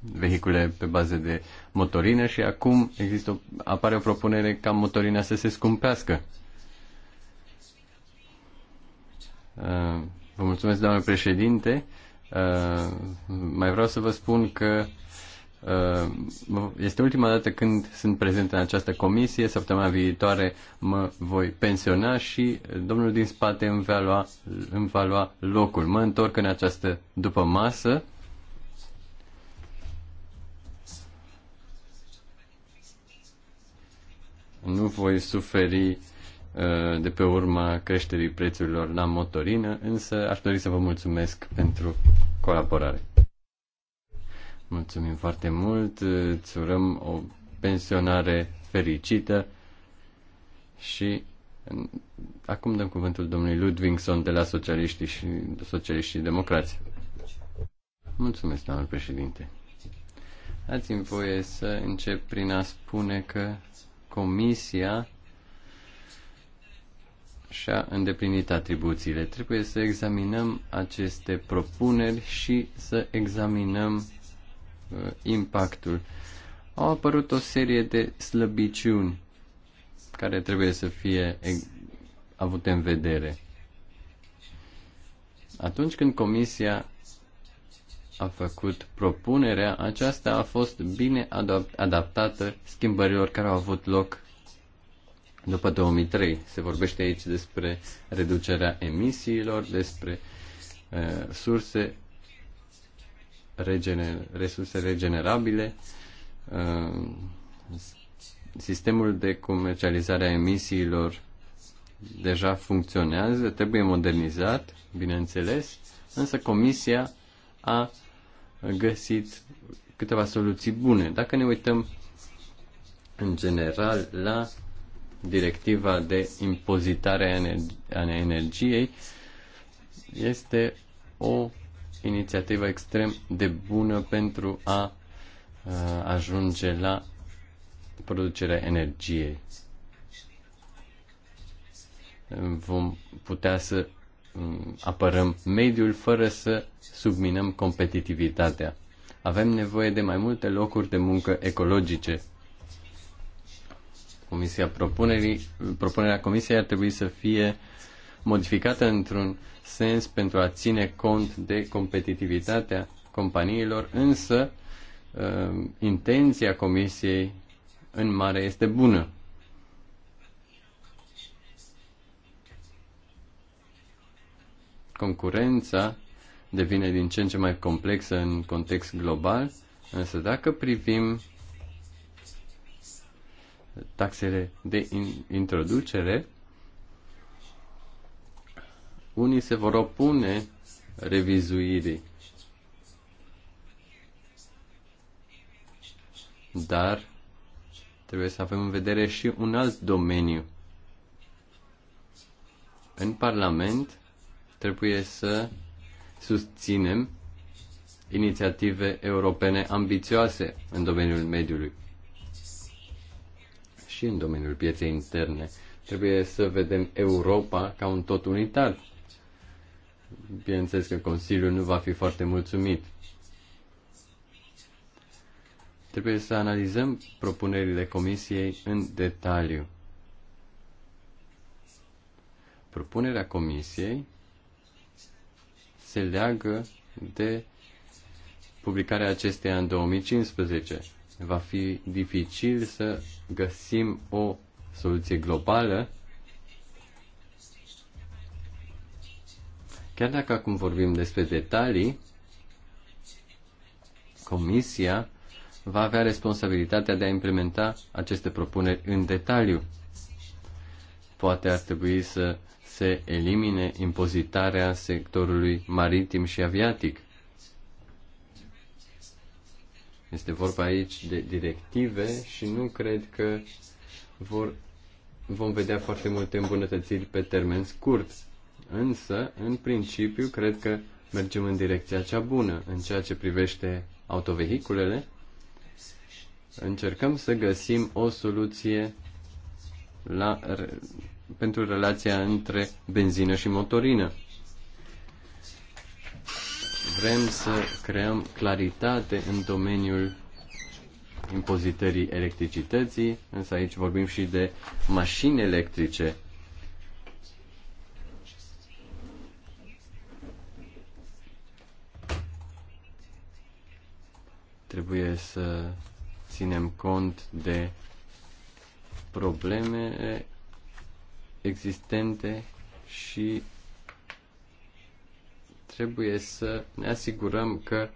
vehicule pe bază de motorină și acum există o, apare o propunere ca motorina să se scumpească. Uh, Uh, vă mulțumesc, doamne președinte. Uh, mai vreau să vă spun că uh, este ultima dată când sunt prezent în această comisie. Săptămâna viitoare mă voi pensiona și domnul din spate îmi va lua, îmi va lua locul. Mă întorc în această după masă. Nu voi suferi uh, Uh, de pe urma creșterii prețurilor la motorină, însă aș dori să vă mulțumesc pentru colaborare. Mulțumim foarte mult, îți urăm o pensionare fericită și acum dăm cuvântul domnului Ludvingson de la Socialiștii și, Socialiștii Democrații. Mulțumesc, doamnă președinte. Ați-mi voie să încep prin a spune că Comisia și-a îndeplinit atribuțiile. Trebuie să examinăm aceste propuneri și să examinăm uh, impactul. Au apărut o serie de slăbiciuni care trebuie să fie avute în vedere. Atunci când Comisia a făcut propunerea, aceasta a fost bine adaptată schimbărilor care au avut loc după 2003. Se vorbește aici despre reducerea emisiilor, despre uh, surse regener- resurse regenerabile, uh, sistemul de comercializare a emisiilor deja funcționează, trebuie modernizat, bineînțeles, însă Comisia a găsit câteva soluții bune. Dacă ne uităm în general la directiva de impozitare a energiei este o inițiativă extrem de bună pentru a ajunge la producerea energiei. Vom putea să apărăm mediul fără să subminăm competitivitatea. Avem nevoie de mai multe locuri de muncă ecologice Comisia propunerii, propunerea Comisiei ar trebui să fie modificată într-un sens pentru a ține cont de competitivitatea companiilor, însă uh, intenția Comisiei în mare este bună. Concurența devine din ce în ce mai complexă în context global, însă dacă privim taxele de introducere, unii se vor opune revizuirii. Dar trebuie să avem în vedere și un alt domeniu. În Parlament trebuie să susținem inițiative europene ambițioase în domeniul mediului și în domeniul pieței interne. Trebuie să vedem Europa ca un tot unitar. Bineînțeles că Consiliul nu va fi foarte mulțumit. Trebuie să analizăm propunerile Comisiei în detaliu. Propunerea Comisiei se leagă de publicarea acesteia în 2015 va fi dificil să găsim o soluție globală. Chiar dacă acum vorbim despre detalii, Comisia va avea responsabilitatea de a implementa aceste propuneri în detaliu. Poate ar trebui să se elimine impozitarea sectorului maritim și aviatic este vorba aici de directive și nu cred că vor, vom vedea foarte multe îmbunătățiri pe termen scurt. Însă, în principiu, cred că mergem în direcția cea bună în ceea ce privește autovehiculele. Încercăm să găsim o soluție la, pentru relația între benzină și motorină vrem să creăm claritate în domeniul impozitării electricității, însă aici vorbim și de mașini electrice. Trebuie să ținem cont de problemele existente și trebuie să ne asigurăm că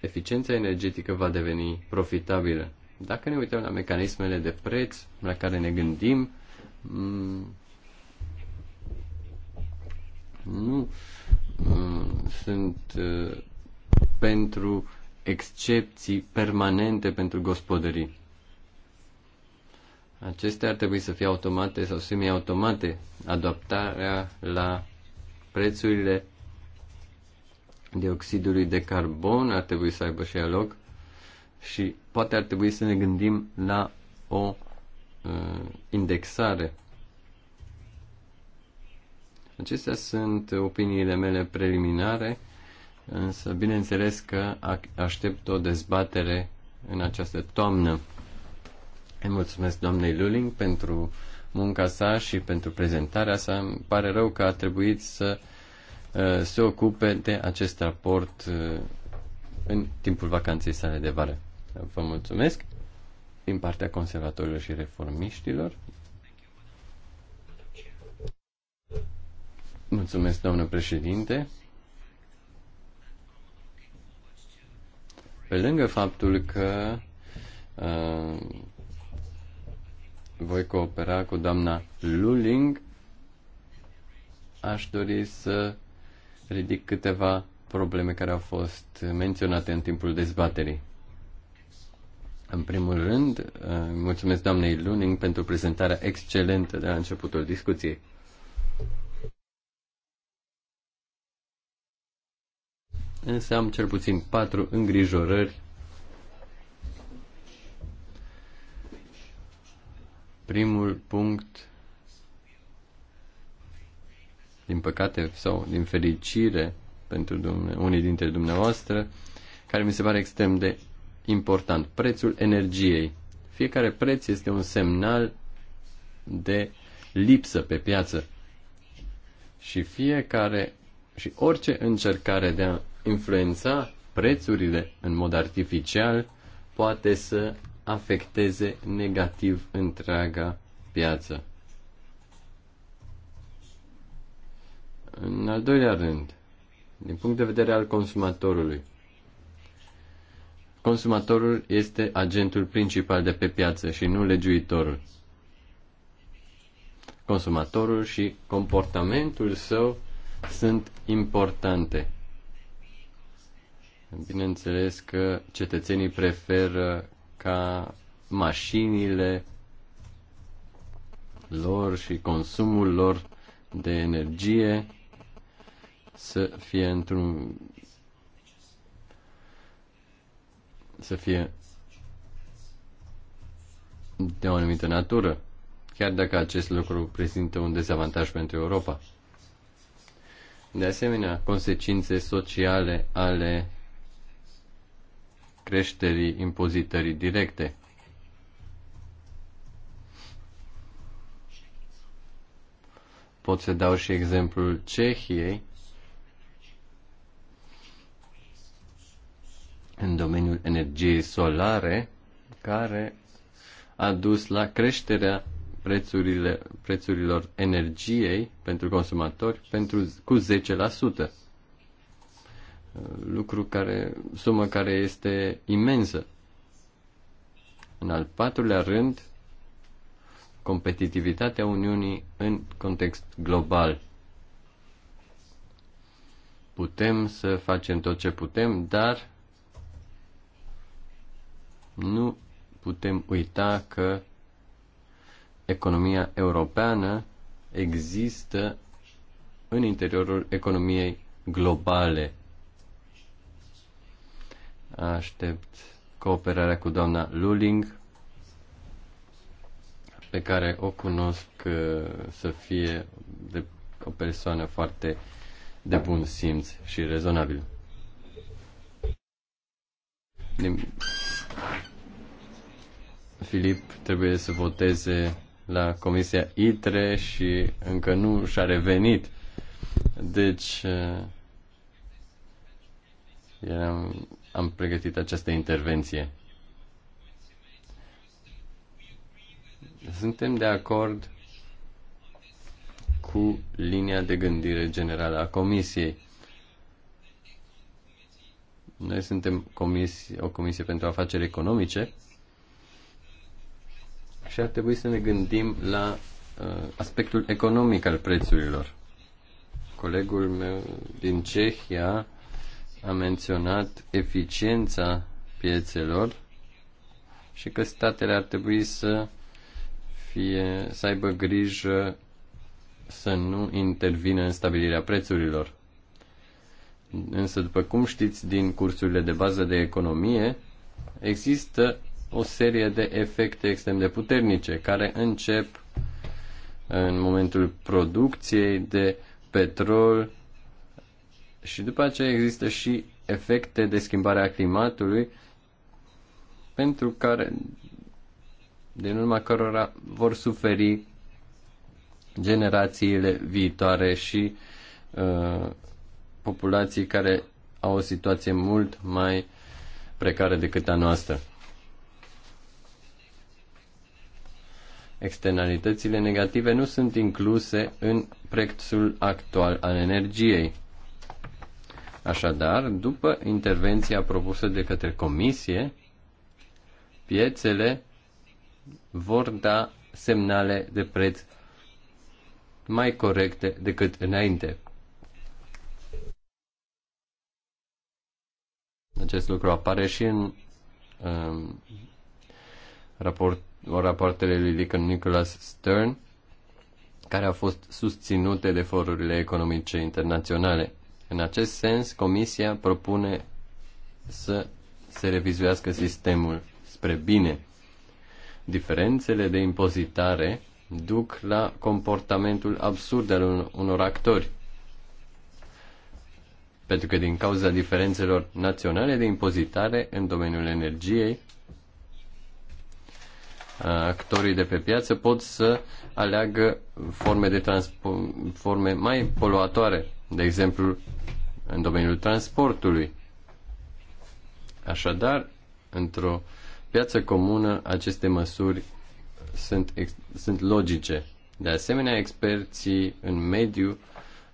eficiența energetică va deveni profitabilă. Dacă ne uităm la mecanismele de preț la care ne gândim, mm, nu mm, sunt uh, pentru excepții permanente pentru gospodării. Acestea ar trebui să fie automate sau semi-automate. Adaptarea la prețurile dioxidului de carbon ar trebui să aibă și loc și poate ar trebui să ne gândim la o uh, indexare. Acestea sunt opiniile mele preliminare, însă bineînțeles că aștept o dezbatere în această toamnă. Îi mulțumesc doamnei Luling pentru munca sa și pentru prezentarea sa. Îmi pare rău că a trebuit să uh, se ocupe de acest raport uh, în timpul vacanței sale de vară. Vă mulțumesc din partea conservatorilor și reformiștilor. Mulțumesc, doamnă președinte. Pe lângă faptul că uh, voi coopera cu doamna Luling. Aș dori să ridic câteva probleme care au fost menționate în timpul dezbaterii. În primul rând, uh, mulțumesc doamnei Luning pentru prezentarea excelentă de la începutul discuției. Însă am cel puțin patru îngrijorări Primul punct, din păcate sau din fericire pentru unii dintre dumneavoastră, care mi se pare extrem de important, prețul energiei. Fiecare preț este un semnal de lipsă pe piață. Și fiecare și orice încercare de a influența prețurile în mod artificial poate să afecteze negativ întreaga piață. În al doilea rând, din punct de vedere al consumatorului, consumatorul este agentul principal de pe piață și nu legiuitorul. Consumatorul și comportamentul său sunt importante. Bineînțeles că cetățenii preferă ca mașinile lor și consumul lor de energie să fie într-un să fie de o anumită natură, chiar dacă acest lucru prezintă un dezavantaj pentru Europa. De asemenea, consecințe sociale ale creșterii impozitării directe. Pot să dau și exemplul Cehiei în domeniul energiei solare, care a dus la creșterea prețurile, prețurilor energiei pentru consumatori pentru, cu 10% lucru care, sumă care este imensă. În al patrulea rând, competitivitatea Uniunii în context global. Putem să facem tot ce putem, dar nu putem uita că economia europeană există în interiorul economiei globale Aștept cooperarea cu doamna Luling, pe care o cunosc uh, să fie de o persoană foarte de bun simț și rezonabil. Din... Filip trebuie să voteze la Comisia ITRE și încă nu și-a revenit. Deci, uh, eram am pregătit această intervenție. Suntem de acord cu linia de gândire generală a Comisiei. Noi suntem comisie, o comisie pentru afaceri economice și ar trebui să ne gândim la uh, aspectul economic al prețurilor. Colegul meu din Cehia a menționat eficiența piețelor și că statele ar trebui să fie, să aibă grijă să nu intervină în stabilirea prețurilor. Însă, după cum știți din cursurile de bază de economie, există o serie de efecte extrem de puternice care încep în momentul producției de petrol și după aceea există și efecte de schimbare a climatului pentru care, din urma cărora vor suferi generațiile viitoare și uh, populații care au o situație mult mai precară decât a noastră. Externalitățile negative nu sunt incluse în prețul actual al energiei Așadar, după intervenția propusă de către comisie, piețele vor da semnale de preț mai corecte decât înainte. Acest lucru apare și în um, raport, rapoartele lui Lincoln Nicholas Stern, care au fost susținute de forurile economice internaționale. În acest sens, Comisia propune să se revizuiască sistemul spre bine. Diferențele de impozitare duc la comportamentul absurd al unor actori. Pentru că din cauza diferențelor naționale de impozitare în domeniul energiei, actorii de pe piață pot să aleagă forme de transpo- forme mai poluatoare de exemplu, în domeniul transportului. Așadar, într-o piață comună, aceste măsuri sunt, ex, sunt logice. De asemenea, experții în mediu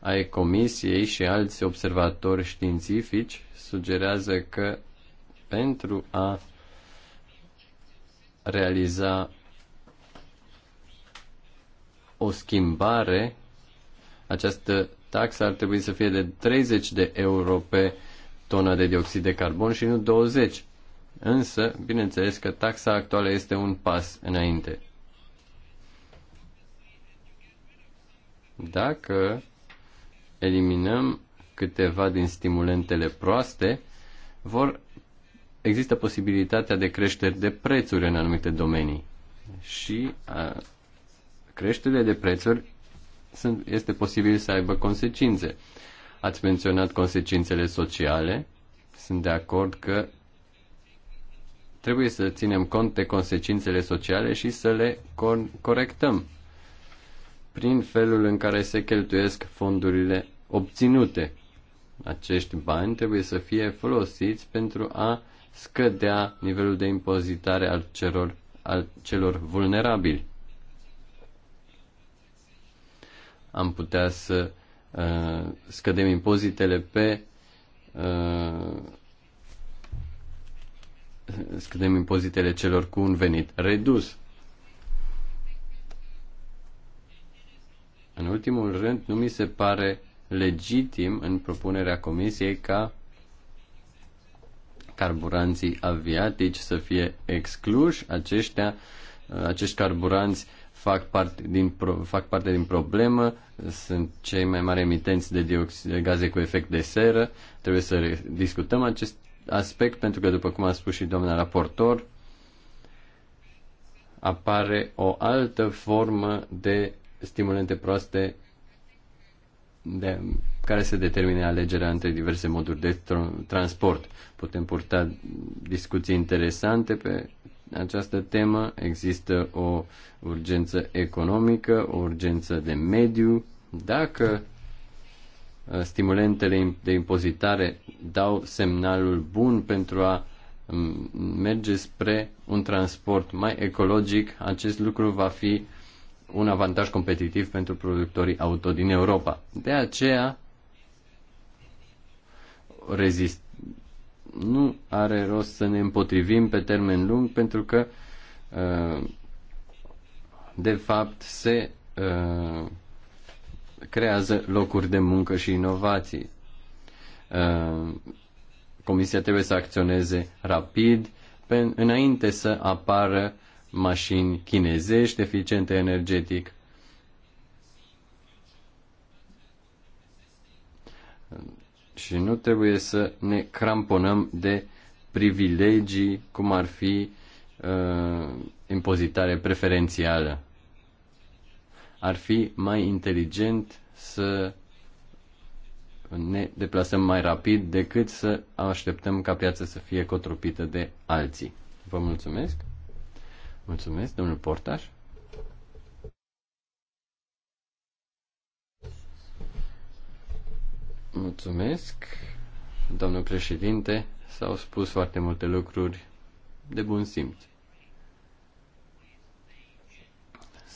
ai comisiei și alți observatori științifici sugerează că pentru a realiza o schimbare, această taxa ar trebui să fie de 30 de euro pe tonă de dioxid de carbon și nu 20. Însă, bineînțeles că taxa actuală este un pas înainte. Dacă eliminăm câteva din stimulentele proaste, vor există posibilitatea de creștere de prețuri în anumite domenii. Și a, creșterile de prețuri sunt, este posibil să aibă consecințe. Ați menționat consecințele sociale. Sunt de acord că trebuie să ținem cont de consecințele sociale și să le corectăm prin felul în care se cheltuiesc fondurile obținute. Acești bani trebuie să fie folosiți pentru a scădea nivelul de impozitare al celor, al celor vulnerabili. am putea să uh, scădem impozitele pe uh, scădem impozitele celor cu un venit redus. În ultimul rând, nu mi se pare legitim în propunerea Comisiei ca carburanții aviatici să fie excluși. Aceștia, uh, acești carburanți uh, fac parte din, fac parte din problemă, sunt cei mai mari emitenți de dioxid, gaze cu efect de seră. Trebuie să discutăm acest aspect pentru că, după cum a spus și doamna raportor, apare o altă formă de stimulente proaste de, care se determine alegerea între diverse moduri de transport. Putem purta discuții interesante pe această temă. Există o urgență economică, o urgență de mediu. Dacă uh, stimulentele de impozitare dau semnalul bun pentru a mm, merge spre un transport mai ecologic, acest lucru va fi un avantaj competitiv pentru productorii auto din Europa. De aceea, rezist, nu are rost să ne împotrivim pe termen lung pentru că uh, de fapt se uh, creează locuri de muncă și inovații. Uh, Comisia trebuie să acționeze rapid înainte să apară mașini chinezești eficiente energetic și nu trebuie să ne cramponăm de privilegii, cum ar fi uh, impozitare preferențială. Ar fi mai inteligent să ne deplasăm mai rapid decât să așteptăm ca piața să fie cotropită de alții. Vă mulțumesc. Mulțumesc, domnul Portaș. Mulțumesc, domnul președinte. S-au spus foarte multe lucruri de bun simț.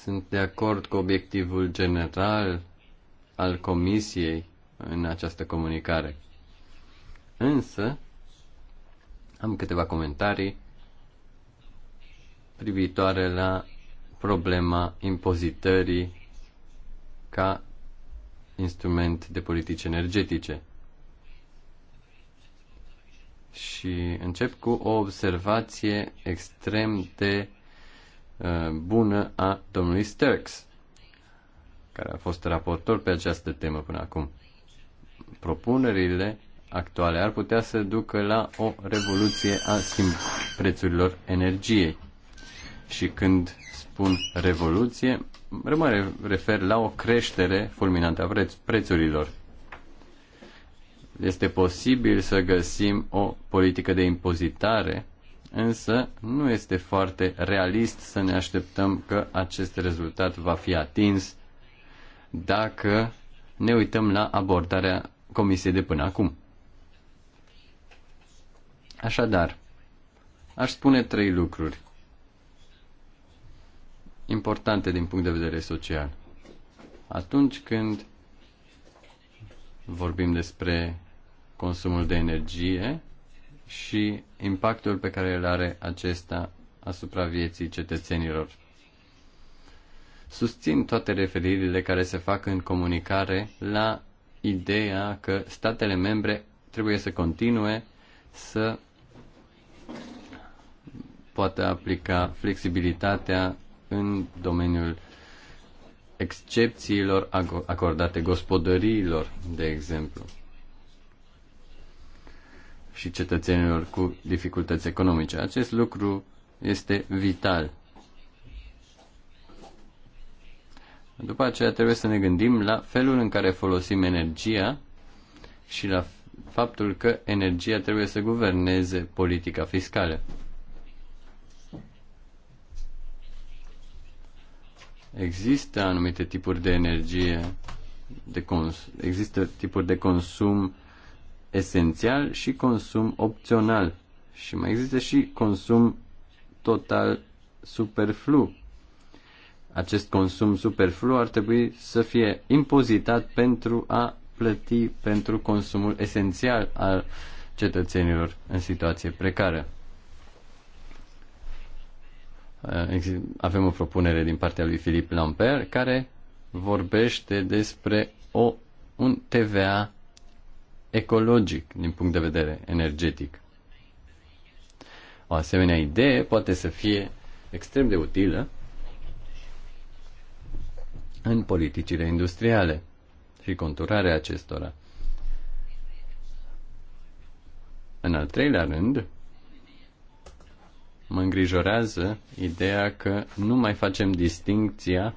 Sunt de acord cu obiectivul general al Comisiei în această comunicare. Însă, am câteva comentarii privitoare la problema impozitării ca instrument de politici energetice. Și încep cu o observație extrem de uh, bună a domnului Sturks, care a fost raportor pe această temă până acum. Propunerile actuale ar putea să ducă la o revoluție a schimb prețurilor energiei. Și când spun revoluție, mă refer la o creștere fulminantă a preț- prețurilor. Este posibil să găsim o politică de impozitare, însă nu este foarte realist să ne așteptăm că acest rezultat va fi atins dacă ne uităm la abordarea Comisiei de până acum. Așadar, aș spune trei lucruri importante din punct de vedere social. Atunci când vorbim despre consumul de energie și impactul pe care îl are acesta asupra vieții cetățenilor. Susțin toate referirile care se fac în comunicare la ideea că statele membre trebuie să continue să poată aplica flexibilitatea în domeniul excepțiilor acordate gospodăriilor, de exemplu, și cetățenilor cu dificultăți economice. Acest lucru este vital. După aceea trebuie să ne gândim la felul în care folosim energia și la faptul că energia trebuie să guverneze politica fiscală. Există anumite tipuri de energie, de cons- există tipuri de consum esențial și consum opțional. Și mai există și consum total superflu. Acest consum superflu ar trebui să fie impozitat pentru a plăti pentru consumul esențial al cetățenilor în situație precară. Eh, avem o propunere din partea lui Filip Lamper care vorbește despre o, un TVA ecologic din punct de vedere energetic. O asemenea idee poate să fie extrem de utilă în politicile industriale și conturarea acestora. În al treilea rând, Mă îngrijorează ideea că nu mai facem distincția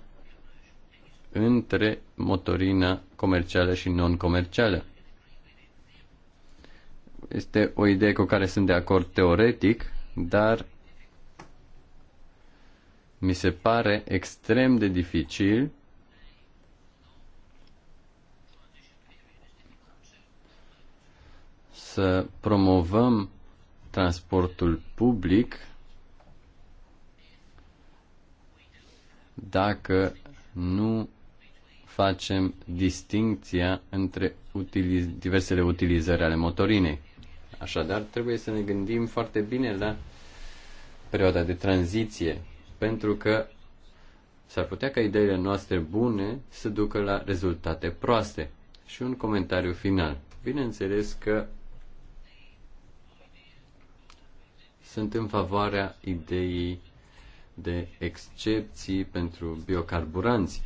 între motorină comercială și non-comercială. Este o idee cu care sunt de acord teoretic, dar mi se pare extrem de dificil să promovăm transportul public dacă nu facem distinția între utiliz- diversele utilizări ale motorinei. Așadar, trebuie să ne gândim foarte bine la perioada de tranziție, pentru că s-ar putea ca ideile noastre bune să ducă la rezultate proaste. Și un comentariu final. Bineînțeles că sunt în favoarea ideii de excepții pentru biocarburanți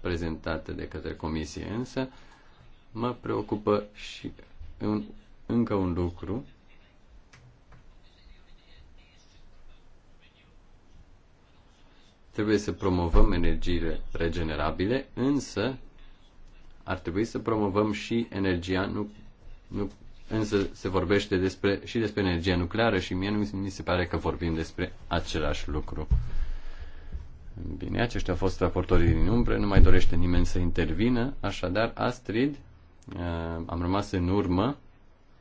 prezentate de către comisie, însă mă preocupă și un, încă un lucru. Trebuie să promovăm energiile regenerabile, însă ar trebui să promovăm și energia nu, nu, însă se vorbește despre, și despre energia nucleară și mie nu mi se pare că vorbim despre același lucru. Bine, aceștia au fost raportorii din umbră, nu mai dorește nimeni să intervină, așadar, Astrid, uh, am rămas în urmă,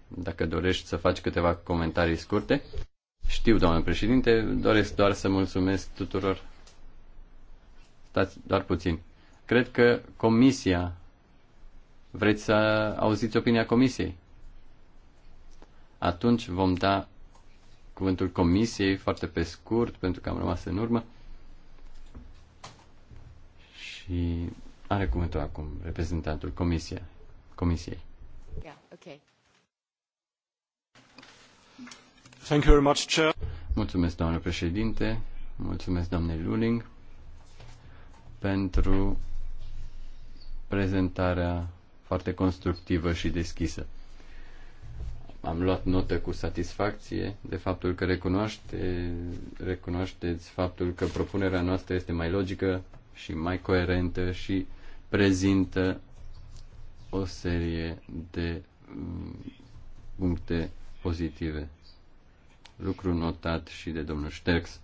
dacă dorești să faci câteva comentarii scurte. Știu, doamnă președinte, doresc doar să mulțumesc tuturor. Stați doar puțin. Cred că comisia, vreți să auziți opinia comisiei? atunci vom da cuvântul comisiei foarte pe scurt, pentru că am rămas în urmă. Și are cuvântul acum reprezentantul comisia, comisiei. Yeah, okay. Thank you very much, Chair. Mulțumesc, doamnă președinte, mulțumesc, doamne Luling, pentru prezentarea foarte constructivă și deschisă am luat notă cu satisfacție de faptul că recunoaște, recunoașteți faptul că propunerea noastră este mai logică și mai coerentă și prezintă o serie de mm, puncte pozitive. Lucru notat și de domnul Șterx.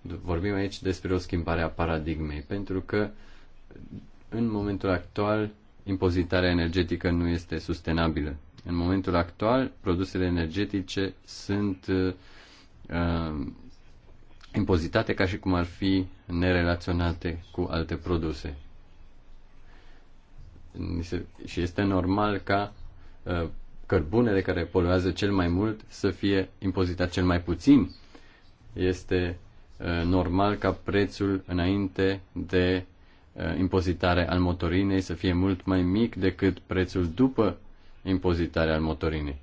Vorbim aici despre o schimbare a paradigmei, pentru că în momentul actual impozitarea energetică nu este sustenabilă în momentul actual, produsele energetice sunt uh, uh, impozitate ca și cum ar fi nerelaționate cu alte produse. Și este normal ca uh, cărbunele care poluează cel mai mult să fie impozitat cel mai puțin. Este uh, normal ca prețul înainte de uh, impozitare al motorinei să fie mult mai mic decât prețul după impozitare al motorinei.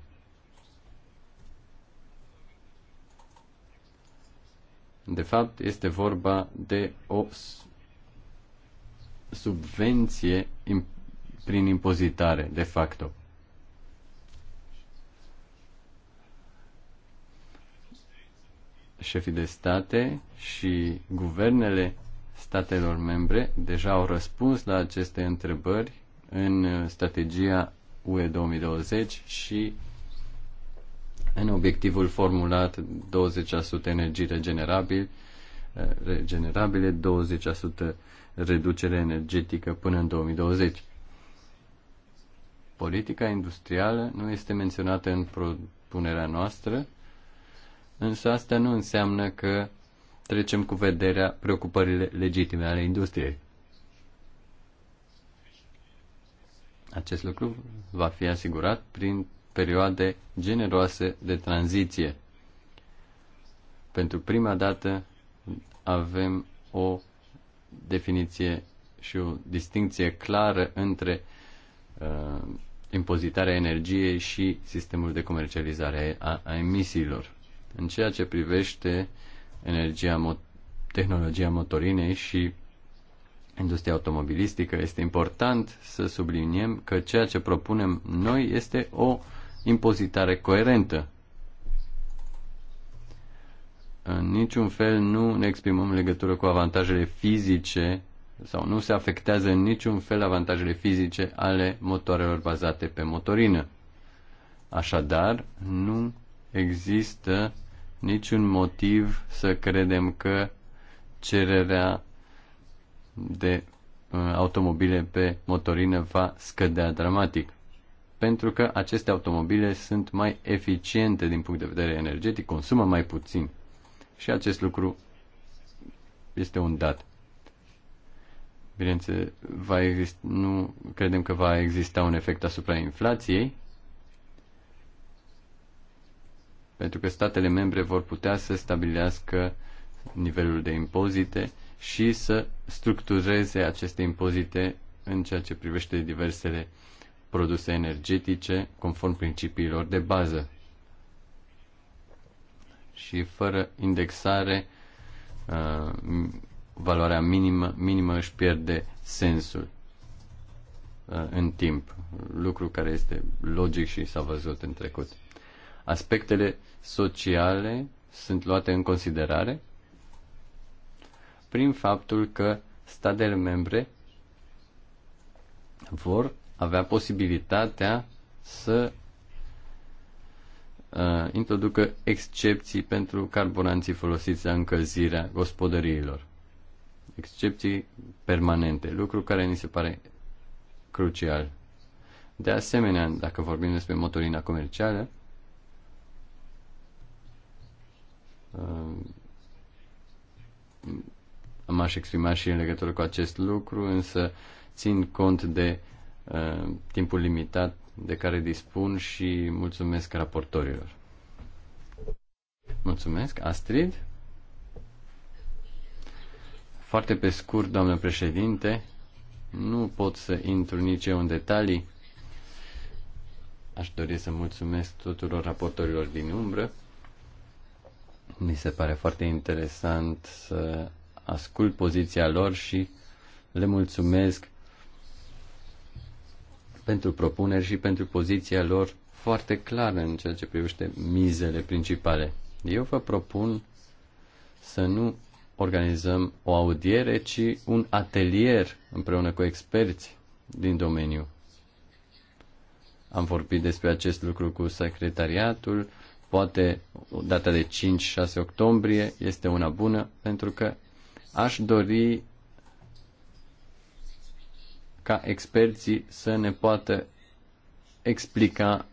De fapt, este vorba de o subvenție prin impozitare, de facto. Șefii de state și guvernele statelor membre deja au răspuns la aceste întrebări în strategia UE 2020 și în obiectivul formulat 20% energii regenerabile, regenerabile 20% reducere energetică până în 2020. Politica industrială nu este menționată în propunerea noastră, însă asta nu înseamnă că trecem cu vederea preocupările legitime ale industriei. Acest lucru va fi asigurat prin perioade generoase de tranziție. Pentru prima dată avem o definiție și o distinție clară între uh, impozitarea energiei și sistemul de comercializare a, a emisiilor. În ceea ce privește energia, mo- tehnologia motorinei și industria automobilistică, este important să subliniem că ceea ce propunem noi este o impozitare coerentă. În niciun fel nu ne exprimăm legătură cu avantajele fizice sau nu se afectează în niciun fel avantajele fizice ale motoarelor bazate pe motorină. Așadar, nu există niciun motiv să credem că cererea de uh, automobile pe motorină va scădea dramatic. Pentru că aceste automobile sunt mai eficiente din punct de vedere energetic, consumă mai puțin. Și acest lucru este un dat. Bineînțeles, va exist, nu credem că va exista un efect asupra inflației, pentru că statele membre vor putea să stabilească nivelul de impozite și să structureze aceste impozite în ceea ce privește diversele produse energetice conform principiilor de bază. Și fără indexare, uh, valoarea minimă, minimă își pierde sensul uh, în timp, lucru care este logic și s-a văzut în trecut. Aspectele sociale sunt luate în considerare prin faptul că statele membre vor avea posibilitatea să uh, introducă excepții pentru carburanții folosiți la încălzirea gospodăriilor. Excepții permanente, lucru care ni se pare crucial. De asemenea, dacă vorbim despre motorina comercială, uh, m-aș exprima și în legătură cu acest lucru, însă țin cont de uh, timpul limitat de care dispun și mulțumesc raportorilor. Mulțumesc. Astrid? Foarte pe scurt, doamnă președinte, nu pot să intru nici eu în detalii. Aș dori să mulțumesc tuturor raportorilor din umbră. Mi se pare foarte interesant să ascult poziția lor și le mulțumesc pentru propuneri și pentru poziția lor foarte clară în ceea ce privește mizele principale. Eu vă propun să nu organizăm o audiere, ci un atelier împreună cu experți din domeniu. Am vorbit despre acest lucru cu secretariatul. Poate data de 5-6 octombrie este una bună pentru că Aș dori ca experții să ne poată explica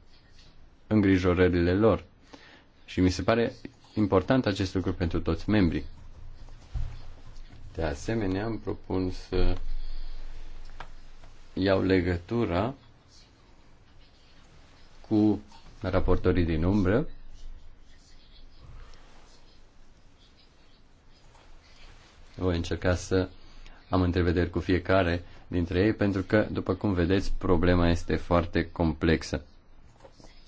îngrijorările lor. Și mi se pare important acest lucru pentru toți membrii. De asemenea, îmi propun să iau legătura cu raportorii din umbră Voi încerca să am întrevederi cu fiecare dintre ei, pentru că, după cum vedeți, problema este foarte complexă.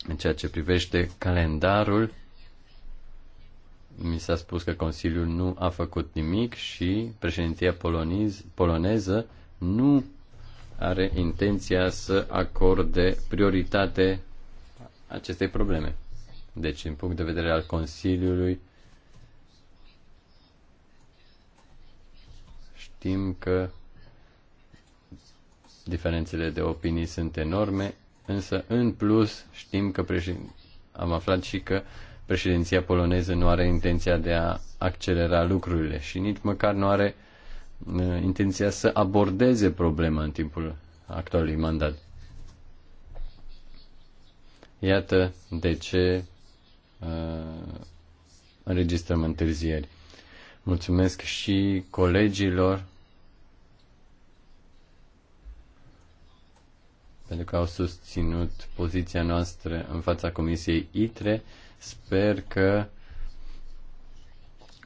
În ceea ce privește calendarul, mi s-a spus că Consiliul nu a făcut nimic și președinția poloniz, poloneză nu are intenția să acorde prioritate acestei probleme. Deci, din punct de vedere al Consiliului, știm că diferențele de opinii sunt enorme, însă în plus știm că președin... am aflat și că președinția poloneză nu are intenția de a accelera lucrurile și nici măcar nu are uh, intenția să abordeze problema în timpul actualului mandat. Iată de ce uh, înregistrăm întârzieri. Mulțumesc și colegilor pentru că au susținut poziția noastră în fața Comisiei ITRE. Sper că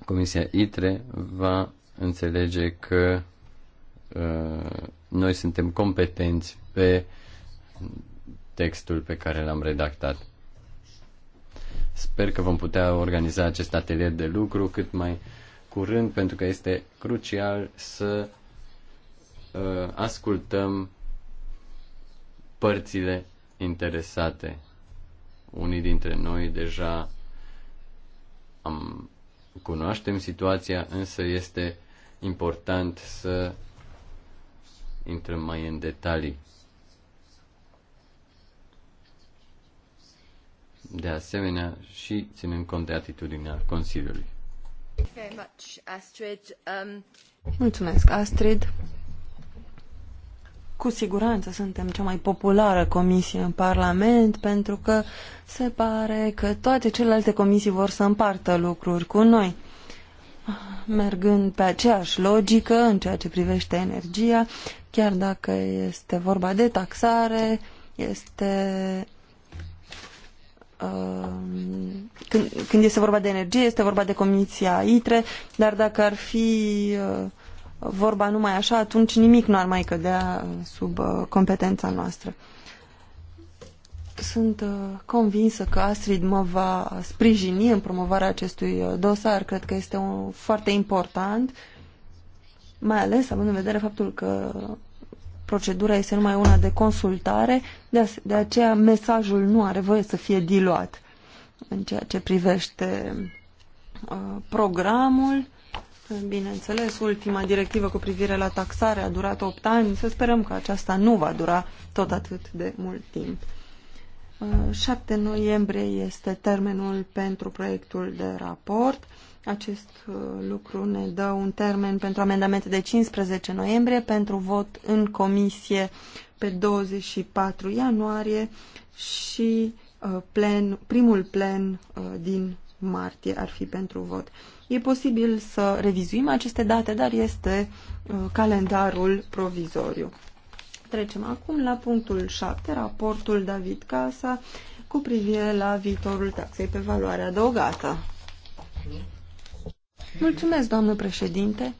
Comisia ITRE va înțelege că uh, noi suntem competenți pe textul pe care l-am redactat. Sper că vom putea organiza acest atelier de lucru cât mai curând, pentru că este crucial să uh, ascultăm părțile interesate. Unii dintre noi deja am, cunoaștem situația, însă este important să intrăm mai în detalii. De asemenea, și ținând cont de atitudinea Consiliului. Mulțumesc, Astrid. Cu siguranță suntem cea mai populară comisie în Parlament pentru că se pare că toate celelalte comisii vor să împartă lucruri cu noi. Mergând pe aceeași logică în ceea ce privește energia, chiar dacă este vorba de taxare, este uh, când, când este vorba de energie, este vorba de Comisia ITRE, dar dacă ar fi uh, vorba numai așa, atunci nimic nu ar mai cădea sub uh, competența noastră. Sunt uh, convinsă că Astrid mă va sprijini în promovarea acestui uh, dosar. Cred că este un, foarte important, mai ales având în vedere faptul că procedura este numai una de consultare, de, de aceea mesajul nu are voie să fie diluat în ceea ce privește uh, programul Bineînțeles, ultima directivă cu privire la taxare a durat 8 ani. Să sperăm că aceasta nu va dura tot atât de mult timp. 7 uh, noiembrie este termenul pentru proiectul de raport. Acest uh, lucru ne dă un termen pentru amendamente de 15 noiembrie, pentru vot în comisie pe 24 ianuarie și uh, plen, primul plen din martie ar fi pentru vot. E posibil să revizuim aceste date, dar este uh, calendarul provizoriu. Trecem acum la punctul 7, raportul David Casa cu privire la viitorul taxei pe valoare adăugată. Mulțumesc, doamnă președinte.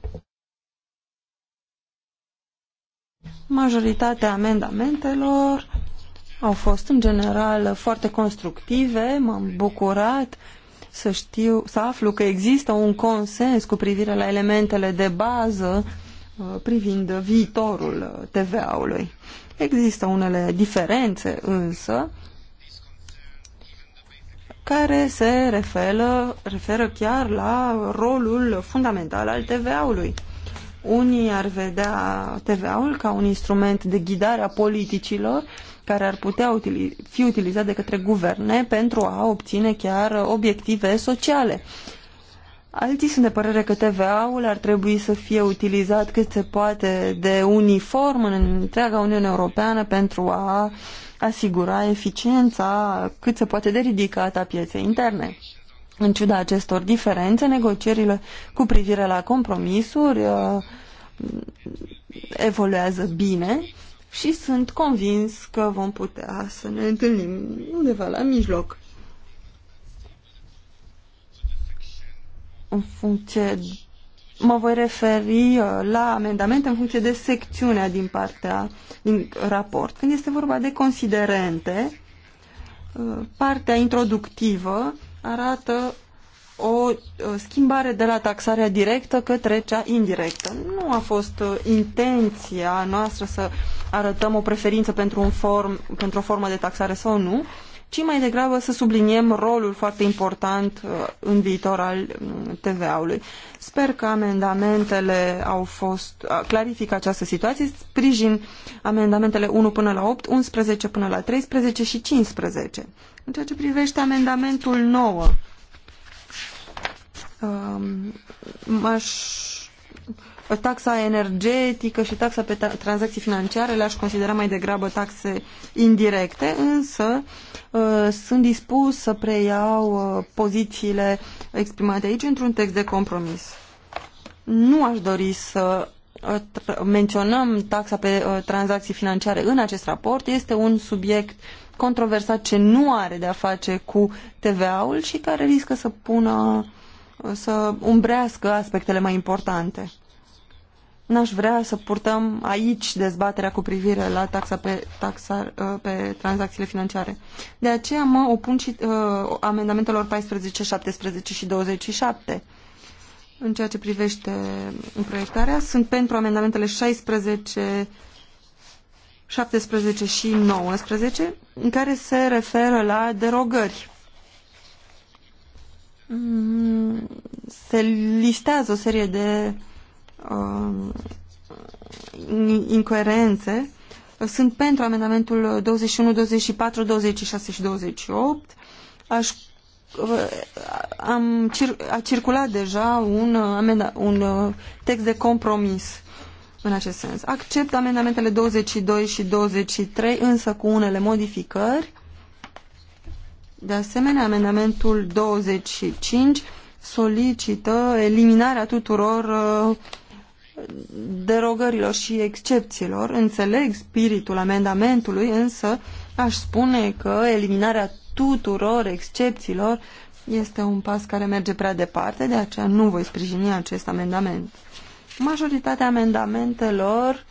Majoritatea amendamentelor au fost în general foarte constructive, m-am bucurat să știu, să aflu că există un consens cu privire la elementele de bază uh, privind viitorul uh, TVA-ului. Există unele diferențe însă care se referă, referă chiar la rolul fundamental al TVA-ului. Unii ar vedea TVA-ul ca un instrument de ghidare a politicilor, care ar putea utili fi utilizat de către guverne pentru a obține chiar obiective sociale. Alții sunt de părere că TVA-ul ar trebui să fie utilizat cât se poate de uniform în întreaga Uniune Europeană pentru a asigura eficiența cât se poate de ridicată a pieței interne. În ciuda acestor diferențe, negocierile cu privire la compromisuri uh, evoluează bine și sunt convins că vom putea să ne întâlnim undeva la mijloc. În funcție mă voi referi uh, la amendamente în funcție de secțiunea din partea din raport. Când este vorba de considerente, uh, partea introductivă arată o schimbare de la taxarea directă către cea indirectă. Nu a fost uh, intenția noastră să arătăm o preferință pentru, un form, pentru o formă de taxare sau nu, ci mai degrabă să subliniem rolul foarte important uh, în viitor al mm, TVA-ului. Sper că amendamentele au fost, uh, clarifică această situație, sprijin amendamentele 1 până la 8, 11 până la 13 și 15. În ceea ce privește amendamentul 9, Um, taxa energetică și taxa pe ta tranzacții financiare le-aș considera mai degrabă taxe indirecte, însă uh, sunt dispus să preiau uh, pozițiile exprimate aici într-un text de compromis. Nu aș dori să uh, menționăm taxa pe uh, tranzacții financiare în acest raport. Este un subiect controversat ce nu are de a face cu TVA-ul și care riscă să pună să umbrească aspectele mai importante. N-aș vrea să purtăm aici dezbaterea cu privire la taxa pe, taxa, uh, pe tranzacțiile financiare. De aceea mă opun și uh, amendamentelor 14, 17 și 27. În ceea ce privește proiectarea, sunt pentru amendamentele 16, 17 și 19, în care se referă la derogări. Mm, se listează o serie de uh, incoerențe. Sunt pentru amendamentul 21, 24, 26 și 28. Aș, uh, am cir a circulat deja un, uh, amenda, un uh, text de compromis în acest sens. Accept amendamentele 22 și 23, însă cu unele modificări de asemenea, amendamentul 25 solicită eliminarea tuturor uh, derogărilor și excepțiilor. Înțeleg spiritul amendamentului, însă aș spune că eliminarea tuturor excepțiilor este un pas care merge prea departe, de aceea nu voi sprijini acest amendament. Majoritatea amendamentelor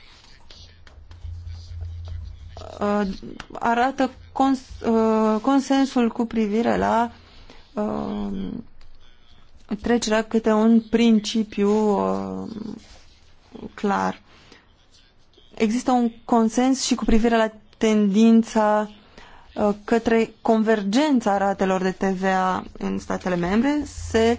uh, arată cons uh, consensul cu privire la uh, trecerea câte un principiu uh, clar. Există un consens și cu privire la tendința către convergența ratelor de TVA în statele membre. Se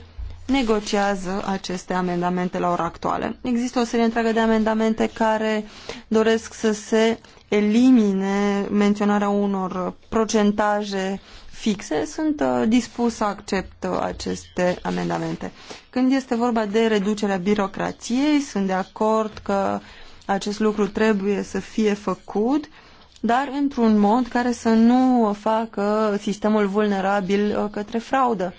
negociază aceste amendamente la ora actuală. Există o serie întreagă de amendamente care doresc să se elimine menționarea unor procentaje fixe, sunt uh, dispus să accept uh, aceste amendamente. Când este vorba de reducerea birocrației, sunt de acord că acest lucru trebuie să fie făcut, dar într-un mod care să nu facă sistemul vulnerabil uh, către fraudă.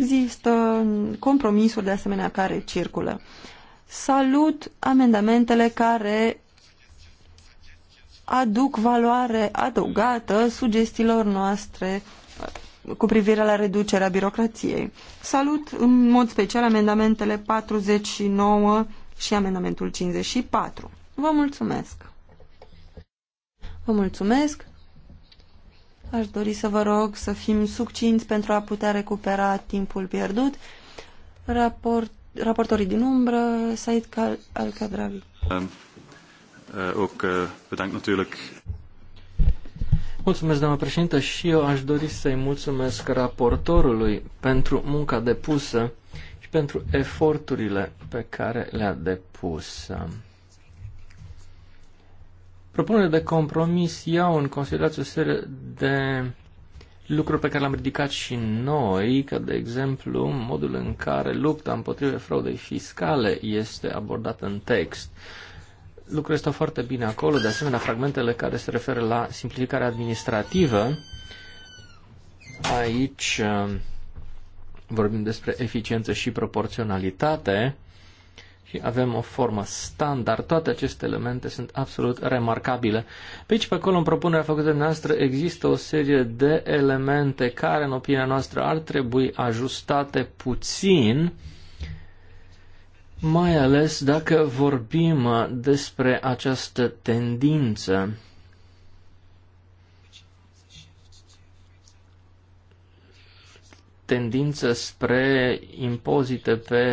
Există compromisuri de asemenea care circulă. Salut amendamentele care aduc valoare adăugată sugestiilor noastre cu privire la reducerea birocrației. Salut în mod special amendamentele 49 și amendamentul 54. Vă mulțumesc! Vă mulțumesc! Aș dori să vă rog să fim succinți pentru a putea recupera timpul pierdut. Raport, raportorii din umbră, Said Al-Kadravi. Um, uh, uh, mulțumesc, doamnă președintă, și eu aș dori să-i mulțumesc raportorului pentru munca depusă și pentru eforturile pe care le-a depus. Propunerile de compromis iau în considerație o serie de lucruri pe care le-am ridicat și noi, ca de exemplu modul în care lupta împotriva fraudei fiscale este abordată în text. Lucrurile stau foarte bine acolo, de asemenea fragmentele care se referă la simplificarea administrativă. Aici uh, vorbim despre eficiență și proporționalitate și avem o formă standard. Toate aceste elemente sunt absolut remarcabile. Pe aici, pe acolo, în propunerea făcută de noastră, există o serie de elemente care, în opinia noastră, ar trebui ajustate puțin, mai ales dacă vorbim despre această tendință tendință spre impozite pe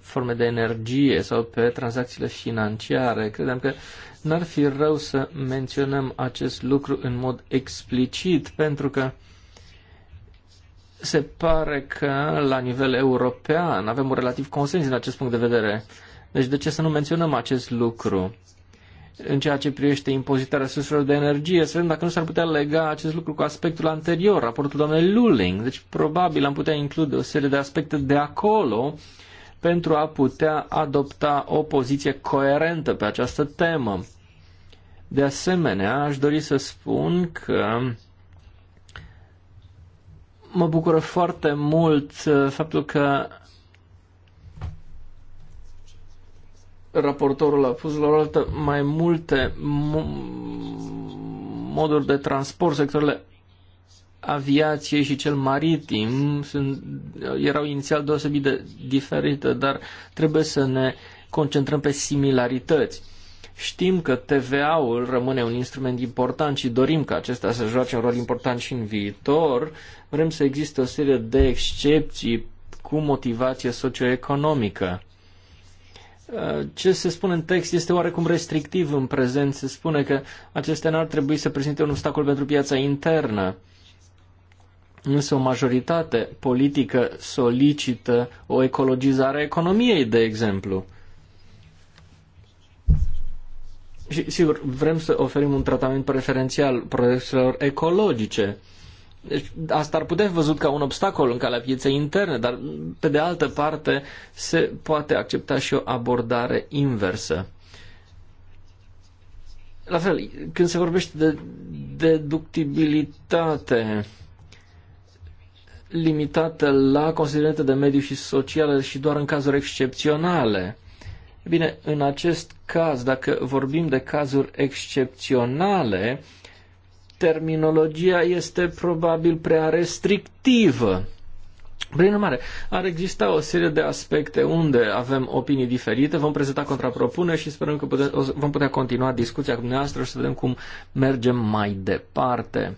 forme de energie sau pe tranzacțiile financiare. Credem că n-ar fi rău să menționăm acest lucru în mod explicit, pentru că se pare că la nivel european avem un relativ consens în acest punct de vedere. Deci de ce să nu menționăm acest lucru? în ceea ce privește impozitarea surselor de energie, să vedem dacă nu s-ar putea lega acest lucru cu aspectul anterior, raportul doamnei Luling. Deci probabil am putea include o serie de aspecte de acolo pentru a putea adopta o poziție coerentă pe această temă. De asemenea, aș dori să spun că mă bucură foarte mult uh, faptul că raportorul a pus la oaltă mai multe moduri de transport, sectoarele aviației și cel maritim sunt, erau inițial deosebit de diferite, dar trebuie să ne concentrăm pe similarități. Știm că TVA-ul rămâne un instrument important și dorim ca acesta să joace un rol important și în viitor. Vrem să existe o serie de excepții cu motivație socioeconomică ce se spune în text este oarecum restrictiv în prezent. Se spune că acestea n-ar trebui să prezinte un obstacol pentru piața internă. Însă o majoritate politică solicită o ecologizare a economiei, de exemplu. Și, sigur, vrem să oferim un tratament preferențial proiectelor ecologice. Deci asta ar putea fi văzut ca un obstacol în calea pieței interne, dar pe de altă parte se poate accepta și o abordare inversă. La fel, când se vorbește de deductibilitate limitată la considerente de mediu și sociale și doar în cazuri excepționale, Bine, în acest caz, dacă vorbim de cazuri excepționale, terminologia este probabil prea restrictivă. Prin urmare, ar exista o serie de aspecte unde avem opinii diferite, vom prezenta contrapropune și sperăm că putem, vom putea continua discuția cu dumneavoastră și să vedem cum mergem mai departe.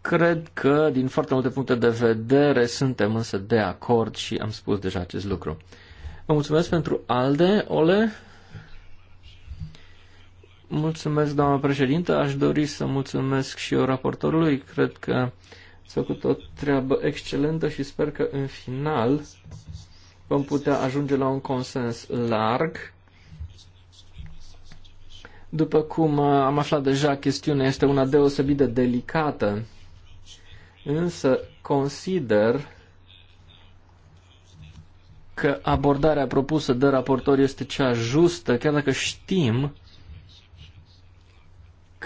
Cred că, din foarte multe puncte de vedere, suntem însă de acord și am spus deja acest lucru. Vă mulțumesc pentru ALDE, Ole. Mulțumesc, doamna președintă. Aș dori să mulțumesc și eu raportorului. Cred că s-a făcut o treabă excelentă și sper că în final vom putea ajunge la un consens larg. După cum am aflat deja, chestiunea este una deosebit de delicată, însă consider că abordarea propusă de raportor este cea justă, chiar dacă știm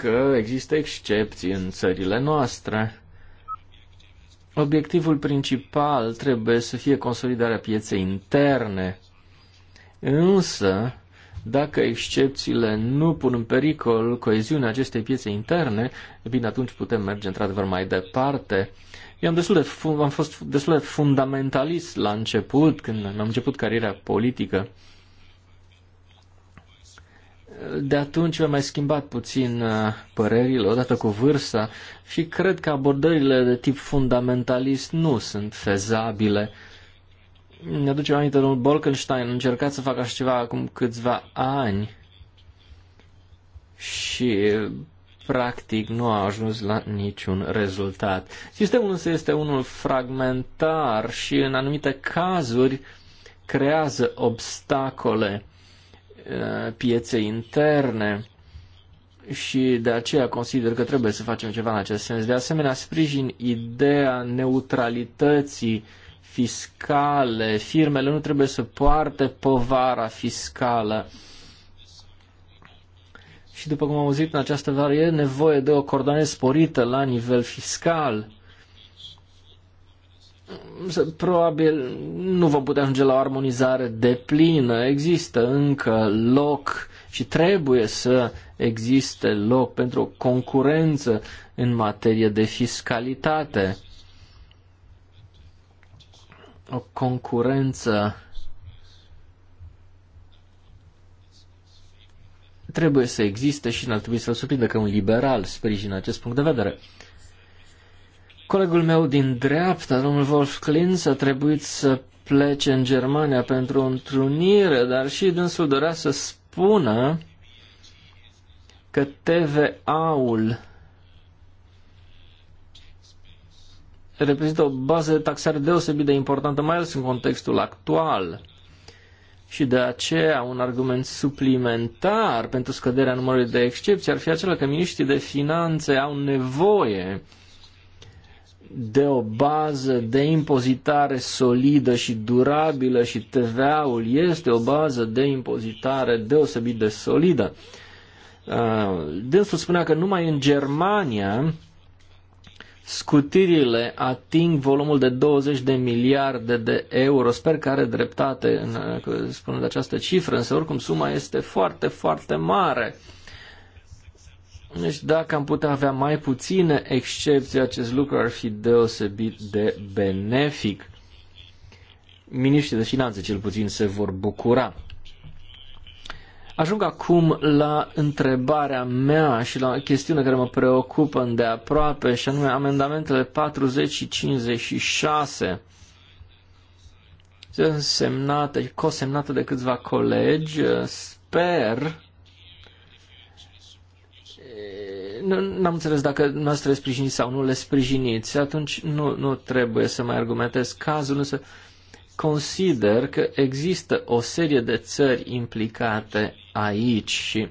că există excepții în țările noastre. Obiectivul principal trebuie să fie consolidarea pieței interne, însă dacă excepțiile nu pun în pericol coeziunea acestei piețe interne, bine, atunci putem merge într-adevăr mai departe. Eu am, destul de am fost destul de fundamentalist la început, când am început cariera politică de atunci am mai schimbat puțin uh, părerile, odată cu vârsta, și cred că abordările de tip fundamentalist nu sunt fezabile. Ne aduce aminte domnul Bolkenstein, încercat să facă așa ceva acum câțiva ani și practic nu a ajuns la niciun rezultat. Sistemul însă este unul fragmentar și în anumite cazuri creează obstacole Uh, pieței interne și de aceea consider că trebuie să facem ceva în acest sens. De asemenea, sprijin ideea neutralității fiscale. Firmele nu trebuie să poarte povara fiscală. Și după cum am auzit în această vară, e nevoie de o coordonare sporită la nivel fiscal probabil nu vom putea ajunge la o armonizare de plină. Există încă loc și trebuie să existe loc pentru o concurență în materie de fiscalitate. O concurență trebuie să existe și n-ar trebui să-l surprindă că un liberal sprijină acest punct de vedere. Colegul meu din dreapta, domnul Wolf Klintz, a trebuit să plece în Germania pentru o întrunire, dar și dânsul dorea să spună că TVA-ul reprezintă o bază de taxare deosebit de importantă, mai ales în contextul actual. Și de aceea un argument suplimentar pentru scăderea numărului de excepții ar fi acela că miniștrii de finanțe au nevoie de o bază de impozitare solidă și durabilă și TVA-ul este o bază de impozitare deosebit de solidă. Uh, dânsul spunea că numai în Germania scutirile ating volumul de 20 de miliarde de euro. Sper că are dreptate în, uh, spunând această cifră, însă oricum suma este foarte, foarte mare. Uh, deci dacă am putea avea mai puține excepții, acest lucru ar fi deosebit de benefic. Miniștrii de finanțe, cel puțin, se vor bucura. Ajung acum la întrebarea mea și la chestiunea care mă preocupă îndeaproape, și anume amendamentele 40 și 56. Sunt semnate, cosemnate de câțiva colegi. Sper N-am înțeles dacă noastră le sprijiniți sau nu le sprijiniți. Atunci nu, nu trebuie să mai argumentez cazul, însă consider că există o serie de țări implicate aici și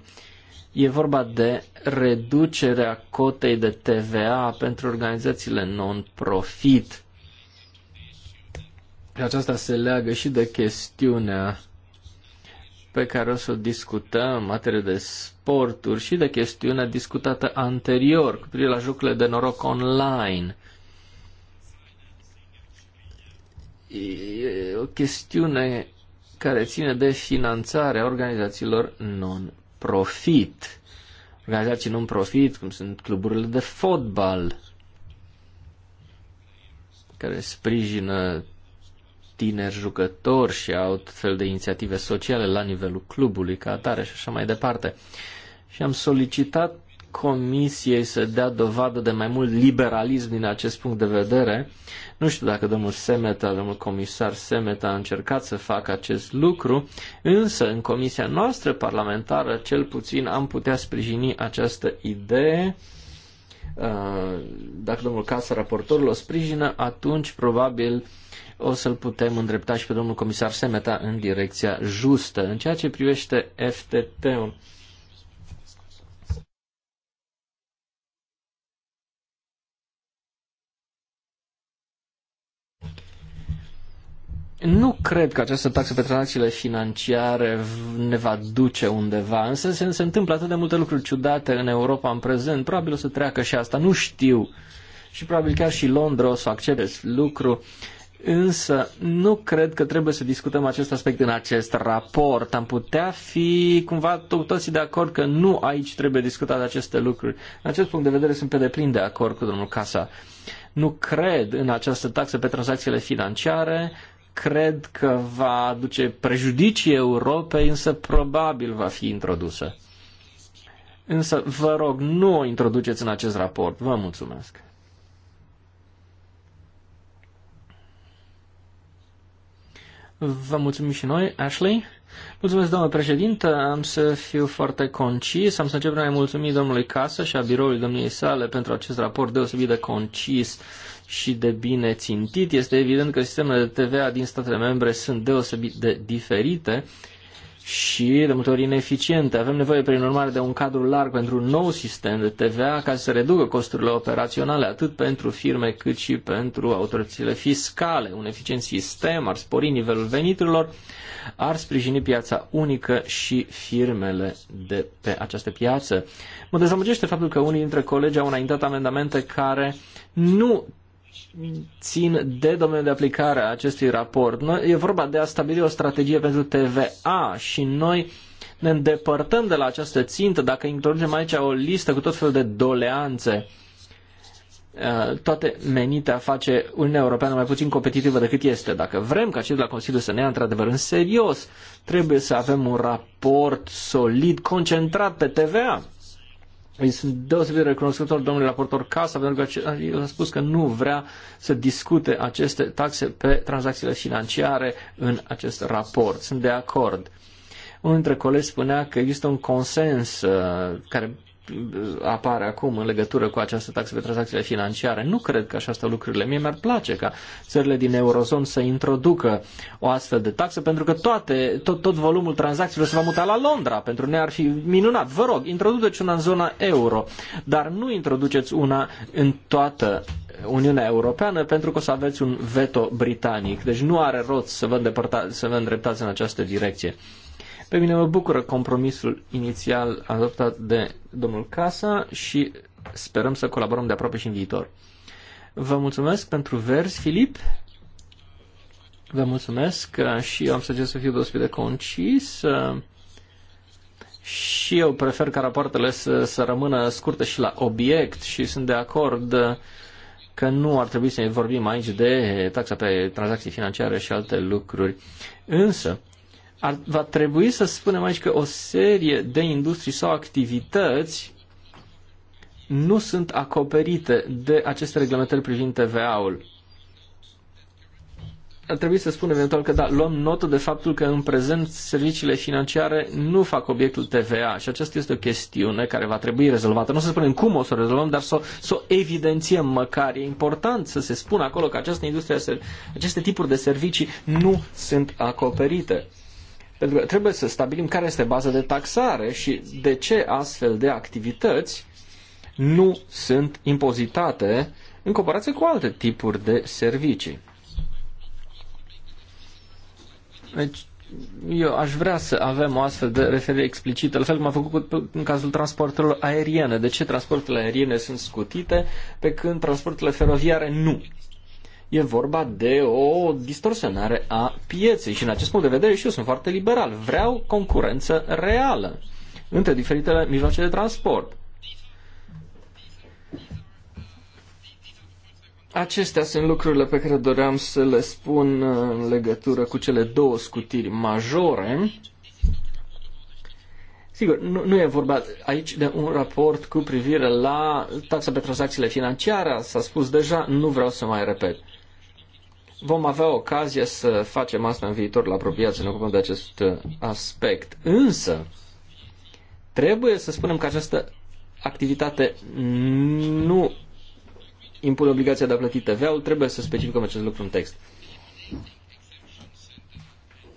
e vorba de reducerea cotei de TVA pentru organizațiile non-profit. Aceasta se leagă și de chestiunea pe care o să o discutăm, materie de sporturi și de chestiunea discutată anterior cu privire la jocurile de noroc online. E o chestiune care ține de finanțarea organizațiilor non-profit. Organizații non-profit, cum sunt cluburile de fotbal, care sprijină tineri jucători și fel de inițiative sociale la nivelul clubului ca atare și așa mai departe. Și am solicitat comisiei să dea dovadă de mai mult liberalism din acest punct de vedere. Nu știu dacă domnul Semeta, domnul comisar Semeta a încercat să facă acest lucru, însă în comisia noastră parlamentară cel puțin am putea sprijini această idee. Uh, dacă domnul Casa, raportorul, o sprijină, atunci probabil o să-l putem îndrepta și pe domnul comisar Semeta în direcția justă. În ceea ce privește FTT-ul, Nu cred că această taxă pe tranzacțiile financiare ne va duce undeva, însă se, se întâmplă atât de multe lucruri ciudate în Europa în prezent, probabil o să treacă și asta, nu știu. Și probabil chiar și Londra o să accepte lucru. Însă nu cred că trebuie să discutăm acest aspect în acest raport. Am putea fi cumva cu toții de acord că nu aici trebuie discutate aceste lucruri. În acest punct de vedere sunt pe deplin de acord cu domnul Casa. Nu cred în această taxă pe tranzacțiile financiare, cred că va aduce prejudicii Europei, însă probabil va fi introdusă. Însă vă rog, nu o introduceți în acest raport. Vă mulțumesc. Vă mulțumim și noi, Ashley. Mulțumesc, doamnă președintă. Am să fiu foarte concis. Am să încep prin a mulțumi domnului Casă și a biroului domniei sale pentru acest raport deosebit de concis și de bine țintit. Este evident că sistemele de TVA din statele membre sunt deosebit de diferite și de multe ori ineficiente. Avem nevoie, prin urmare, de un cadru larg pentru un nou sistem de TVA ca să reducă costurile operaționale atât pentru firme cât și pentru autoritățile fiscale. Un eficient sistem ar spori nivelul veniturilor, ar sprijini piața unică și firmele de pe această piață. Mă dezamăgește faptul că unii dintre colegi au înaintat amendamente care nu țin de domeniul de aplicare a acestui raport. Noi, e vorba de a stabili o strategie pentru TVA și noi ne îndepărtăm de la această țintă dacă introducem aici o listă cu tot felul de doleanțe uh, toate menite a face Uniunea Europeană mai puțin competitivă decât este. Dacă vrem ca cei de la Consiliu să ne ia într-adevăr în serios, trebuie să avem un raport solid, concentrat pe TVA. Îi sunt deosebit de recunoscător domnului raportor Casa, pentru că el a spus că nu vrea să discute aceste taxe pe tranzacțiile financiare în acest raport. Sunt de acord. Unul dintre colegi spunea că există un consens uh, care apare acum în legătură cu această taxă pe tranzacțiile financiare. Nu cred că așa stau lucrurile. Mie mi-ar place ca țările din eurozon să introducă o astfel de taxă, pentru că toate, tot, tot volumul tranzacțiilor se va muta la Londra. Pentru ne ar fi minunat. Vă rog, introduceți una în zona euro, dar nu introduceți una în toată Uniunea Europeană, pentru că o să aveți un veto britanic. Deci nu are rost să vă, îndepărta, să vă îndreptați în această direcție. Pe mine mă bucură compromisul inițial adoptat de domnul Casa și sperăm să colaborăm de aproape și în viitor. Vă mulțumesc pentru vers, Filip. Vă mulțumesc și eu am sugerat să fiu deosebit de concis. Uh, și eu prefer ca rapoartele să, să rămână scurte și la obiect și sunt de acord că nu ar trebui să vorbim aici de taxa pe tranzacții financiare și alte lucruri. Însă, ar, va trebui să spunem aici că o serie de industrii sau activități nu sunt acoperite de aceste reglementări privind TVA-ul. Ar trebui să spun eventual că da, luăm notă de faptul că în prezent serviciile financiare nu fac obiectul TVA și aceasta este o chestiune care va trebui rezolvată. Nu să spunem cum o să o rezolvăm, dar să, să o evidențiem măcar. E important să se spună acolo că această industrie, aceste tipuri de servicii nu sunt acoperite. Pentru că trebuie să stabilim care este baza de taxare și de ce astfel de activități nu sunt impozitate în comparație cu alte tipuri de servicii. Deci, eu aș vrea să avem o astfel de referire explicită, la fel cum am făcut în cazul transportelor aeriene. De ce transportele aeriene sunt scutite, pe când transportele feroviare nu? e vorba de o distorsionare a pieței și în acest punct de vedere și eu sunt foarte liberal. Vreau concurență reală între diferitele mijloace de transport. Acestea sunt lucrurile pe care doream să le spun în legătură cu cele două scutiri majore. Sigur, nu, nu e vorba aici de un raport cu privire la taxa pe tranzacțiile financiare, s-a spus deja, nu vreau să mai repet. Vom avea ocazia să facem asta în viitor la apropiat, să ne ocupăm de acest uh, aspect. Însă, trebuie să spunem că această activitate nu impune obligația de a plăti TVA-ul, trebuie să specificăm acest lucru în text.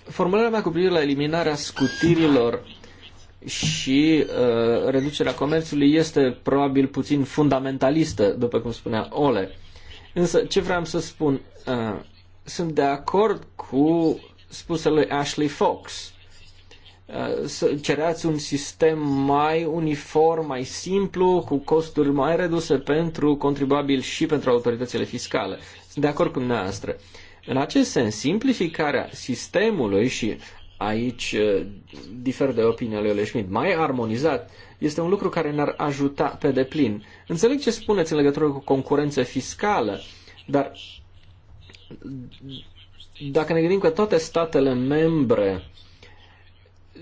Formularea mea cu privire la eliminarea scutirilor și uh, reducerea comerțului este probabil puțin fundamentalistă, după cum spunea Ole. Însă, ce vreau să spun? Uh, sunt de acord cu spusele Ashley Fox. Uh, să cereați un sistem mai uniform, mai simplu, cu costuri mai reduse pentru contribuabil și pentru autoritățile fiscale. Sunt de acord cu dumneavoastră. În acest sens, simplificarea sistemului și aici uh, difer de opinia lui Ole Schmidt, mai armonizat, este un lucru care ne-ar ajuta pe deplin. Înțeleg ce spuneți în legătură cu concurență fiscală, dar dacă ne gândim că toate statele membre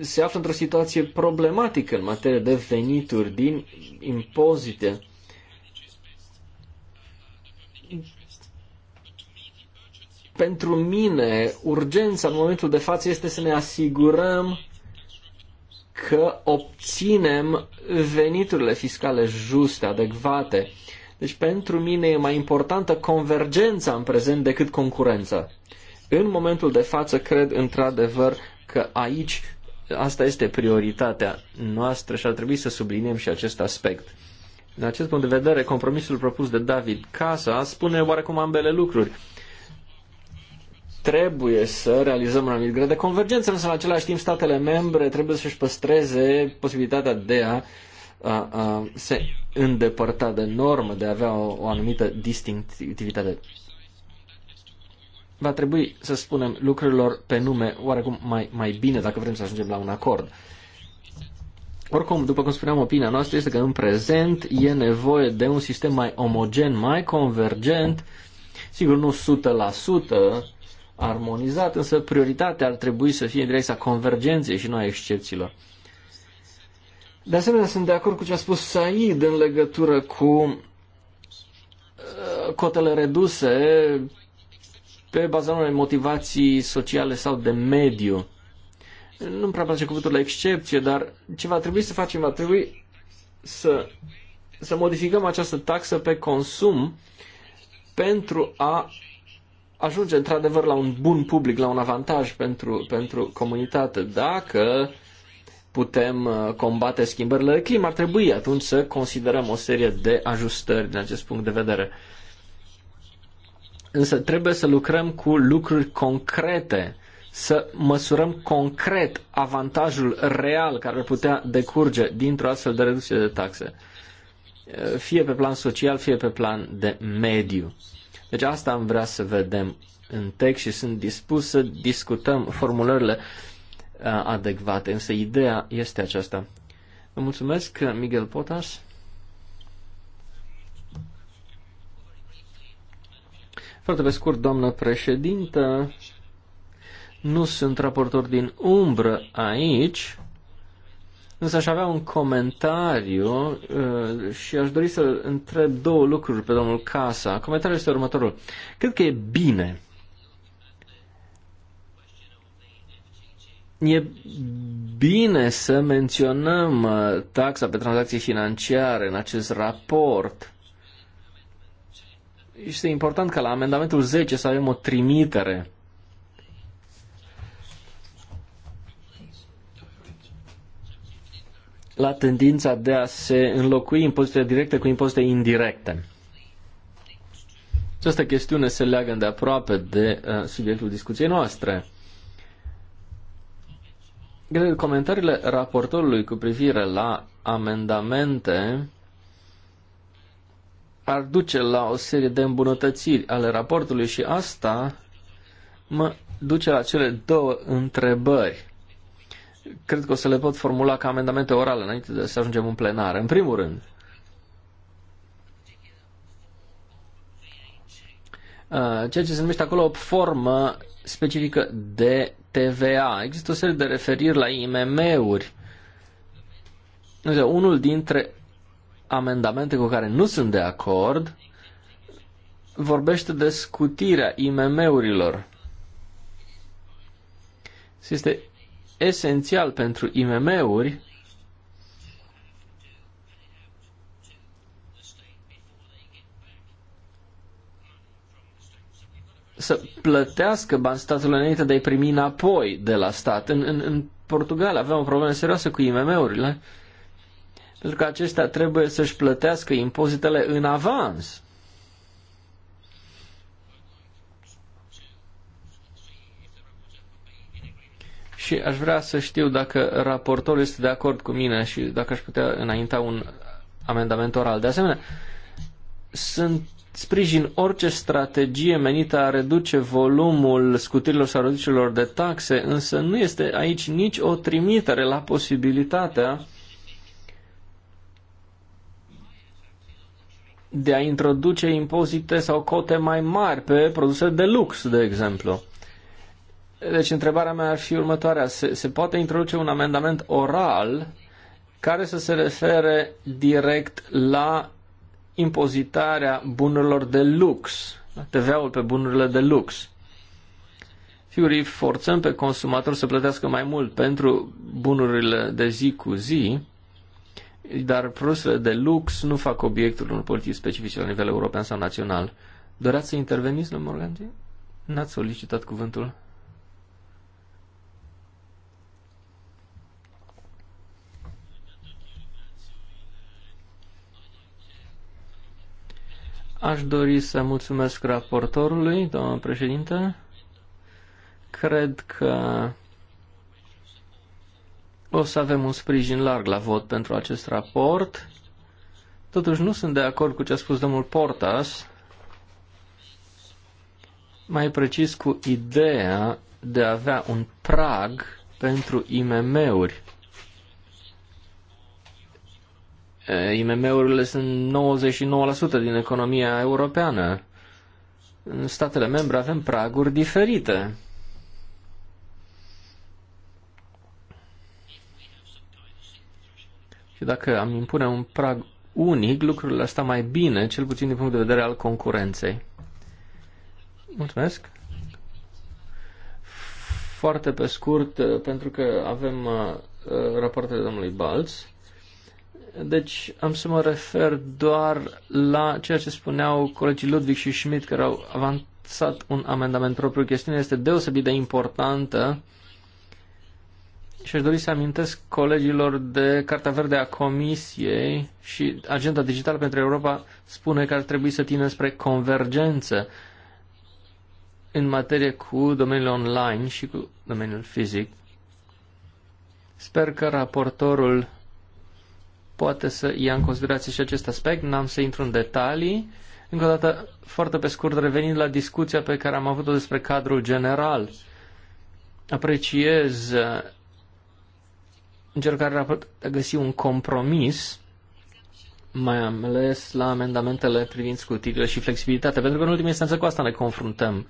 se află într-o situație problematică în materie de venituri din impozite, pentru mine, urgența în momentul de față este să ne asigurăm că obținem veniturile fiscale juste, adecvate. Deci pentru mine e mai importantă convergența în prezent decât concurența. În momentul de față cred într-adevăr că aici asta este prioritatea noastră și ar trebui să subliniem și acest aspect. În acest punct de vedere, compromisul propus de David Casa spune oarecum ambele lucruri. Trebuie să realizăm un anumit grad de convergență, însă în același timp statele membre trebuie să-și păstreze posibilitatea de a a, se îndepărta de normă, de a avea o, o anumită distinctivitate. Va trebui să spunem lucrurilor pe nume oarecum mai, mai bine dacă vrem să ajungem la un acord. Oricum, după cum spuneam, opinia noastră este că în prezent e nevoie de un sistem mai omogen, mai convergent, sigur nu 100% armonizat, însă prioritatea ar trebui să fie în direcția convergenței și nu a excepțiilor. De asemenea, sunt de acord cu ce a spus Said în legătură cu uh, cotele reduse pe baza unei motivații sociale sau de mediu. Nu-mi prea place cuvântul la excepție, dar ce va trebui să facem, va trebui să, să modificăm această taxă pe consum pentru a ajunge într-adevăr la un bun public, la un avantaj pentru, pentru comunitate. Dacă uh, putem uh, combate schimbările de climă, ar trebui atunci să considerăm o serie de ajustări din acest punct de vedere. Însă trebuie să lucrăm cu lucruri concrete, să măsurăm concret avantajul real care ar putea decurge dintr-o astfel de reducere de taxe, uh, fie pe plan social, fie pe plan de mediu. Deci asta am vrea să vedem în text și sunt dispus să discutăm formulările Uh, adecvate, însă ideea este aceasta. Vă mulțumesc, Miguel Potas. Foarte pe scurt, doamnă președintă, nu sunt raportor din umbră aici, însă aș avea un comentariu uh, și aș dori să întreb două lucruri pe domnul Casa. Comentariul este următorul. Cred că e bine E bine să menționăm uh, taxa pe tranzacții financiare în acest raport. Este important ca la amendamentul 10 să avem o trimitere. la tendința de a se înlocui impozitele directe cu impozite indirecte. Această chestiune se leagă de aproape de uh, subiectul discuției noastre. Comentariile raportorului cu privire la amendamente ar duce la o serie de îmbunătățiri ale raportului și asta mă duce la cele două întrebări. Cred că o să le pot formula ca amendamente orale înainte de să ajungem în plenară. În primul rând, uh, ceea ce se numește acolo o formă specifică de TVA. Există o serie de referiri la IMM-uri. Unul dintre amendamente cu care nu sunt de acord vorbește de scutirea IMM-urilor. Este esențial pentru IMM-uri să plătească bani statul înainte de a-i primi înapoi de la stat. În, în, în Portugalia aveam o problemă serioasă cu IMM-urile, pentru că aceștia trebuie să-și plătească impozitele în avans. Și aș vrea să știu dacă raportorul este de acord cu mine și dacă aș putea înainta un amendament oral. De asemenea, sunt sprijin orice strategie menită a reduce volumul scutirilor sau reducerilor de taxe, însă nu este aici nici o trimitere la posibilitatea de a introduce impozite sau cote mai mari pe produse de lux, de exemplu. Deci întrebarea mea ar fi următoarea. Se, se poate introduce un amendament oral care să se refere direct la impozitarea bunurilor de lux, da? TVA-ul pe bunurile de lux. Sigur, îi forțăm pe consumator să plătească mai mult pentru bunurile de zi cu zi, dar produsele de lux nu fac obiectul unor politici specifice la nivel european sau național. Doreați să interveniți, domnul Morganti? N-ați solicitat cuvântul. Aș dori să mulțumesc raportorului, domnul președinte. Cred că o să avem un sprijin larg la vot pentru acest raport. Totuși nu sunt de acord cu ce a spus domnul Portas, mai precis cu ideea de a avea un prag pentru IMM-uri. Eh, IMM-urile sunt 99% din economia europeană. În statele membre avem praguri diferite. Și dacă am impune un prag unic, lucrurile astea mai bine, cel puțin din punct de vedere al concurenței. Mulțumesc. Foarte pe scurt, eh, pentru că avem eh, rapoartele domnului Balz. Deci am să mă refer doar la ceea ce spuneau colegii Ludwig și Schmidt, care au avansat un amendament propriu. Chestiunea este deosebit de importantă și aș dori să amintesc colegilor de Carta Verde a Comisiei și Agenda Digitală pentru Europa spune că ar trebui să tindem spre convergență în materie cu domeniul online și cu domeniul fizic. Sper că raportorul poate să ia în considerație și acest aspect. N-am să intru în detalii. Încă o dată, foarte pe scurt, revenind la discuția pe care am avut-o despre cadrul general, apreciez încercarea de a găsi un compromis, mai ales la amendamentele privind scutirile și flexibilitatea, pentru că în ultima instanță cu asta ne confruntăm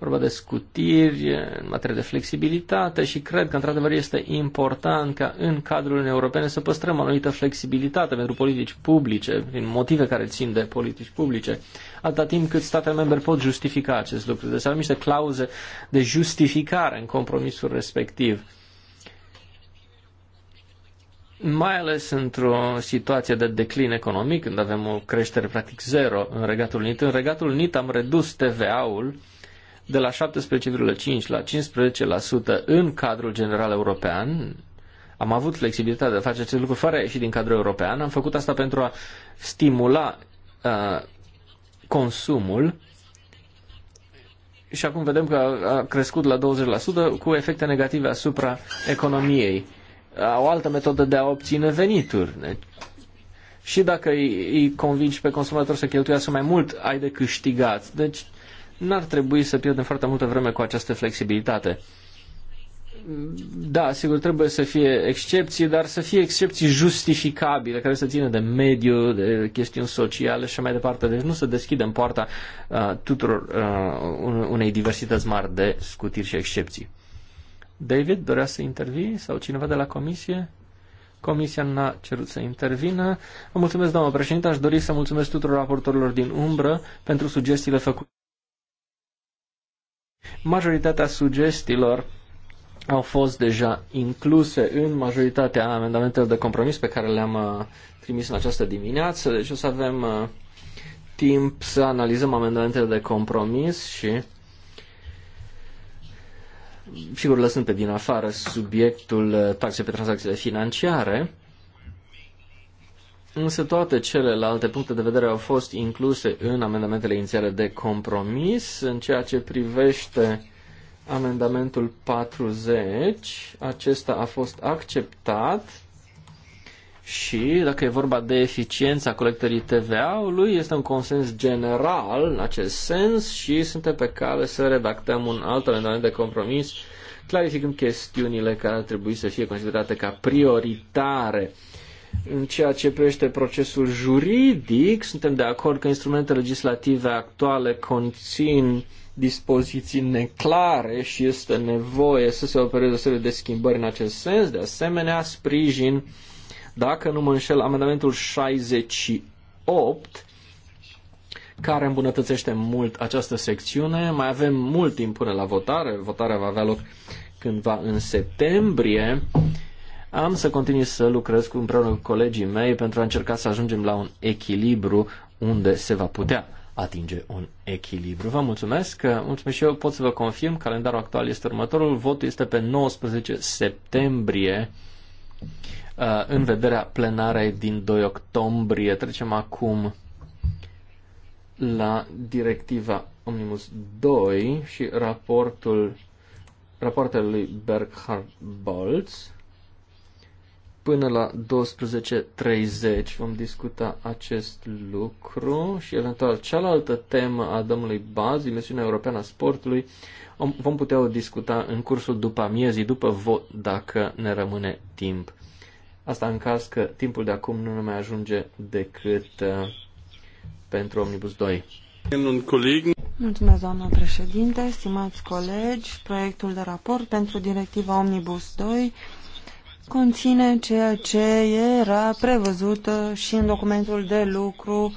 vorba de scutiri în materie de flexibilitate și cred că, într-adevăr, este important ca în cadrul Uniunii Europene să păstrăm o anumită flexibilitate pentru politici publice, din motive care țin de politici publice, atâta timp cât statele membre pot justifica acest lucru. Deci avem niște clauze de justificare în compromisul respectiv mai ales într-o situație de declin economic, când avem o creștere practic zero în Regatul Unit. În Regatul Unit am redus TVA-ul de la 17,5 la 15% în cadrul general european. Am avut flexibilitatea de a face acest lucru fără a ieși din cadrul european. Am făcut asta pentru a stimula uh, consumul și acum vedem că a crescut la 20% cu efecte negative asupra economiei. O altă metodă de a obține venituri. Deci. Și dacă îi, îi convingi pe consumator să cheltuiască mai mult, ai de câștigat. Deci n-ar trebui să pierdem foarte multă vreme cu această flexibilitate. Da, sigur, trebuie să fie excepții, dar să fie excepții justificabile, care să țină de mediu, de chestiuni sociale și mai departe. Deci nu să deschidem poarta uh, tuturor uh, unei diversități mari de scutiri și excepții. David, dorea să intervii sau cineva de la comisie? Comisia n-a cerut să intervină. Vă mulțumesc, doamnă președinte. Aș dori să mulțumesc tuturor raportorilor din umbră pentru sugestiile făcute. Majoritatea sugestiilor au fost deja incluse în majoritatea amendamentelor de compromis pe care le-am uh, trimis în această dimineață, deci o să avem uh, timp să analizăm amendamentele de compromis și sigur lăsând pe din afară subiectul uh, taxe pe tranzacțiile financiare, Însă toate celelalte puncte de vedere au fost incluse în amendamentele inițiale de compromis. În ceea ce privește amendamentul 40, acesta a fost acceptat și dacă e vorba de eficiența colectării TVA-ului, este un consens general în acest sens și suntem pe cale să redactăm un alt amendament de compromis clarificând chestiunile care ar trebui să fie considerate ca prioritare în ceea ce privește procesul juridic, suntem de acord că instrumentele legislative actuale conțin dispoziții neclare și este nevoie să se opereze o serie de schimbări în acest sens. De asemenea, sprijin, dacă nu mă înșel, amendamentul 68 care îmbunătățește mult această secțiune. Mai avem mult timp până la votare. Votarea va avea loc cândva în septembrie am să continui să lucrez cu împreună cu colegii mei pentru a încerca să ajungem la un echilibru unde se va putea atinge un echilibru. Vă mulțumesc, mulțumesc și eu, pot să vă confirm, calendarul actual este următorul, votul este pe 19 septembrie uh, în vederea plenarei din 2 octombrie. Trecem acum la directiva Omnibus 2 și raportul rapoartele lui Berghard Bolz. Până la 12.30 vom discuta acest lucru și eventual cealaltă temă a domnului Baz, dimensiunea europeană a sportului, vom putea o discuta în cursul după amiezii, după vot, dacă ne rămâne timp. Asta în caz că timpul de acum nu ne mai ajunge decât uh, pentru Omnibus 2. Mulțumesc, doamnă președinte, stimați colegi, proiectul de raport pentru directiva Omnibus 2 conține ceea ce era prevăzut uh, și în documentul de lucru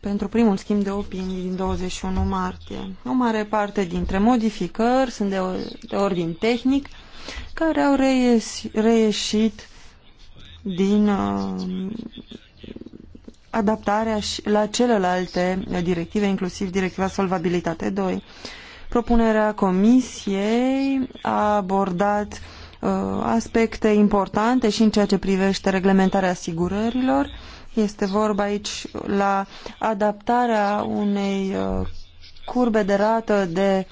pentru primul schimb de opinii din 21 martie. O mare parte dintre modificări sunt de, de ordin tehnic care au reies, reieșit din uh, adaptarea la celelalte directive, inclusiv directiva Solvabilitate 2. Propunerea Comisiei a abordat uh, Uh, aspecte importante și în ceea ce privește reglementarea asigurărilor. Este vorba aici la adaptarea unei uh, curbe de rată de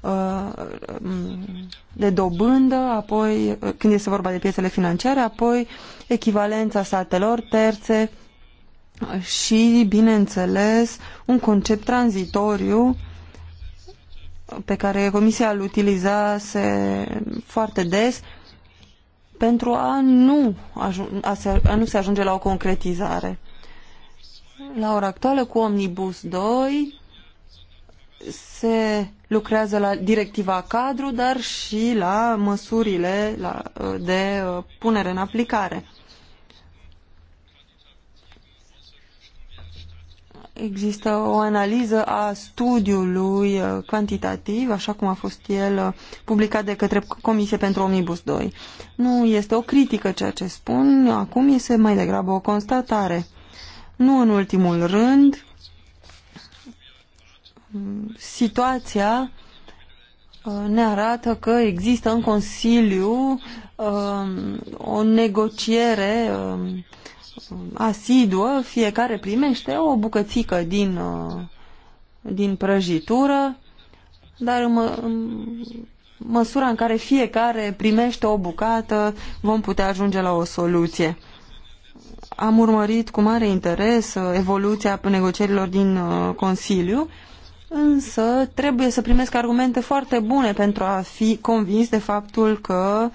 uh, mm, de dobândă, apoi când este vorba de piețele financiare, apoi echivalența satelor terțe și, bineînțeles, un concept tranzitoriu pe care Comisia îl utilizase foarte des pentru a nu, a, se, a nu se ajunge la o concretizare. La ora actuală, cu Omnibus 2 se lucrează la directiva cadru, dar și la măsurile la, de uh, punere în aplicare. există o analiză a studiului uh, cantitativ, așa cum a fost el uh, publicat de către Comisie pentru Omnibus 2. Nu este o critică ceea ce spun, acum este mai degrabă o constatare. Nu în ultimul rând, situația uh, ne arată că există în Consiliu o negociere asiduă, fiecare primește o bucățică din, uh, din prăjitură, dar în, mă, în măsura în care fiecare primește o bucată, vom putea ajunge la o soluție. Am urmărit cu mare interes uh, evoluția negocierilor din uh, Consiliu, însă trebuie să primesc argumente foarte bune pentru a fi convins de faptul că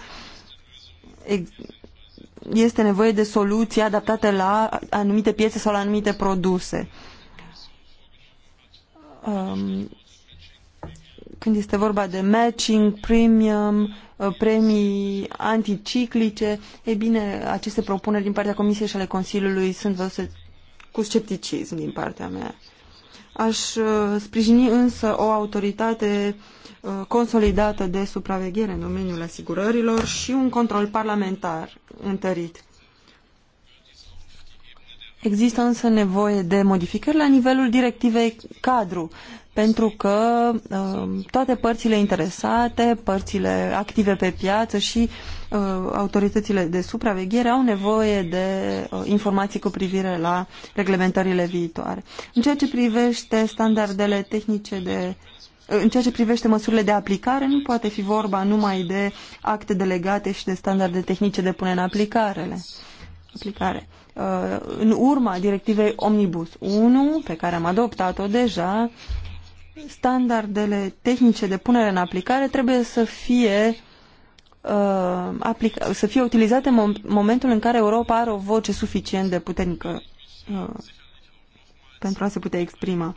este nevoie de soluții adaptate la anumite piețe sau la anumite produse. Um, când este vorba de matching, premium, uh, premii anticiclice, e bine, aceste propuneri din partea Comisiei și ale Consiliului sunt văzute cu scepticism din partea mea. Aș uh, sprijini însă o autoritate uh, consolidată de supraveghere în domeniul asigurărilor și un control parlamentar întărit. Există însă nevoie de modificări la nivelul directivei cadru pentru că um, toate părțile interesate, părțile active pe piață și uh, autoritățile de supraveghere au nevoie de uh, informații cu privire la reglementările viitoare. În ceea ce privește standardele tehnice de uh, în ceea ce privește măsurile de aplicare, nu poate fi vorba numai de acte delegate și de standarde tehnice de pune în aplicarele. aplicare. În urma directivei Omnibus 1, pe care am adoptat-o deja, standardele tehnice de punere în aplicare trebuie să fie uh, aplica- să fie utilizate în mom momentul în care Europa are o voce suficient de puternică uh, pentru a se putea exprima.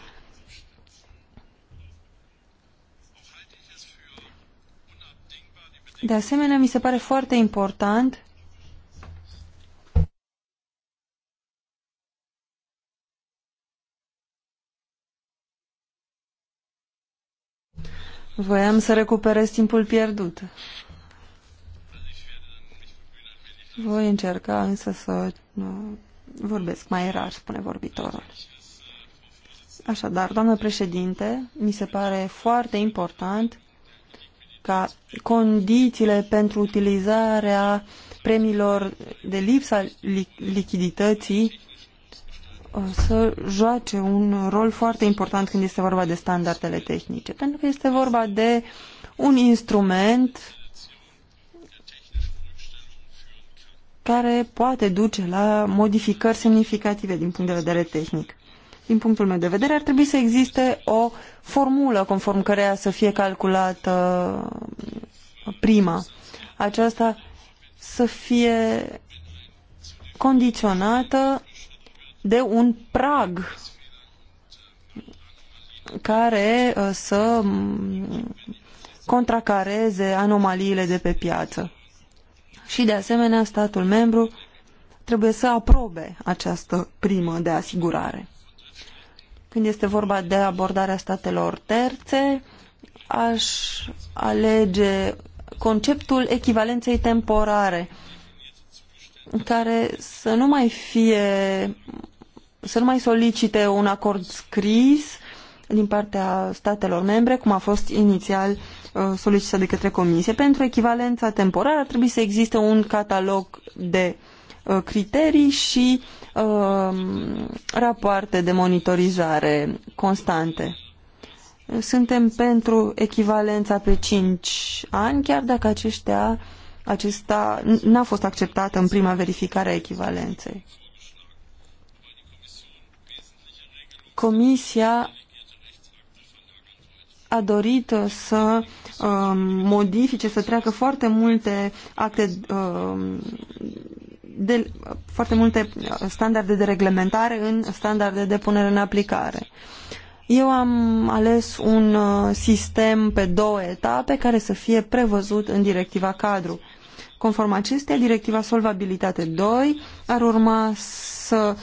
De asemenea, mi se pare foarte important Voiam să recuperez timpul pierdut. Voi încerca însă să nu, vorbesc mai rar, spune vorbitorul. Așadar, doamnă președinte, mi se pare foarte important ca condițiile pentru utilizarea premiilor de lipsa lichidității să joace un rol foarte important când este vorba de standardele tehnice, pentru că este vorba de un instrument care poate duce la modificări semnificative din punct de vedere tehnic. Din punctul meu de vedere, ar trebui să existe o formulă conform căreia să fie calculată uh, prima. Aceasta să fie condiționată de un prag care uh, să contracareze anomaliile de pe piață. Și de asemenea, statul membru trebuie să aprobe această primă de asigurare. Când este vorba de abordarea statelor terțe, aș alege conceptul echivalenței temporare, care să nu mai fie să nu mai solicite un acord scris din partea statelor membre, cum a fost inițial uh, solicitat de către Comisie. Pentru echivalența temporară ar trebui să existe un catalog de uh, criterii și uh, rapoarte de monitorizare constante. Suntem pentru echivalența pe 5 ani, chiar dacă aceștia, acesta n-a fost acceptată în prima verificare a echivalenței. Comisia a dorit să uh, modifice, să treacă foarte multe acte uh, de, foarte multe uh, standarde de reglementare în standarde de punere în aplicare. Eu am ales un uh, sistem pe două etape care să fie prevăzut în directiva cadru. Conform acestea, directiva Solvabilitate 2 ar urma să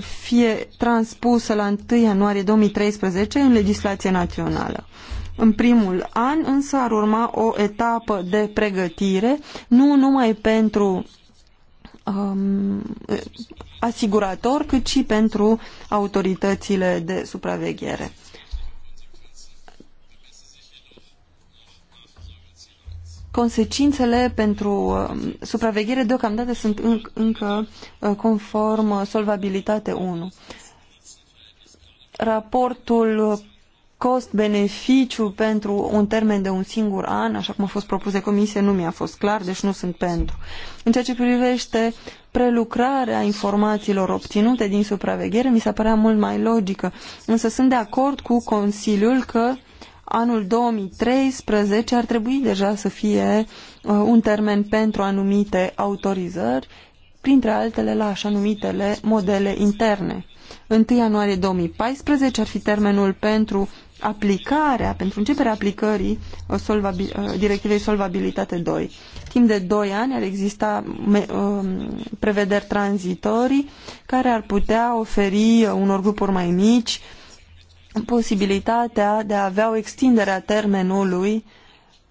fie transpusă la 1 ianuarie 2013 în legislație națională. În primul an însă ar urma o etapă de pregătire, nu numai pentru um, asigurator, cât și pentru autoritățile de supraveghere. consecințele pentru um, supraveghere deocamdată sunt încă uh, conform uh, solvabilitate 1. Raportul cost-beneficiu pentru un termen de un singur an, așa cum a fost propus de comisie, nu mi-a fost clar, deci nu sunt pentru. În ceea ce privește prelucrarea informațiilor obținute din supraveghere, mi se părea mult mai logică, însă sunt de acord cu Consiliul că uh, anul 2013 ar trebui deja să fie uh, un termen pentru anumite autorizări, printre altele la așa numitele modele interne. 1 ianuarie 2014 ar fi termenul pentru aplicarea, pentru începerea aplicării uh, solvabil, uh, directivei Solvabilitate 2. Timp de 2 ani ar exista me, prevederi tranzitorii care ar putea oferi unor grupuri mai mici uh, posibilitatea de a avea o extindere a termenului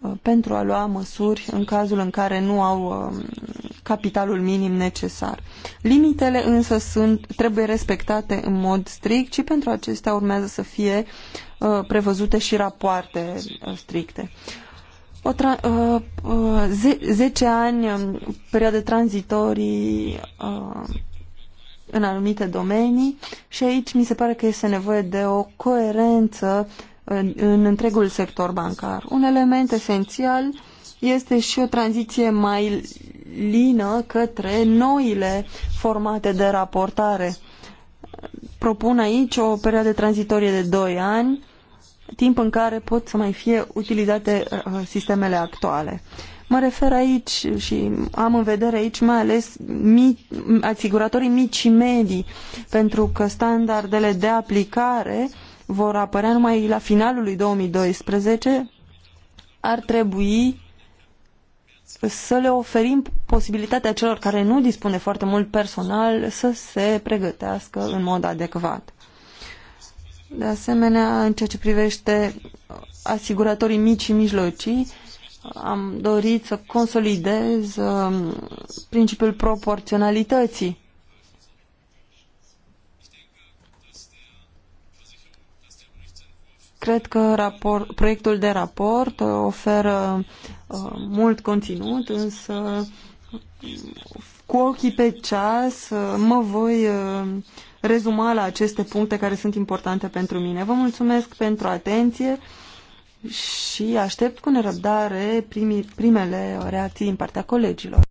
uh, pentru a lua măsuri în cazul în care nu au um, capitalul minim necesar. Limitele însă sunt, trebuie respectate în mod strict și pentru acestea urmează să fie uh, prevăzute și rapoarte uh, stricte. O tra- uh, uh, 10 ani, um, perioade tranzitorii uh, în anumite domenii și aici mi se pare că este nevoie de o coerență în, în întregul sector bancar. Un element esențial este și o tranziție mai lină către noile formate de raportare. Propun aici o perioadă tranzitorie de 2 ani, timp în care pot să mai fie utilizate uh, sistemele actuale. Mă refer aici și am în vedere aici mai ales asiguratorii mici și medii, pentru că standardele de aplicare vor apărea numai la finalul lui 2012, ar trebui să le oferim posibilitatea celor care nu dispun de foarte mult personal să se pregătească în mod adecvat. De asemenea, în ceea ce privește asiguratorii mici și mijlocii, am dorit să consolidez um, principiul proporționalității. Cred că raport, proiectul de raport uh, oferă uh, mult conținut, însă cu ochii pe ceas uh, mă voi rezuma la aceste puncte care sunt importante pentru mine. Vă mulțumesc pentru atenție și aștept cu nerăbdare primii, primele reacții din partea colegilor.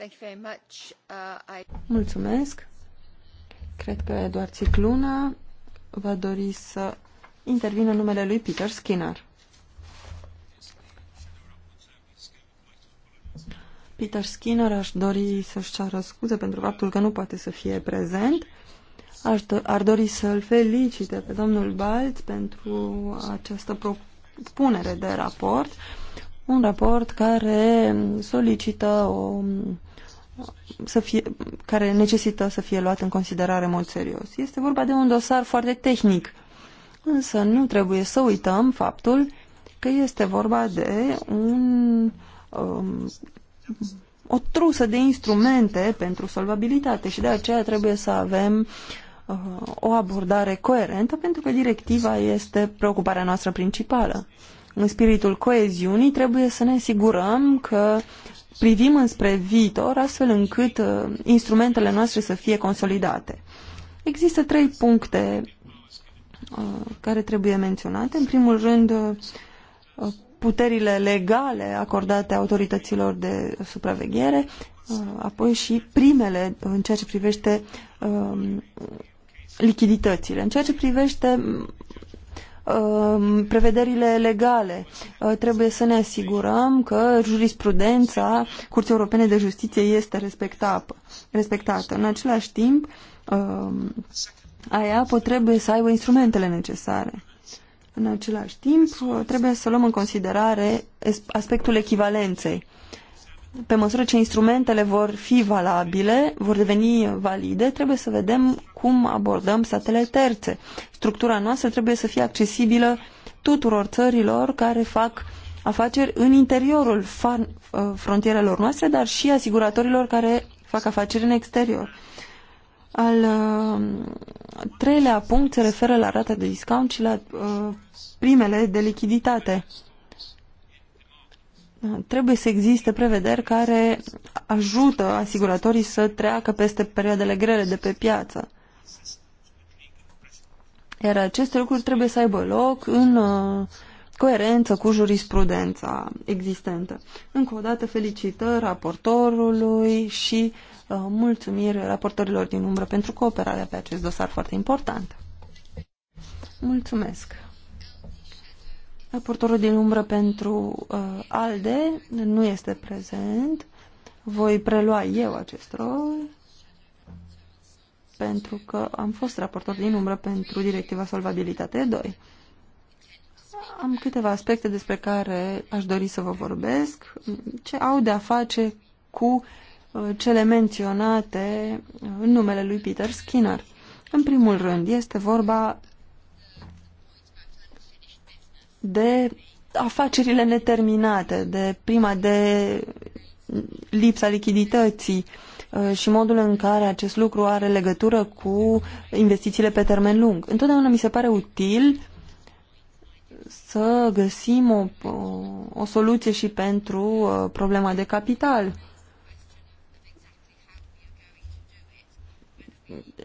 Uh, Mulțumesc. Cred că Eduard Cicluna va dori să intervină numele lui Peter Skinner. Peter Skinner aș dori să-și ceară scuze pentru faptul că nu poate să fie prezent. Aș ar dori să-l felicite pe domnul Balț pentru această propunere de raport, un raport care solicită o, să fie, care necesită să fie luat în considerare mult serios. Este vorba de un dosar foarte tehnic, însă nu trebuie să uităm faptul că este vorba de un, um, o trusă de instrumente pentru solvabilitate și de aceea trebuie să avem Uh, o abordare coerentă, pentru că directiva este preocuparea noastră principală. În spiritul coeziunii trebuie să ne asigurăm că privim înspre viitor, astfel încât uh, instrumentele noastre să fie consolidate. Există trei puncte uh, care trebuie menționate. În primul rând, puterile legale acordate autorităților de supraveghere, apoi și primele în ceea ce privește lichiditățile. În ceea ce privește um, prevederile legale. Uh, trebuie să ne asigurăm că jurisprudența Curții Europene de Justiție este respectată. În același timp, um, pot trebuie să aibă instrumentele necesare. În același timp, trebuie să luăm în considerare aspectul echivalenței pe măsură ce instrumentele vor fi valabile, vor deveni valide, trebuie să vedem cum abordăm statele terțe. Structura noastră trebuie să fie accesibilă tuturor țărilor care fac afaceri în interiorul frontierelor noastre, dar și asiguratorilor care fac afaceri în exterior. Al uh, treilea punct se referă la rata de discount și la uh, primele de lichiditate trebuie să existe prevederi care ajută asiguratorii să treacă peste perioadele grele de pe piață. Iar aceste lucruri trebuie să aibă loc în uh, coerență cu jurisprudența existentă. Încă o dată felicitări raportorului și uh, mulțumiri raportorilor din umbră pentru cooperarea pe acest dosar foarte important. Mulțumesc! Portorul din umbră pentru uh, ALDE nu este prezent. Voi prelua eu acest rol pentru că am fost raportor din umbră pentru Directiva Solvabilitate 2. Am câteva aspecte despre care aș dori să vă vorbesc, ce au de a face cu uh, cele menționate în numele lui Peter Skinner. În primul rând, este vorba de afacerile neterminate, de prima de lipsa lichidității uh, și modul în care acest lucru are legătură cu investițiile pe termen lung. Întotdeauna mi se pare util să găsim o, o soluție și pentru uh, problema de capital.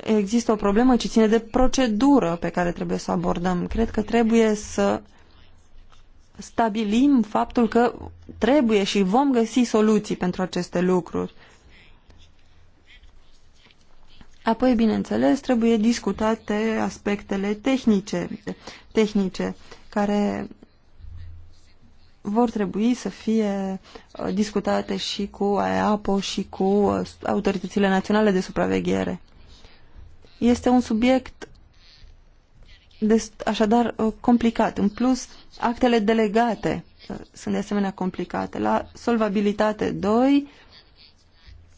Există o problemă ce ține de procedură pe care trebuie să o abordăm. Cred că trebuie să stabilim faptul că trebuie și vom găsi soluții pentru aceste lucruri. Apoi, bineînțeles, trebuie discutate aspectele tehnice, tehnice care vor trebui să fie uh, discutate și cu AEAPO și cu uh, autoritățile naționale de supraveghere. Este un subiect așadar uh, complicat. În plus, actele delegate uh, sunt de asemenea complicate. La solvabilitate 2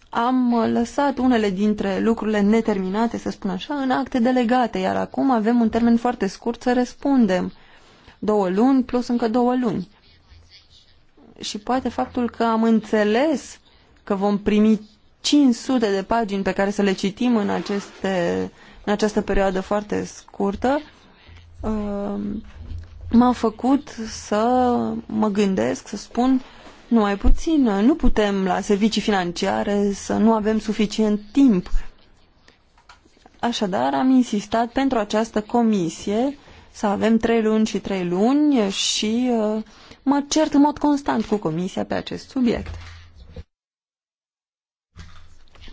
am uh, lăsat unele dintre lucrurile neterminate, să spun așa, în acte delegate, iar acum avem un termen foarte scurt să răspundem. Două luni plus încă două luni. Și poate faptul că am înțeles că vom primi 500 de pagini pe care să le citim în, aceste, în această perioadă foarte scurtă, Ehm, m-a făcut să mă gândesc, să spun numai puțin, nu putem la servicii financiare să nu avem suficient timp. Așadar, am insistat pentru această comisie să avem trei luni și trei luni și uh, mă cert în mod constant cu comisia pe acest subiect.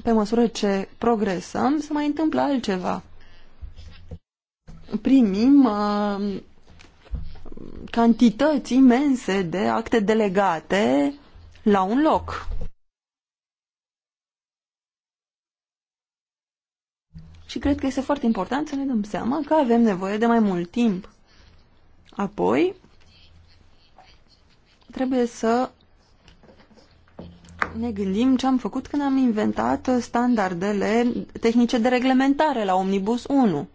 Pe măsură ce progresăm, se mai întâmplă altceva primim uh, cantități imense de acte delegate la un loc. Și cred că este foarte important să ne dăm seama că avem nevoie de mai mult timp. Apoi, trebuie să ne gândim ce am făcut când am inventat standardele tehnice de reglementare la Omnibus 1.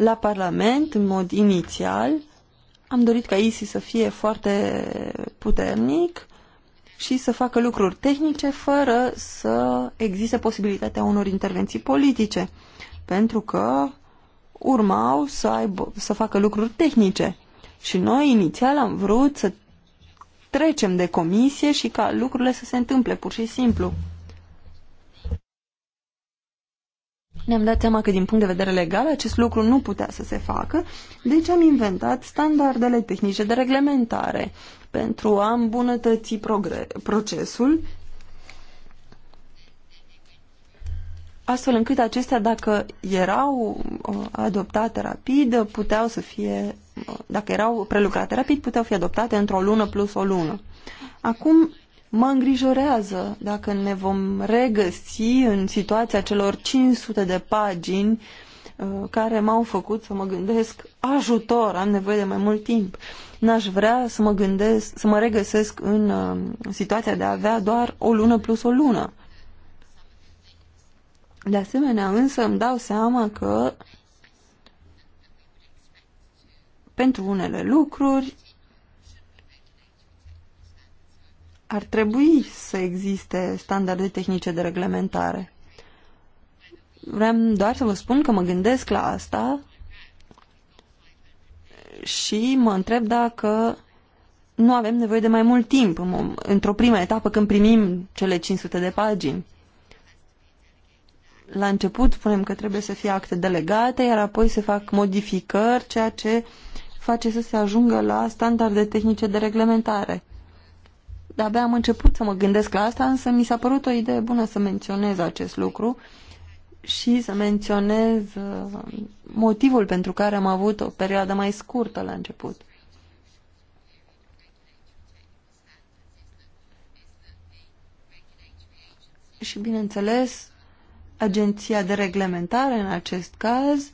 La Parlament, în mod inițial, am dorit ca ISI să fie foarte puternic și să facă lucruri tehnice fără să existe posibilitatea unor intervenții politice, pentru că urmau să, aibă, să facă lucruri tehnice. Și noi inițial am vrut să trecem de comisie și ca lucrurile să se întâmple pur și simplu. Ne-am dat seama că din punct de vedere legal acest lucru nu putea să se facă, deci am inventat standardele tehnice de reglementare pentru a îmbunătăți procesul astfel încât acestea, dacă erau uh, adoptate rapid, puteau să fie, uh, dacă erau prelucrate rapid, puteau fi adoptate într-o lună plus o lună. Acum Mă îngrijorează dacă ne vom regăsi în situația celor 500 de pagini uh, care m-au făcut să mă gândesc ajutor, am nevoie de mai mult timp. N-aș vrea să mă gândesc, să mă regăsesc în uh, situația de a avea doar o lună plus o lună. De asemenea, însă îmi dau seama că pentru unele lucruri ar trebui să existe standarde tehnice de reglementare. Vreau doar să vă spun că mă gândesc la asta și mă întreb dacă nu avem nevoie de mai mult timp într-o primă etapă când primim cele 500 de pagini. La început spunem că trebuie să fie acte delegate, iar apoi se fac modificări, ceea ce face să se ajungă la standarde tehnice de reglementare de-abia am început să mă gândesc la asta, însă mi s-a părut o idee bună să menționez acest lucru și să menționez uh, motivul pentru care am avut o perioadă mai scurtă la început. Și, bineînțeles, agenția de reglementare, în acest caz,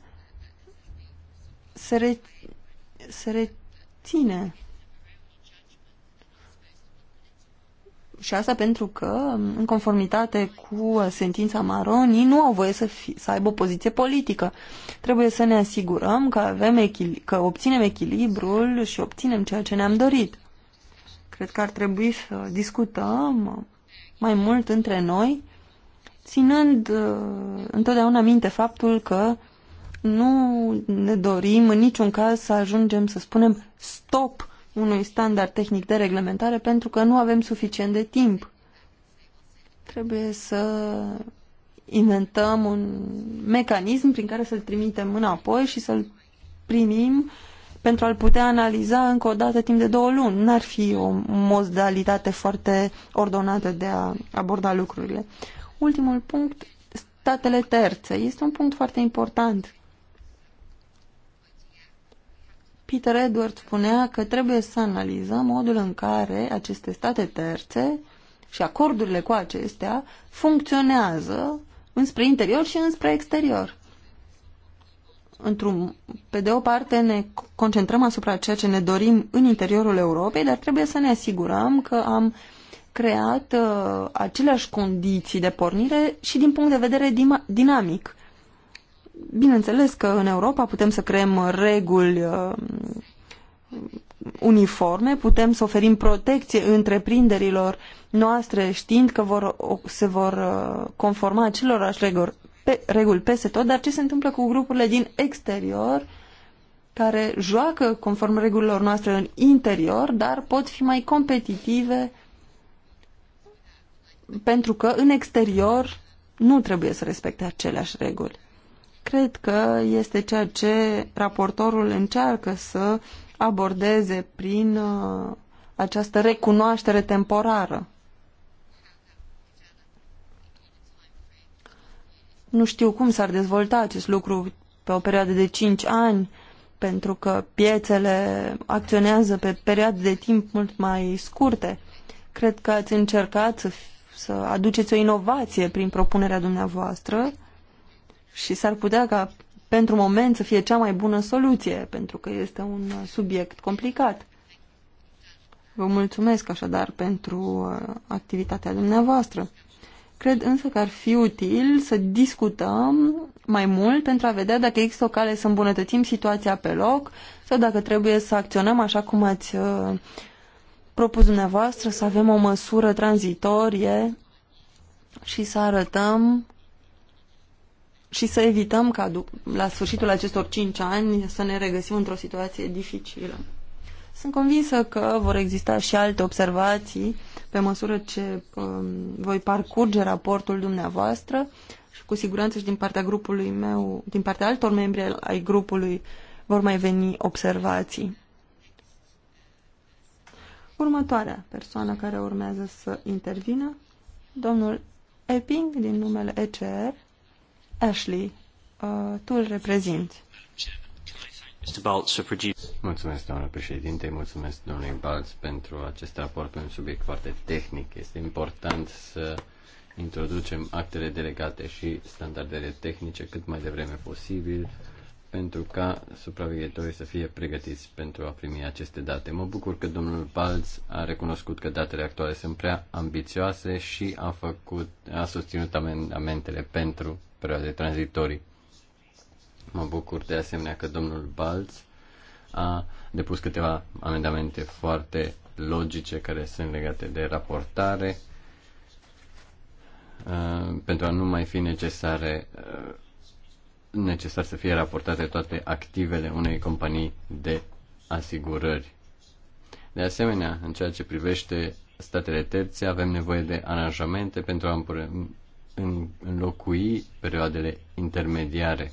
se, re se reține Și asta pentru că, în conformitate cu uh, sentința Maroni, nu au voie să, fi, să aibă o poziție politică. Trebuie să ne asigurăm că, avem echil, că obținem echilibrul și obținem ceea ce ne-am dorit. Cred că ar trebui să discutăm mai mult între noi, ținând uh, întotdeauna minte faptul că nu ne dorim în niciun caz să ajungem să spunem stop unui standard tehnic de reglementare pentru că nu avem suficient de timp. Trebuie să inventăm un mecanism prin care să-l trimitem înapoi și să-l primim pentru a-l putea analiza încă o dată timp de două luni. N-ar fi o modalitate foarte ordonată de a aborda lucrurile. Ultimul punct, statele terțe. Este un punct foarte important Peter Edward spunea că trebuie să analizăm modul în care aceste state terțe și acordurile cu acestea funcționează înspre interior și înspre exterior. Într-un, pe de o parte ne concentrăm asupra ceea ce ne dorim în interiorul Europei, dar trebuie să ne asigurăm că am creat uh, aceleași condiții de pornire și din punct de vedere dinamic Bineînțeles că în Europa putem să creăm reguli uh, uniforme, putem să oferim protecție întreprinderilor noastre știind că vor, se vor uh, conforma acelorași reguli, pe, reguli peste tot, dar ce se întâmplă cu grupurile din exterior care joacă conform regulilor noastre în interior, dar pot fi mai competitive pentru că în exterior nu trebuie să respecte aceleași reguli. Cred că este ceea ce raportorul încearcă să abordeze prin uh, această recunoaștere temporară. Nu știu cum s-ar dezvolta acest lucru pe o perioadă de 5 ani, pentru că piețele acționează pe perioade de timp mult mai scurte. Cred că ați încercat să, să aduceți o inovație prin propunerea dumneavoastră și s-ar putea ca pentru moment să fie cea mai bună soluție, pentru că este un subiect complicat. Vă mulțumesc așadar pentru uh, activitatea dumneavoastră. Cred însă că ar fi util să discutăm mai mult pentru a vedea dacă există o cale să îmbunătățim situația pe loc sau dacă trebuie să acționăm așa cum ați uh, propus dumneavoastră, să avem o măsură tranzitorie și să arătăm și să evităm ca la sfârșitul acestor cinci ani să ne regăsim într-o situație dificilă. Sunt convinsă că vor exista și alte observații pe măsură ce um, voi parcurge raportul dumneavoastră și cu siguranță și din partea grupului meu, din partea altor membri ai grupului vor mai veni observații. Următoarea persoană care urmează să intervină, domnul Epping din numele ECR. Ashley, uh, tu îl reprezinți. Mulțumesc, doamnă președinte, mulțumesc domnului Balz pentru acest raport pe un subiect foarte tehnic. Este important să introducem actele delegate și standardele tehnice cât mai devreme posibil pentru ca supraveghetorii să fie pregătiți pentru a primi aceste date. Mă bucur că domnul Balz a recunoscut că datele actuale sunt prea ambițioase și a, făcut, a susținut amendamentele pentru perioade tranzitorii. Mă bucur de asemenea că domnul Balț a depus câteva amendamente foarte logice care sunt legate de raportare uh, pentru a nu mai fi necesare uh, necesar să fie raportate toate activele unei companii de asigurări. De asemenea, în ceea ce privește statele terțe, avem nevoie de aranjamente pentru a înlocui perioadele intermediare.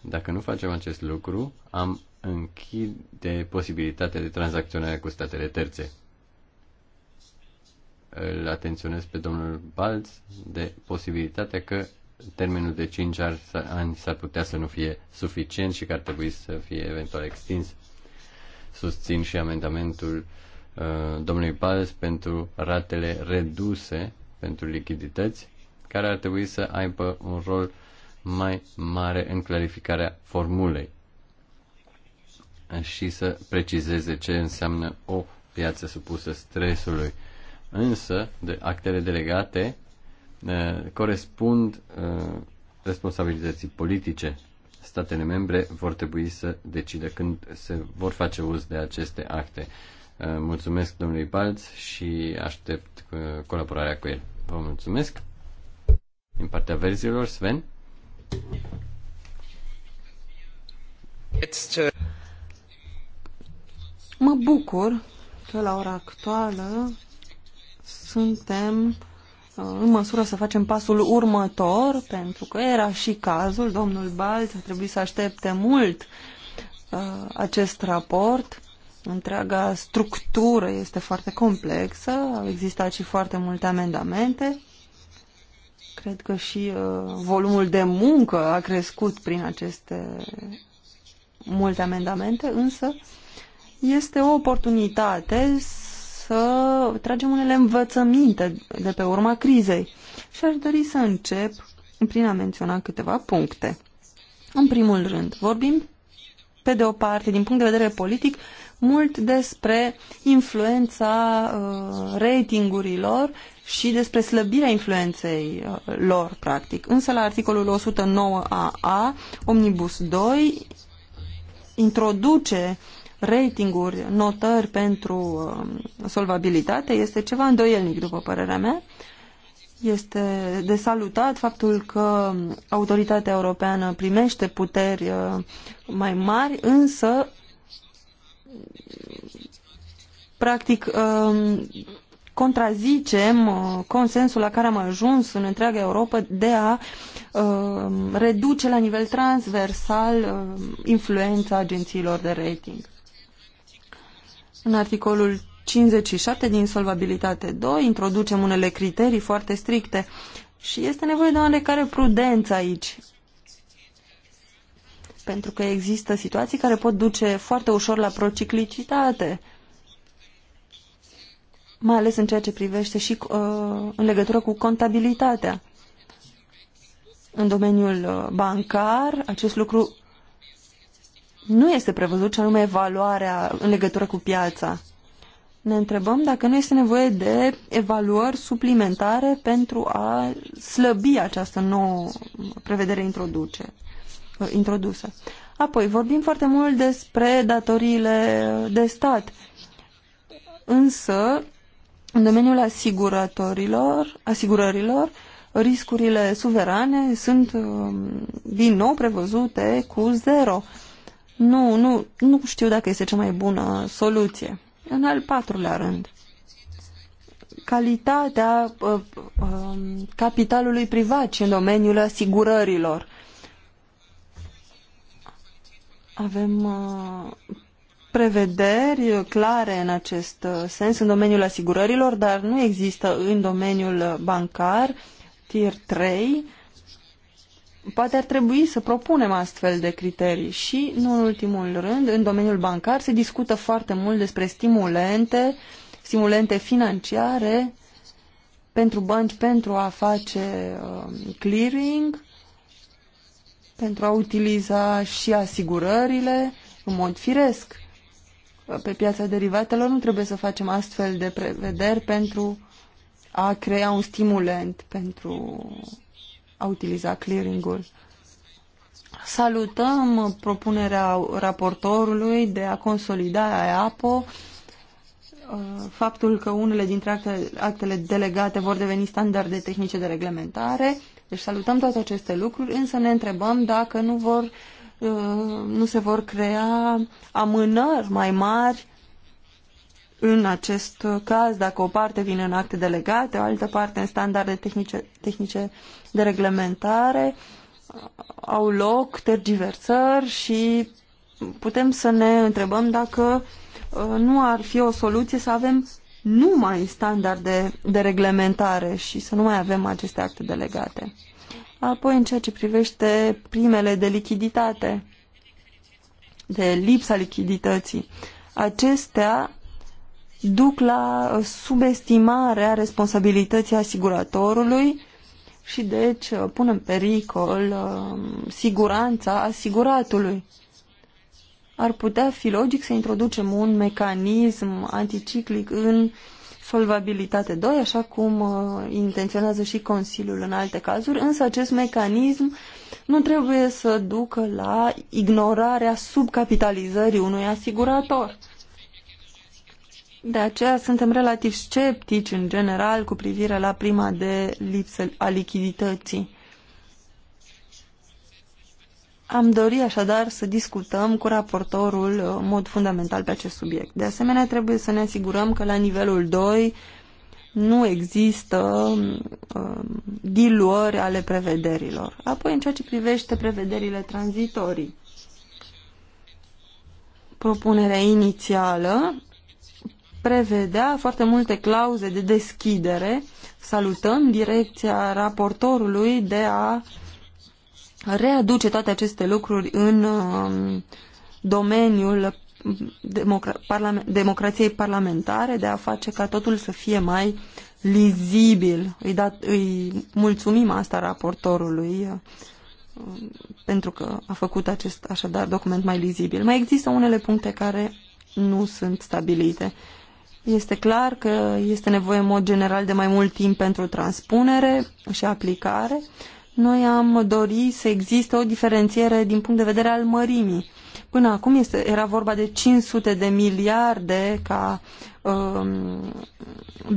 Dacă nu facem acest lucru, am închide posibilitatea de tranzacționare cu statele terțe. Îl atenționez pe domnul Balz de posibilitatea că termenul de 5 ani s-ar putea să nu fie suficient și că ar trebui să fie eventual extins. Susțin și amendamentul uh, domnului Balz pentru ratele reduse pentru lichidități, care ar trebui să aibă un rol mai mare în clarificarea formulei și să precizeze ce înseamnă o piață supusă stresului. Însă, de actele delegate uh, corespund uh, responsabilității politice. Statele membre vor trebui să decide când se vor face uz de aceste acte. Eh, mulțumesc domnului Balț și aștept eh, colaborarea cu el. Vă mulțumesc. Din partea verzilor, Sven. Mă bucur că la ora actuală suntem eh, în măsură să facem pasul următor, pentru că era și cazul, domnul Balț a trebuit să aștepte mult acest raport întreaga structură este foarte complexă, au existat și foarte multe amendamente. Cred că și uh, volumul de muncă a crescut prin aceste multe amendamente, însă este o oportunitate să tragem unele învățăminte de pe urma crizei. Și aș dori să încep prin a menționa câteva puncte. În primul rând, vorbim pe de o parte, din punct de vedere politic, mult despre influența uh, ratingurilor și despre slăbirea influenței uh, lor, practic. Însă la articolul 109AA, Omnibus 2 introduce ratinguri, notări pentru uh, solvabilitate, este ceva îndoielnic, după părerea mea. Este de salutat faptul că autoritatea europeană primește puteri uh, mai mari, însă practic um, contrazicem uh, consensul la care am ajuns în întreaga Europa de a um, reduce la nivel transversal um, influența agențiilor de rating. În articolul 57 din Solvabilitate 2 introducem unele criterii foarte stricte și este nevoie de oarecare prudență aici pentru că există situații care pot duce foarte ușor la prociclicitate, mai ales în ceea ce privește și uh, în legătură cu contabilitatea. În domeniul uh, bancar, acest lucru nu este prevăzut, ce anume evaluarea în legătură cu piața. Ne întrebăm dacă nu este nevoie de evaluări suplimentare pentru a slăbi această nouă prevedere introducere introdusă. Apoi, vorbim foarte mult despre datoriile de stat, însă, în domeniul asiguratorilor, asigurărilor, riscurile suverane sunt um, din nou prevăzute cu zero. Nu, nu, nu știu dacă este cea mai bună soluție. În al patrulea rând, calitatea uh, uh, um, capitalului privat și în domeniul asigurărilor. Avem uh, prevederi clare în acest uh, sens în domeniul asigurărilor, dar nu există în domeniul bancar tier 3. Poate ar trebui să propunem astfel de criterii și, nu în ultimul rând, în domeniul bancar se discută foarte mult despre stimulente, stimulente financiare pentru bănci pentru a face uh, clearing pentru a utiliza și asigurările în mod firesc. Pe piața derivatelor nu trebuie să facem astfel de prevederi pentru a crea un stimulent pentru a utiliza clearing-ul. Salutăm propunerea raportorului de a consolida EAPO, faptul că unele dintre actele, actele delegate vor deveni standarde tehnice de reglementare deci salutăm toate aceste lucruri, însă ne întrebăm dacă nu vor uh, nu se vor crea amânări mai mari în acest caz, dacă o parte vine în acte delegate, o altă parte în standarde tehnice, tehnice de reglementare, au loc tergiversări și putem să ne întrebăm dacă uh, nu ar fi o soluție să avem numai standarde de reglementare și să nu mai avem aceste acte delegate. Apoi, în ceea ce privește primele de lichiditate, de lipsa lichidității, acestea duc la subestimarea responsabilității asiguratorului și deci pun în pericol um, siguranța asiguratului ar putea fi logic să introducem un mecanism anticiclic în solvabilitate 2, așa cum uh, intenționează și Consiliul în alte cazuri, însă acest mecanism nu trebuie să ducă la ignorarea subcapitalizării unui asigurator. De aceea suntem relativ sceptici în general cu privire la prima de lipsă a lichidității. Am dori așadar să discutăm cu raportorul uh, în mod fundamental pe acest subiect. De asemenea, trebuie să ne asigurăm că la nivelul 2 nu există uh, diluări ale prevederilor. Apoi, în ceea ce privește prevederile tranzitorii, propunerea inițială prevedea foarte multe clauze de deschidere. Salutăm direcția raportorului de a uh, readuce toate aceste lucruri în um, domeniul democra democrației parlamentare, de a face ca totul să fie mai lizibil. Îi, dat, îi mulțumim asta raportorului uh, pentru că a făcut acest așadar document mai lizibil. Mai există unele puncte care nu sunt stabilite. Este clar că este nevoie în mod general de mai mult timp pentru transpunere și aplicare noi am dorit să existe o diferențiere din punct de vedere al mărimii. Până acum este, era vorba de 500 de miliarde ca um,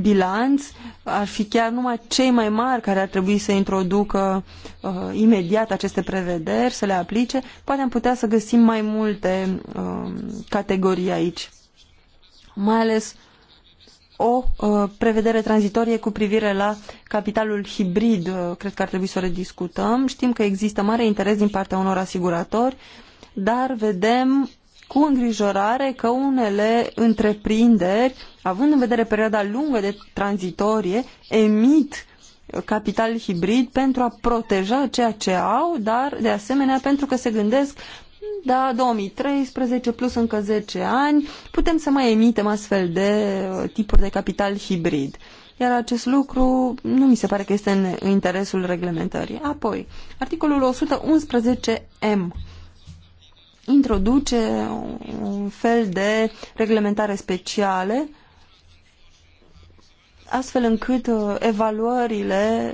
bilanț. Ar fi chiar numai cei mai mari care ar trebui să introducă uh, imediat aceste prevederi, să le aplice. Poate am putea să găsim mai multe um, categorii aici. Mai ales o uh, prevedere tranzitorie cu privire la capitalul hibrid. Uh, cred că ar trebui să o rediscutăm. Știm că există mare interes din partea unor asiguratori, dar vedem cu îngrijorare că unele întreprinderi, având în vedere perioada lungă de tranzitorie, emit capital hibrid pentru a proteja ceea ce au, dar de asemenea pentru că se gândesc da, 2013 plus încă 10 ani, putem să mai emitem astfel de uh, tipuri de capital hibrid. Iar acest lucru nu mi se pare că este în interesul reglementării. Apoi, articolul 111M introduce un fel de reglementare speciale astfel încât uh, evaluările,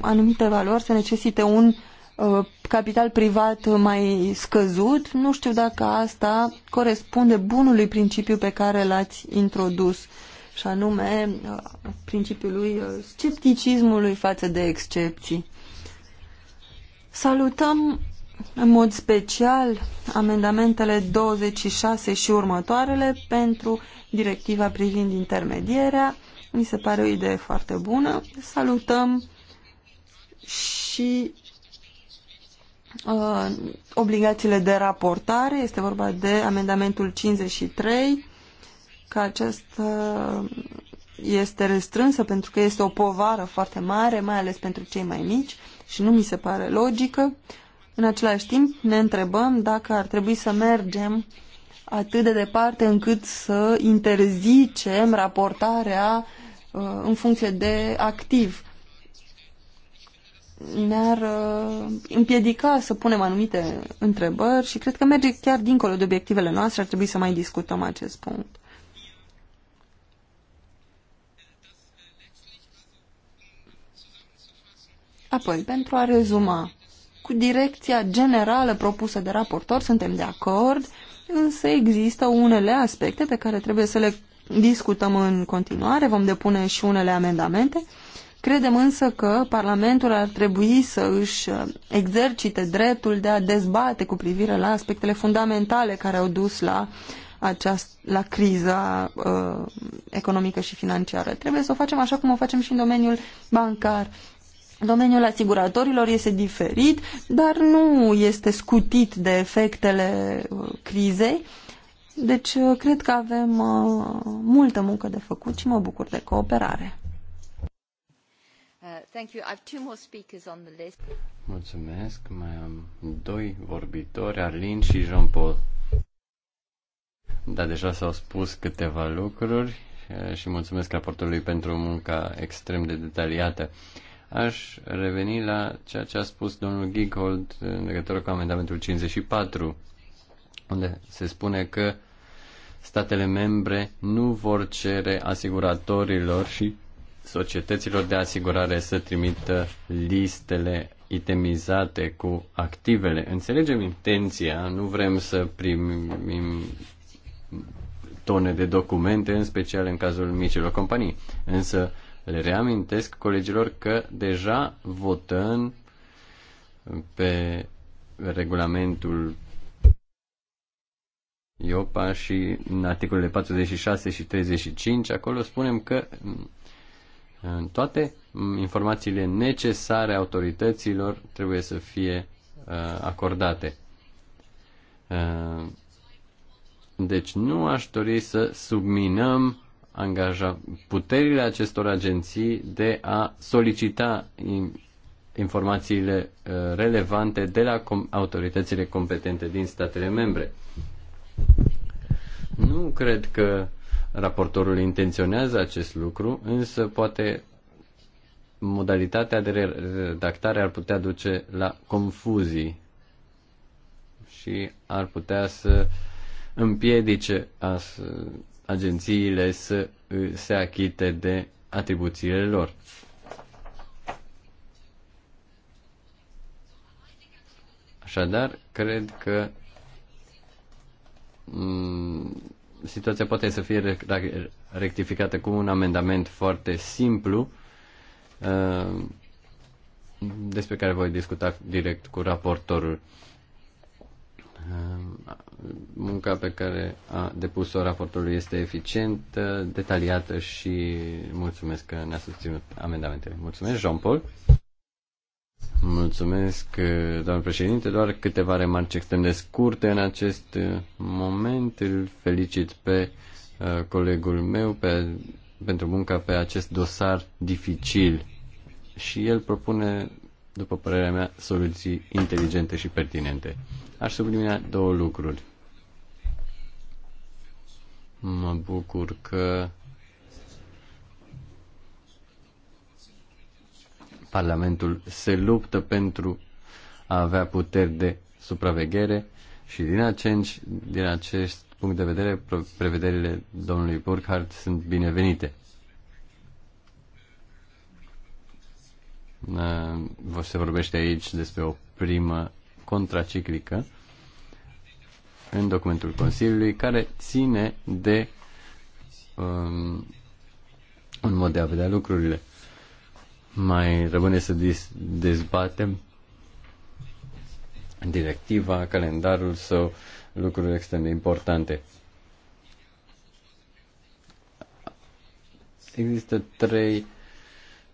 anumite valori să necesite un uh, Uh, capital privat mai scăzut. Nu știu dacă asta corespunde bunului principiu pe care l-ați introdus și anume uh, principiului uh, scepticismului față de excepții. Salutăm în mod special amendamentele 26 și următoarele pentru directiva privind intermedierea. Mi se pare o idee foarte bună. Salutăm și uh, obligațiile de raportare. Este vorba de amendamentul 53, că acesta este restrânsă pentru că este o povară foarte mare, mai ales pentru cei mai mici și nu mi se pare logică. În același timp ne întrebăm dacă ar trebui să mergem atât de departe încât să interzicem raportarea uh, în funcție de activ ne-ar uh, împiedica să punem anumite întrebări și cred că merge chiar dincolo de obiectivele noastre, ar trebui să mai discutăm acest punct. Apoi, pentru a rezuma, cu direcția generală propusă de raportor suntem de acord, însă există unele aspecte pe care trebuie să le discutăm în continuare, vom depune și unele amendamente Credem însă că Parlamentul ar trebui să își uh, exercite dreptul de a dezbate cu privire la aspectele fundamentale care au dus la, aceast, la criza uh, economică și financiară. Trebuie să o facem așa cum o facem și în domeniul bancar. Domeniul asiguratorilor este diferit, dar nu este scutit de efectele uh, crizei. Deci uh, cred că avem uh, multă muncă de făcut și mă bucur de cooperare. Uh, thank you. I have two more speakers on the list. Mulțumesc. Mai am doi vorbitori, Arlin și Jean-Paul. Da, deja s-au spus câteva lucruri uh, și mulțumesc raportului pentru munca extrem de detaliată. Aș reveni la ceea ce a spus domnul Gigold în legătură cu amendamentul 54, unde se spune că statele membre nu vor cere asiguratorilor și societăților de asigurare să trimită listele itemizate cu activele. Înțelegem intenția, nu vrem să primim tone de documente, în special în cazul micilor companii. Însă le reamintesc colegilor că deja votăm pe regulamentul IOPA și în articolele 46 și 35, acolo spunem că toate informațiile necesare autorităților trebuie să fie uh, acordate. Uh, deci nu aș dori să subminăm angaja puterile acestor agenții de a solicita informațiile uh, relevante de la com- autoritățile competente din statele membre. Nu cred că Raportorul intenționează acest lucru, însă poate modalitatea de redactare ar putea duce la confuzii și ar putea să împiedice agențiile să se achite de atribuțiile lor. Așadar, cred că mm, situația poate să fie rectificată cu un amendament foarte simplu uh, despre care voi discuta direct cu raportorul. Uh, munca pe care a depus-o raportorul este eficientă, detaliată și mulțumesc că ne-a susținut amendamentele. Mulțumesc, Jean-Paul. Mulțumesc, eh, doamnă președinte. Doar câteva remarci extrem de scurte în acest eh, moment. Îl felicit pe eh, colegul meu pe, pentru munca pe acest dosar dificil și el propune, după părerea mea, soluții inteligente și pertinente. Aș sublinia două lucruri. Mă bucur că Parlamentul se luptă pentru a avea puteri de supraveghere și din, acest, din acest punct de vedere, prevederile domnului Burkhardt sunt binevenite. Se vorbește aici despre o primă contraciclică în documentul Consiliului care ține de um, un mod de a vedea lucrurile. Mai rămâne să dezbatem directiva, calendarul sau lucruri extrem de importante. Există trei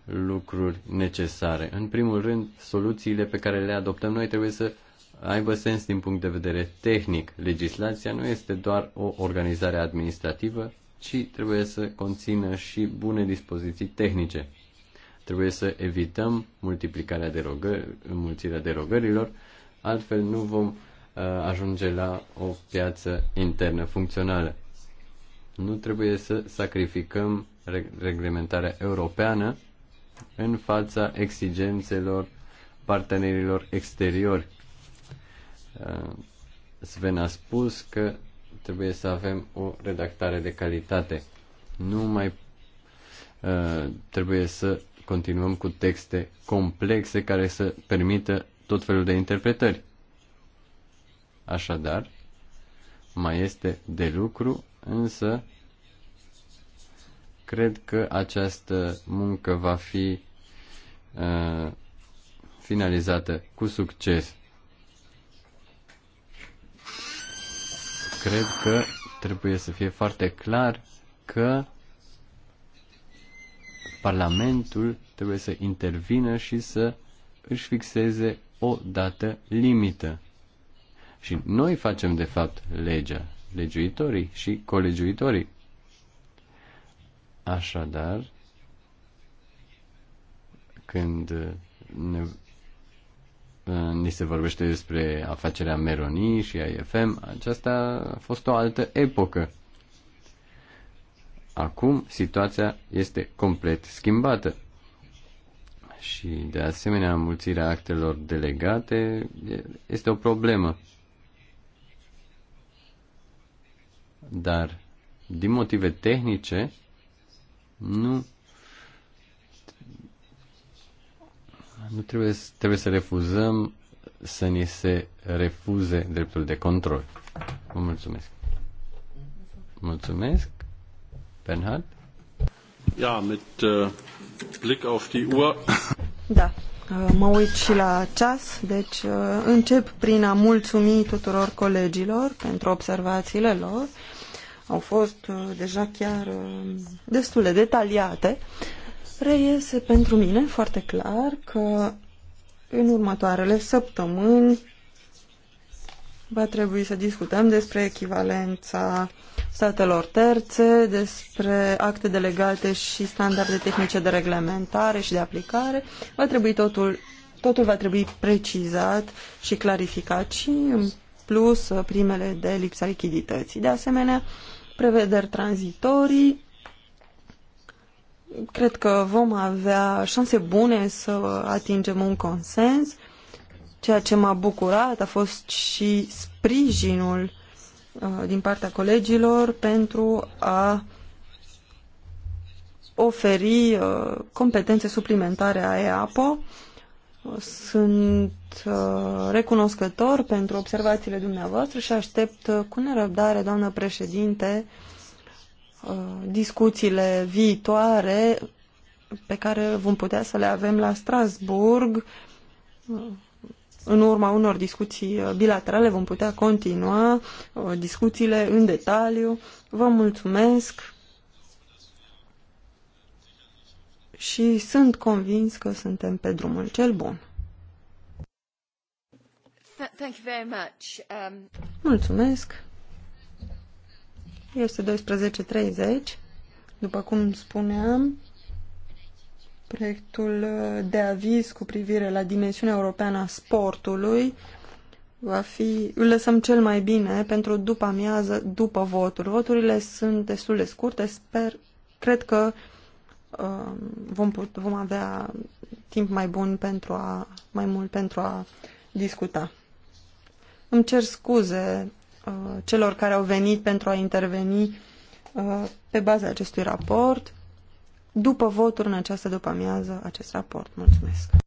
lucruri necesare. În primul rând, soluțiile pe care le adoptăm noi trebuie să aibă sens din punct de vedere tehnic. Legislația nu este doar o organizare administrativă, ci trebuie să conțină și bune dispoziții tehnice. Trebuie să evităm multiplicarea rogări, înmulțirea derogărilor, altfel nu vom uh, ajunge la o piață internă funcțională. Nu trebuie să sacrificăm reglementarea europeană în fața exigențelor partenerilor exteriori. Uh, Sven a spus că trebuie să avem o redactare de calitate. Nu mai uh, trebuie să continuăm cu texte complexe care să permită tot felul de interpretări. Așadar, mai este de lucru, însă cred că această muncă va fi uh, finalizată cu succes. Cred că trebuie să fie foarte clar că Parlamentul trebuie să intervină și să își fixeze o dată limită. Și noi facem, de fapt, legea, legiuitorii și colegiuitorii. Așadar, când ne, ni se vorbește despre afacerea Meronii și IFM, aceasta a fost o altă epocă. Acum situația este complet schimbată. Și de asemenea, mulțirea actelor delegate este o problemă. Dar din motive tehnice nu nu trebuie, trebuie să refuzăm să ni se refuze dreptul de control. Vă mulțumesc. Mulțumesc. Bernhard? Ja, mit äh, Blick auf die Uhr. Da, äh, mă uit și la ceas, deci uh, încep prin a mulțumi tuturor colegilor pentru observațiile lor. Au fost uh, deja chiar uh, destul de detaliate. Reiese pentru mine foarte clar că în următoarele săptămâni va trebui să discutăm despre echivalența statelor terțe despre acte delegate și standarde tehnice de reglementare și de aplicare, va trebui totul, totul va trebui precizat și clarificat și în plus primele de lipsa lichidității. De asemenea, prevederi tranzitorii, cred că vom avea șanse bune să atingem un consens. Ceea ce m-a bucurat a fost și sprijinul Uh, din partea colegilor pentru a oferi uh, competențe suplimentare a EAPO. Sunt uh, recunoscător pentru observațiile dumneavoastră și aștept cu nerăbdare, doamnă președinte, discuțiile viitoare pe care vom putea să le avem la Strasburg în urma unor discuții uh, bilaterale vom putea continua uh, discuțiile în detaliu. Vă mulțumesc și sunt convins că suntem pe drumul cel bun. Um, mulțumesc. Este 12.30, după cum spuneam. Proiectul uh, de aviz cu privire la dimensiunea europeană a sportului va fi, îl lăsăm cel mai bine pentru după amiază, după voturi. Voturile sunt destul de scurte, sper, cred că uh, vom, put, vom avea timp mai bun pentru a, mai mult pentru a discuta. Îmi cer scuze uh, celor care au venit pentru a interveni uh, pe baza acestui raport după votul în această după-amiază acest raport. Mulțumesc!